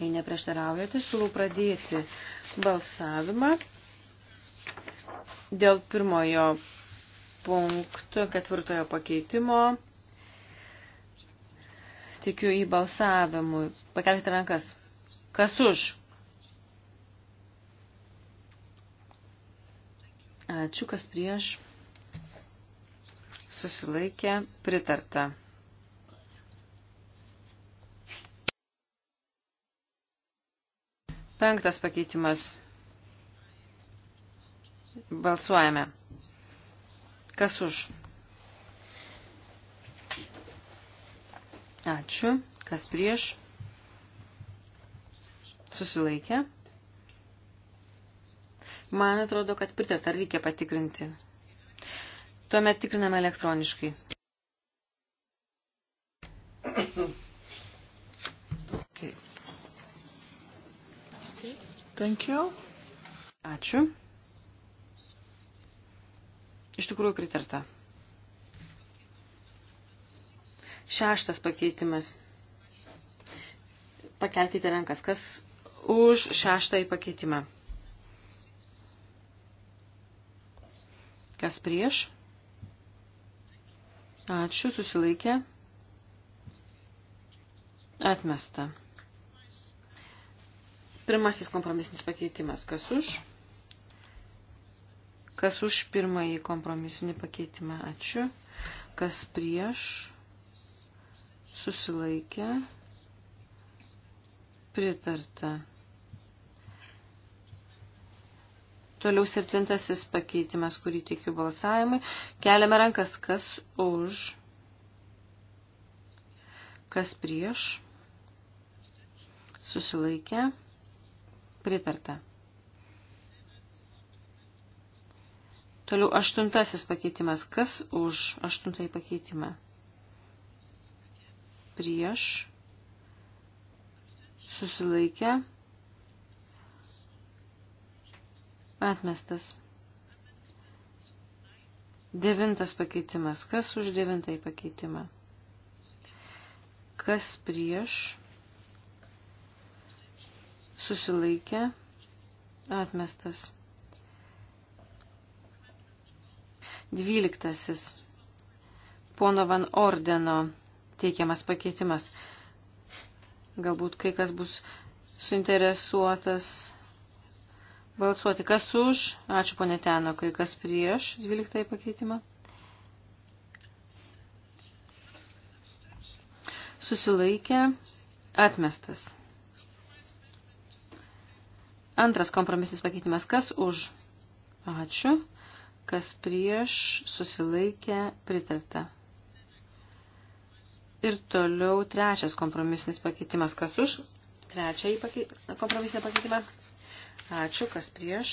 Speaker 2: jei neprieštaraujate, siūlau pradėti balsavimą. Dėl pirmojo punkto, ketvirtojo pakeitimo, tikiu į balsavimui. Pakelkite rankas. Kas už? Ačiū, kas prieš. Susilaikė, pritarta. Penktas pakeitimas. Balsuojame. Kas už? Ačiū. Kas prieš? Susilaikė. Man atrodo, kad pritarta reikia patikrinti. Tuomet tikriname elektroniškai. Okay. Thank you. Ačiū. Iš tikrųjų pritarta. Šeštas pakeitimas. Pakelkite rankas. Kas už šeštąjį pakeitimą? Kas prieš? Ačiū, susilaikė. Atmesta. Pirmasis kompromisinis pakeitimas. Kas už? Kas už pirmąjį kompromisinį pakeitimą? Ačiū. Kas prieš? Susilaikė. Pritarta. Toliau septintasis pakeitimas, kurį tikiu balsavimui. Keliame rankas, kas už, kas prieš, susilaikė, pritarta. Toliau aštuntasis pakeitimas. Kas už aštuntąjį pakeitimą? Prieš. Susilaikę. Atmestas. Devintas pakeitimas. Kas už devintąjį pakeitimą? Kas prieš? Susilaikę. Atmestas. Dvyliktasis. Pono Van Ordeno teikiamas pakeitimas. Galbūt kai kas bus suinteresuotas balsuoti. Kas už? Ačiū, ponė Teno. Kai kas prieš 12 pakeitimą? Susilaikė. Atmestas. Antras kompromisinis pakeitimas. Kas už? Ačiū kas prieš susilaikė pritarta. Ir toliau trečias kompromisinis pakeitimas. Kas už? Trečiąjį pakei... kompromisinį pakeitimą. Ačiū, kas prieš.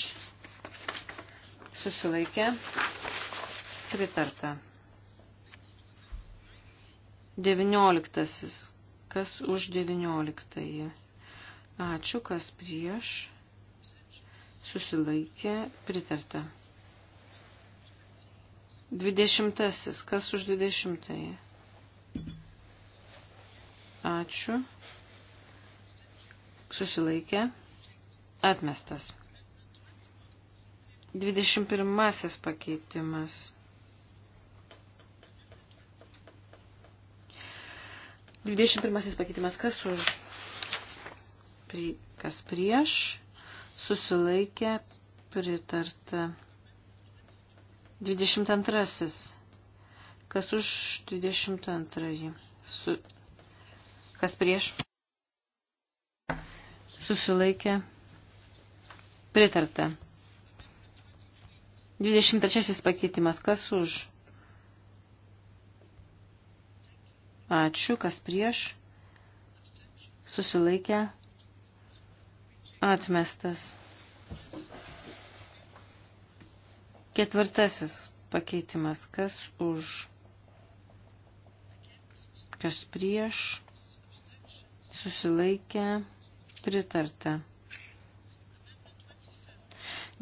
Speaker 2: Susilaikė. Pritarta. Devinioliktasis. Kas už devynioliktąjį? Ačiū, kas prieš. Susilaikė. Pritarta. Dvidešimtasis. Kas už dvidešimtąjį? Ačiū. Susilaikė. Atmestas. Dvidešimt pirmasis pakeitimas. Dvidešimt pirmasis pakeitimas. Kas už? Pri, kas prieš? Susilaikė. Pritarta. 22. Kas už 22? Su, kas prieš? Susilaikė. Pritarta. 23 pakeitimas. Kas už? Ačiū. Kas prieš? Susilaikė. Atmestas. Ketvirtasis pakeitimas. Kas už? Kas prieš? Susilaikė. Pritarta.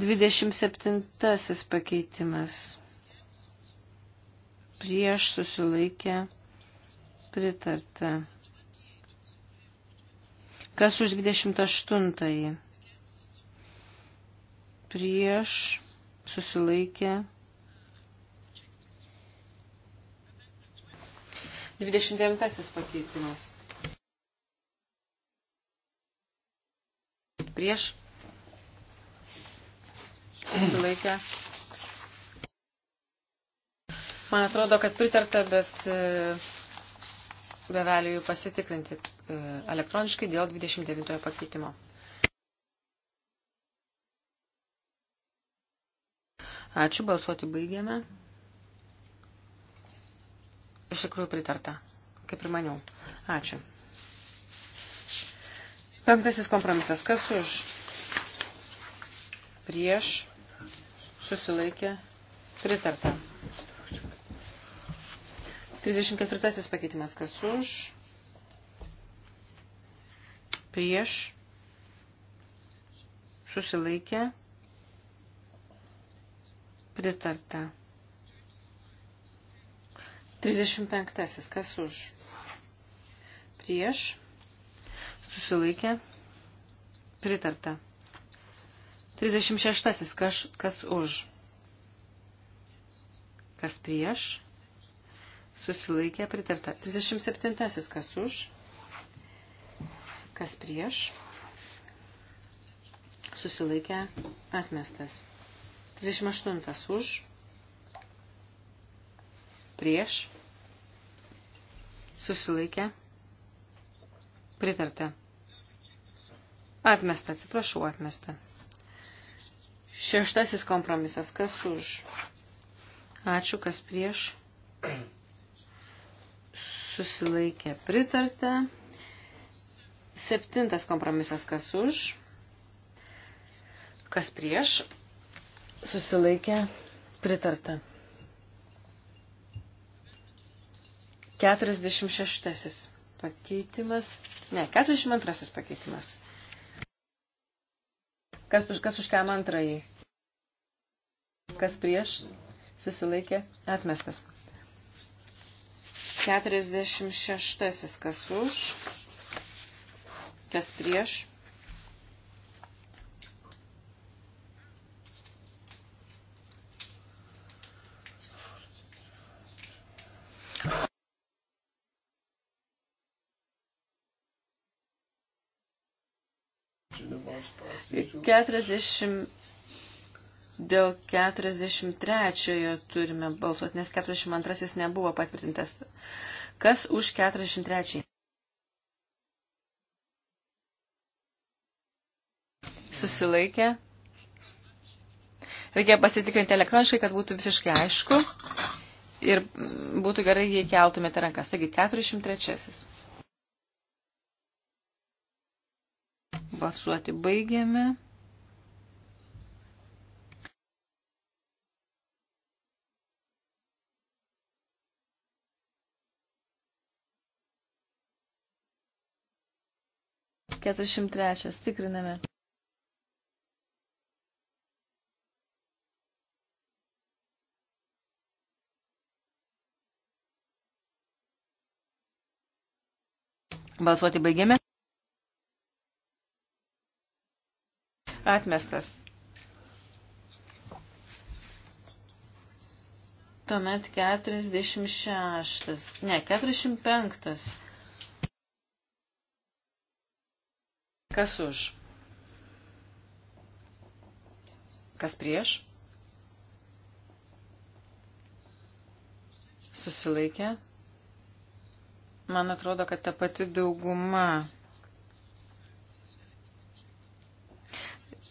Speaker 2: 27 pakeitimas. Prieš susilaikė. Pritarta. Kas už 28? Prieš susilaikė. 29 pakeitimas. Prieš susilaikė. Man atrodo, kad pritarta, bet e, beveliu pasitikrinti e, elektroniškai dėl 29 pakeitimo. Ačiū, balsuoti baigėme. Iš tikrųjų pritarta, kaip ir maniau. Ačiū. Penktasis kompromisas. Kas už? Prieš. Susilaikė. Pritarta. 34 pakeitimas. Kas už? Prieš. Susilaikė. Pritarta. 35. Kas už? Prieš. Susilaikė. Pritarta. 36. Kas, kas už? Kas prieš? Susilaikė. Pritarta. 37. Kas už? Kas prieš? Susilaikė. Atmestas. 38 už, prieš, susilaikę, pritarta. Atmesta, atsiprašau, atmesta. Šeštasis kompromisas. Kas už? Ačiū, kas prieš. Susilaikė pritarta. Septintas kompromisas. Kas už? Kas prieš? susilaikė, pritarta. 46 pakeitimas, ne, 42 pakeitimas. Kas už, kas už kam antrąjį? Kas prieš? Susilaikė, atmestas. 46 kas už, kas prieš, 40 dėl 43 turime balsuoti, nes 42 nebuvo patvirtintas. Kas už 43? Susilaikė. Reikia pasitikrinti elektroniškai, kad būtų visiškai aišku. Ir būtų gerai, jei keltumėte rankas. Taigi, 43. Balsuoti baigėme. Keturiasdešimt trečias. Tikriname. Balsuoti baigėme. Atmestas. Tuomet 46. Ne, 45. Kas už? Kas prieš? Susilaikė? Man atrodo, kad ta pati dauguma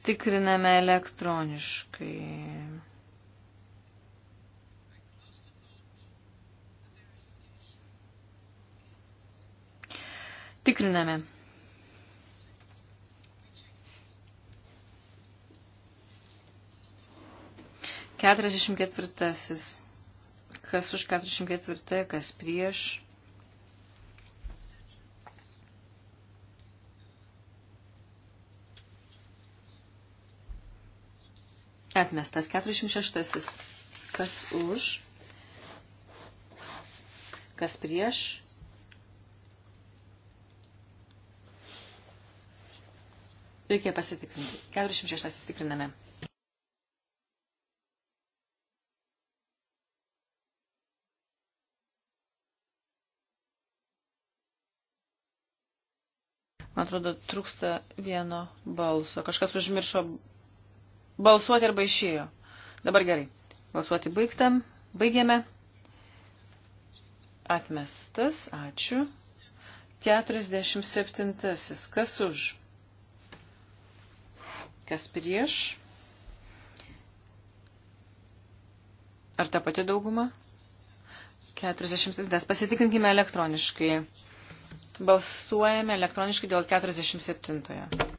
Speaker 2: Tikriname elektroniškai. Tikriname. Keturiasdešimt ketvirtasis. Kas už keturiasdešimt ketvirtąją, kas prieš. Atmestas 46. Kas už? Kas prieš? Reikia pasitikrinti. 46 tikriname. Man atrodo, trūksta vieno balso. Kažkas užmiršo balsuoti arba išėjo. Dabar gerai. Balsuoti baigtam. Baigėme. Atmestas. Ačiū. 47. Kas už? Kas prieš? Ar ta pati dauguma? 47. Pasitikrinkime elektroniškai. Balsuojame elektroniškai dėl 47.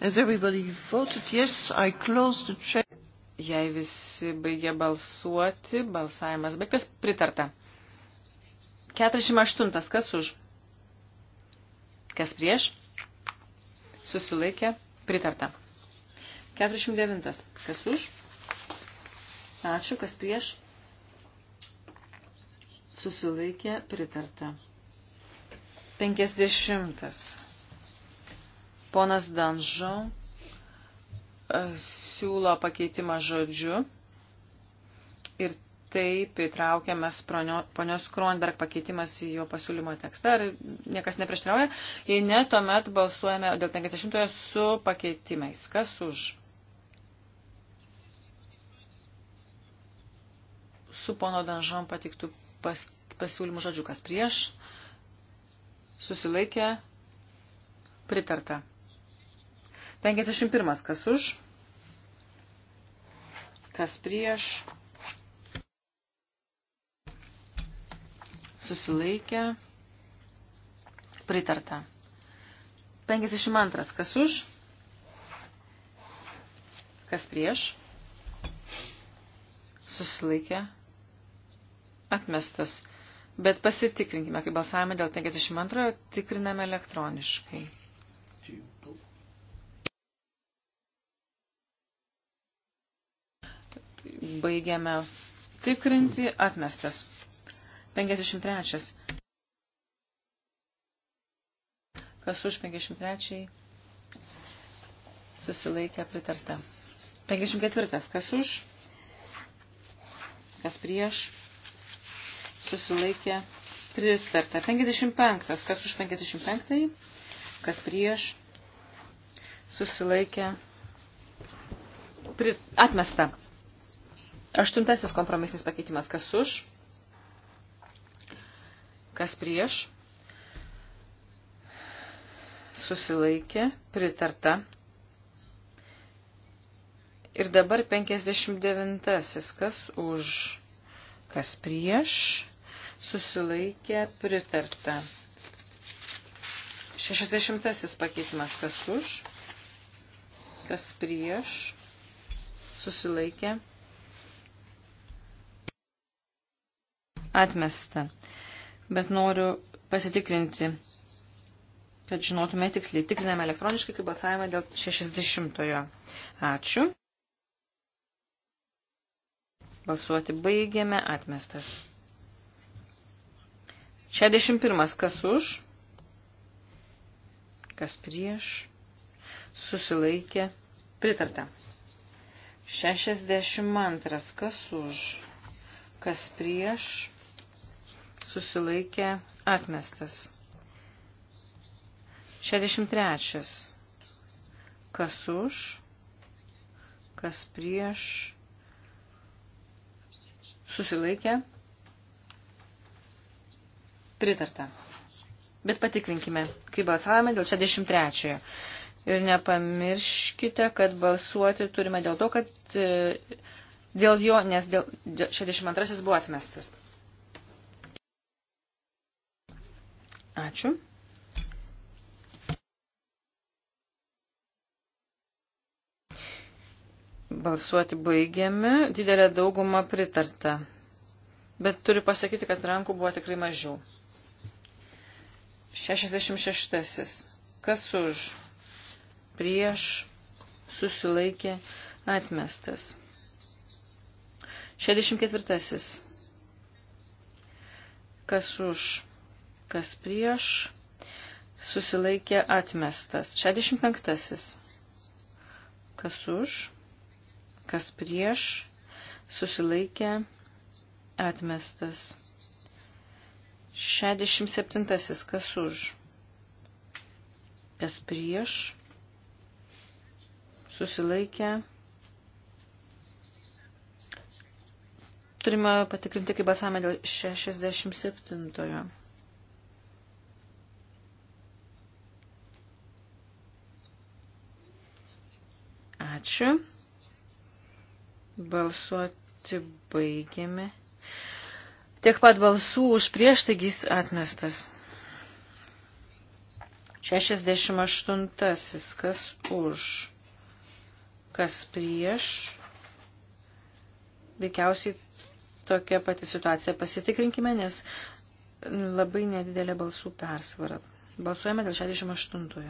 Speaker 2: Has everybody voted? Yes, I close the check. Jei visi baigė balsuoti, balsavimas baigtas, pritarta. 48. Kas už? Kas prieš? Susilaikė, pritarta. 49. Kas už? Ačiū, kas prieš? Susilaikė, pritarta. 50. Ponas Danžon e, siūlo pakeitimą žodžiu ir taip įtraukiamas ponios Kronberg pakeitimas į jo pasiūlymo tekstą. Ar niekas neprieštrauja? Jei ne, tuomet balsuojame dėl 50 su pakeitimais. Kas už? Su pono Danžon patiktų pas, pasiūlymų žodžiu, kas prieš? Susilaikė? Pritarta. 51. Kas už? Kas prieš? Susilaikė. Pritarta. 52. Kas už? Kas prieš? Susilaikė. Atmestas. Bet pasitikrinkime, kai balsavome dėl 52 tikriname elektroniškai. Čia jau daug. Baigiame tikrinti atmestas. 53. Kas už 53? Susilaikė pritarta. 54. Kas už? Kas prieš? Susilaikė pritarta. 55. Kas už 55? Kas prieš? Susilaikė pritarta atmesta. Aštuntasis kompromisinis pakeitimas. Kas už? Kas prieš? Susilaikė. Pritarta. Ir dabar 59-asis, kas už, kas prieš, susilaikė pritarta. 60-asis pakeitimas, kas už, kas prieš, susilaikė pritarta atmesta. Bet noriu pasitikrinti, kad žinotume tiksliai. Tikriname elektroniškai kaip balsavimą dėl 60-ojo. Ačiū. Balsuoti baigėme, atmestas. 61. Kas už? Kas prieš? Susilaikė. Pritarta. 62. Kas už? Kas prieš? susilaikė atmestas. 63. Kas už, kas prieš, susilaikė, pritarta. Bet patikrinkime, kaip balsavome dėl 63. Ir nepamirškite, kad balsuoti turime dėl to, kad e, dėl jo, nes dėl, dėl 62 buvo atmestas. Ačiū. Balsuoti baigiame, didelė dauguma pritarta. Bet turiu pasakyti, kad rankų buvo tikrai mažiau. 66. Kas už? Prieš susilaikė atmestas. 64. Kas už? kas prieš, susilaikė atmestas. 65. Kas už, kas prieš, susilaikė atmestas. 67. Kas už, kas prieš, susilaikė atmestas. Turime patikrinti, kaip balsavome dėl 67. Ačiū. Balsuoti baigėme. Tiek pat balsų už prieš, taigi jis atmestas. 68. Kas už? Kas prieš? Veikiausiai tokia pati situacija. Pasitikrinkime, nes labai nedidelė balsų persvara. Balsuojame dėl 68.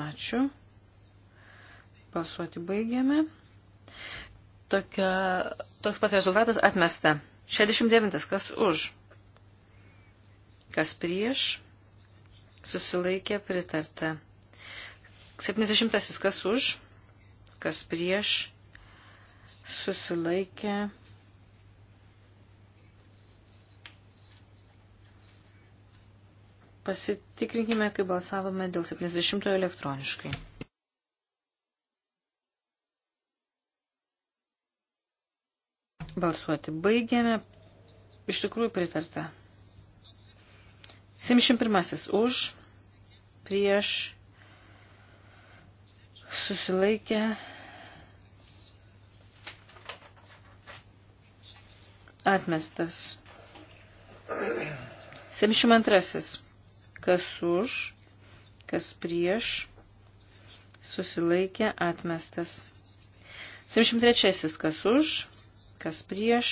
Speaker 2: Ačiū. Balsuoti baigėme. Tokia, toks pat rezultatas atmesta. 69. Kas už? Kas prieš? Susilaikė pritarta. 70. Kas už? Kas prieš? Susilaikė pritarta Pasitikrinkime, kai balsavome dėl 70 elektroniškai. Balsuoti baigėme. Iš tikrųjų pritarta. 71. Už, prieš, susilaikę, atmestas. 72 kas už, kas prieš, susilaikė atmestas. 73. Kas už, kas prieš,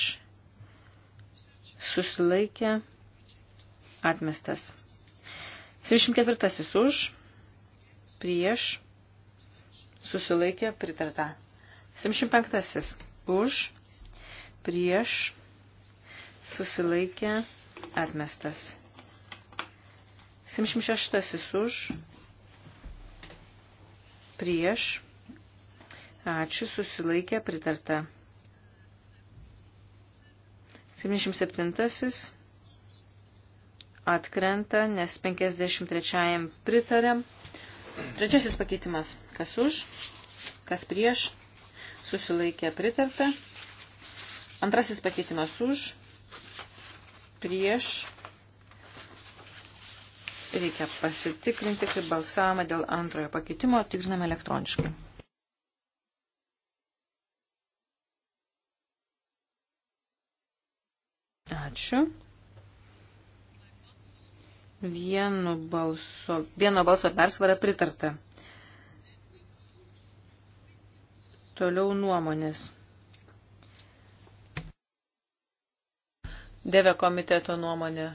Speaker 2: susilaikė atmestas. 74. Už, prieš, susilaikė pritarta. 75. Už, prieš, susilaikė atmestas. 76 už, prieš, ačiū, susilaikė, pritarta. 77 atkrenta, nes 53 pritarėm. Trečiasis pakeitimas. Kas už, kas prieš, susilaikė pritarta. Antrasis pakeitimas už, prieš, Reikia pasitikrinti, kaip balsavome dėl antrojo pakeitimo, tikriname elektroniškai. Ačiū. Vienu balso, vieno balso persvara pritarta. Toliau nuomonės. Deve komiteto nuomonė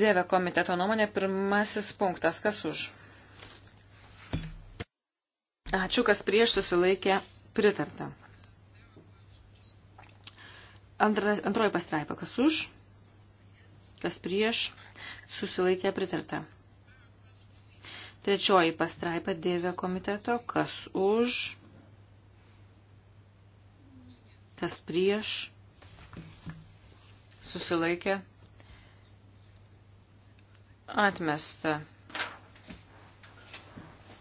Speaker 2: Dėvė komiteto nuomonė, pirmasis punktas, kas už? Ačiū, kas prieš susilaikė pritarta. Antras, antroji pastraipa, kas už, kas prieš susilaikė pritarta. Trečioji pastraipa dėvė komiteto, kas už, kas prieš susilaikė pritarta Atmesta.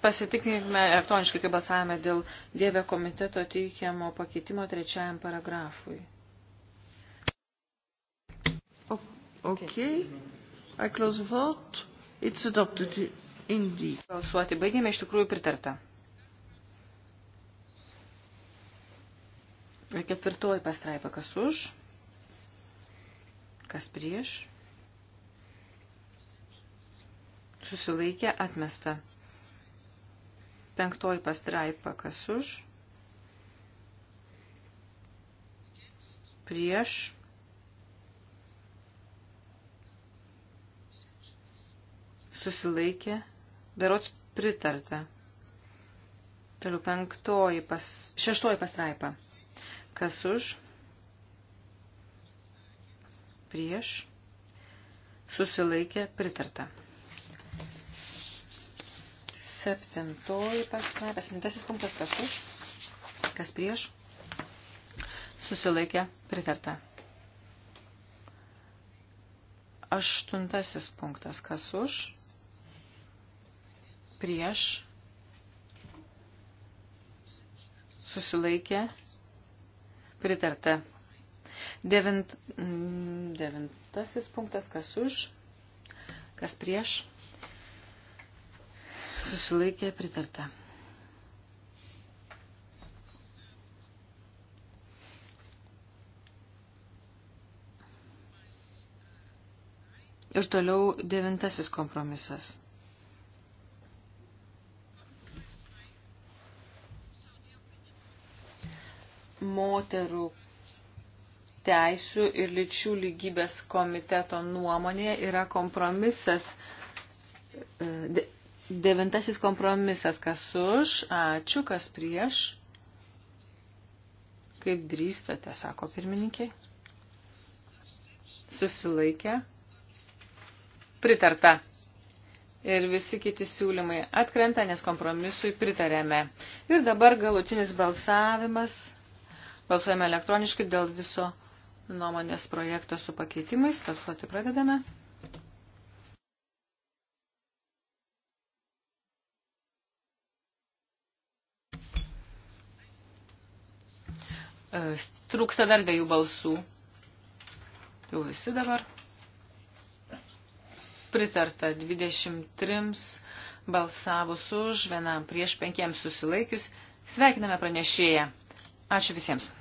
Speaker 2: Pasitikinkime elektroniškai, kaip balsavome dėl Dievė komiteto teikiamo pakeitimo trečiajam paragrafui.
Speaker 4: Okay. I close the vote. It's
Speaker 2: adopted indeed. Balsuoti baigėme, iš tikrųjų pritarta. Ketvirtoji pastraipa, kas už, kas prieš, susilaikė atmesta. Penktoji pastraipa kas už, prieš, susilaikė, berots pritarta. Toliau penktoji, pas, šeštoji pastraipa. Kas už, prieš, susilaikė, pritarta. Septintoji pastraipa, septintasis punktas, kas už, kas prieš, susilaikė pritarta. Aštuntasis punktas, kas už, prieš, susilaikė pritarta. Devint, mm, devintasis punktas, kas už, kas prieš, Susilaikė pritarta. Ir toliau devintasis kompromisas. Moterų teisų ir lyčių lygybės komiteto nuomonėje yra kompromisas e, Devintasis kompromisas, kas už, ačiū, kas prieš. Kaip drįstate, sako pirmininkė. Susilaikę. Pritarta. Ir visi kiti siūlymai atkrenta, nes kompromisui pritarėme. Ir dabar galutinis balsavimas. Balsuojame elektroniškai dėl viso nuomonės projekto su pakeitimais. Balsuoti pradedame. E, trūksta dar dviejų balsų. Jau visi dabar. Pritarta 23 balsavus už, vienam prieš penkiems susilaikius. Sveikiname pranešėją. Ačiū visiems.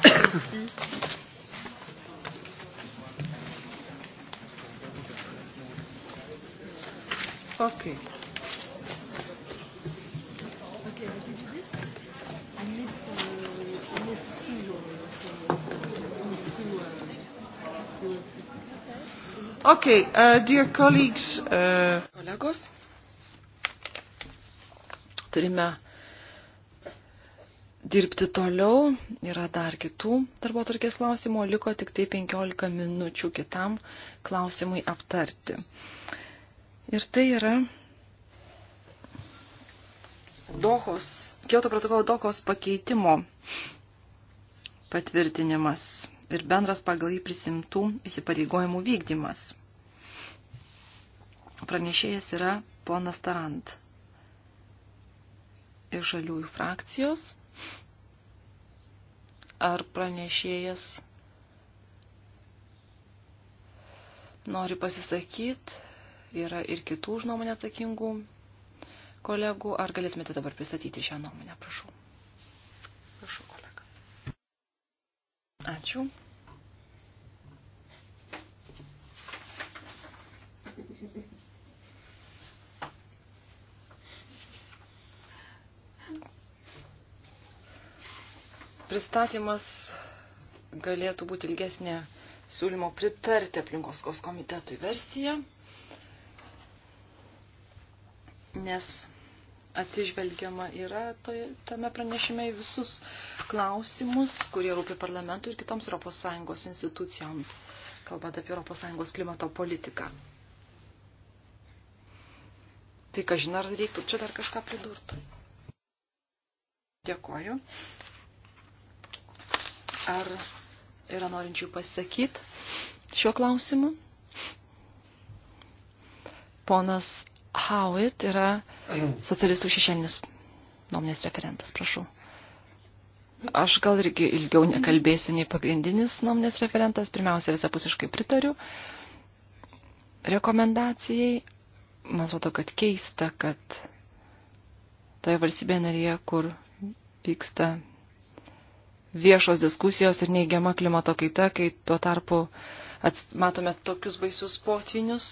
Speaker 2: Okay.
Speaker 1: Okay, uh, dear colleagues. Uh...
Speaker 3: Kolegos, turime dirbti toliau. Yra dar kitų darbo tarkės klausimų, liko tik tai 15 minučių kitam klausimui aptarti. Ir tai yra Dohos, Kyoto protokolo Dohos pakeitimo patvirtinimas ir bendras pagal jį prisimtų įsipareigojimų vykdymas. Pranešėjas yra ponas Tarant iš žaliųjų frakcijos. Ar pranešėjas nori pasisakyti? Yra ir kitų už nuomonę atsakingų kolegų. Ar galėtumėte dabar pristatyti šią nuomonę, prašau? Ačiū. Pristatymas galėtų būti ilgesnė siūlymo pritarti aplinkoskos komitetui versiją, nes atsižvelgiama yra toje, tame pranešime į visus uh, klausimus, kurie rūpi parlamentui ir kitoms ES institucijoms, kalbant apie ES klimato politiką. Tai, ką žinai, ar reiktų čia dar kažką pridurti. Dėkoju. Ar yra norinčių pasakyti šiuo klausimu? Ponas Howitt yra socialistų šešėlinis nuomonės referentas, prašau. Aš gal irgi ilgiau nekalbėsiu nei pagrindinis nuomonės referentas. Pirmiausia, visapusiškai pritariu rekomendacijai. Man atrodo, kad keista, kad toje valstybėje narėje, kur vyksta viešos diskusijos ir neigiama klimato kaita, kai tuo tarpu ats... matome tokius baisius potvinius.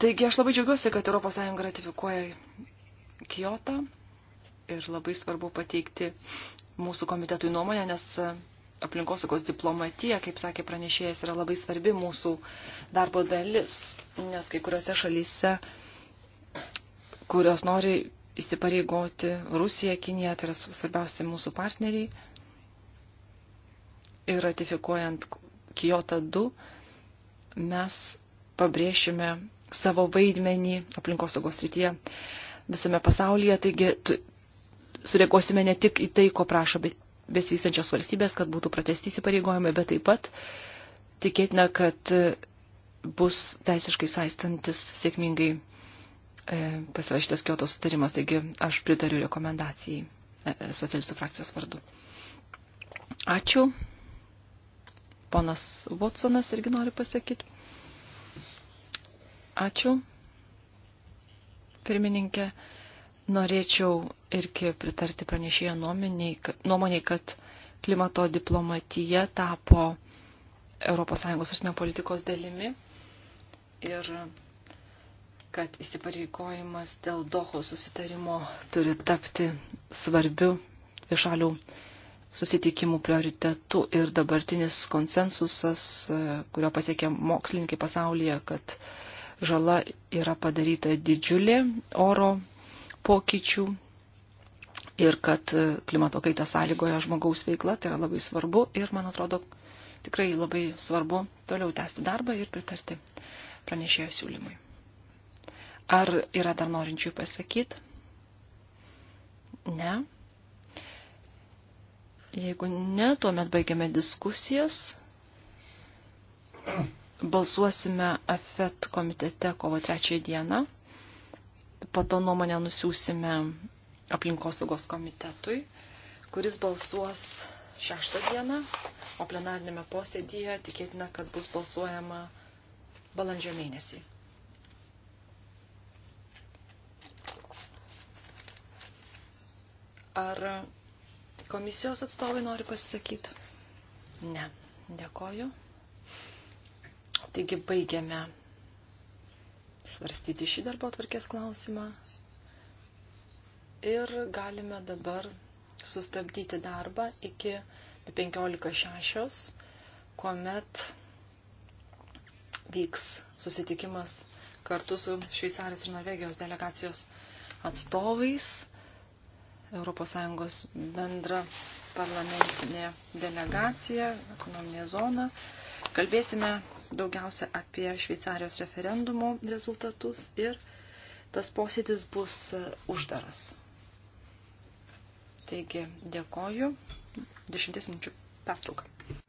Speaker 3: Taigi aš labai džiaugiuosi, kad ES ratifikuoja Kijotą ir labai svarbu pateikti mūsų komitetui nuomonę, nes aplinkosaugos diplomatija, kaip sakė pranešėjas, yra labai svarbi mūsų darbo dalis, nes kai kuriuose šalyse, kurios nori įsipareigoti, Rusija, Kinija, tai yra svarbiausi mūsų partneriai, ir ratifikuojant Kyoto 2, mes pabrėšime savo vaidmenį aplinkosaugos rytyje visame pasaulyje, taigi sureaguosime ne tik į tai, ko prašo besivystančios valstybės, kad būtų pratesti įsipareigojimai, bet taip pat tikėtina, kad bus teisiškai saistantis sėkmingai e, pasirašytas Kiotos sutarimas, taigi aš pritariu rekomendacijai e, e, socialistų frakcijos vardu. Ačiū. Ponas Watsonas irgi nori pasakyti. Ačiū. Pirmininkė. Norėčiau irgi pritarti pranešėjo nuomoniai, kad klimato diplomatija tapo ES užsienio politikos dalimi ir kad įsipareigojimas dėl Doho susitarimo turi tapti svarbiu viešalių susitikimų prioritetu ir dabartinis konsensusas, kurio pasiekė mokslininkai pasaulyje, kad žala yra padaryta didžiulė oro pokyčių ir kad e, klimato kaita sąlygoja žmogaus veikla, tai yra labai svarbu ir, man atrodo, tikrai labai svarbu toliau tęsti darbą ir pritarti pranešėjo siūlymui. Ar yra dar norinčių pasakyti? Ne. Jeigu ne, tuomet baigiame diskusijas. Balsuosime AFET komitete kovo 3 dieną po to nuomonę nusiūsime aplinkosaugos komitetui, kuris balsuos šeštą dieną, o plenarinėme posėdėje tikėtina, kad bus balsuojama balandžio mėnesį. Ar komisijos atstovai nori pasisakyti? Ne, dėkoju. Taigi baigiame svarstyti šį darbo atvarkės klausimą. Ir galime dabar sustabdyti darbą iki 15.6, kuomet vyks susitikimas kartu su Šveicarijos ir Norvegijos delegacijos atstovais. ES bendra parlamentinė delegacija, ekonominė zona. Kalbėsime daugiausia apie Šveicarijos referendumo rezultatus ir tas posėdis bus e, uždaras. Taigi dėkoju. Dešimties minčių pertrauka.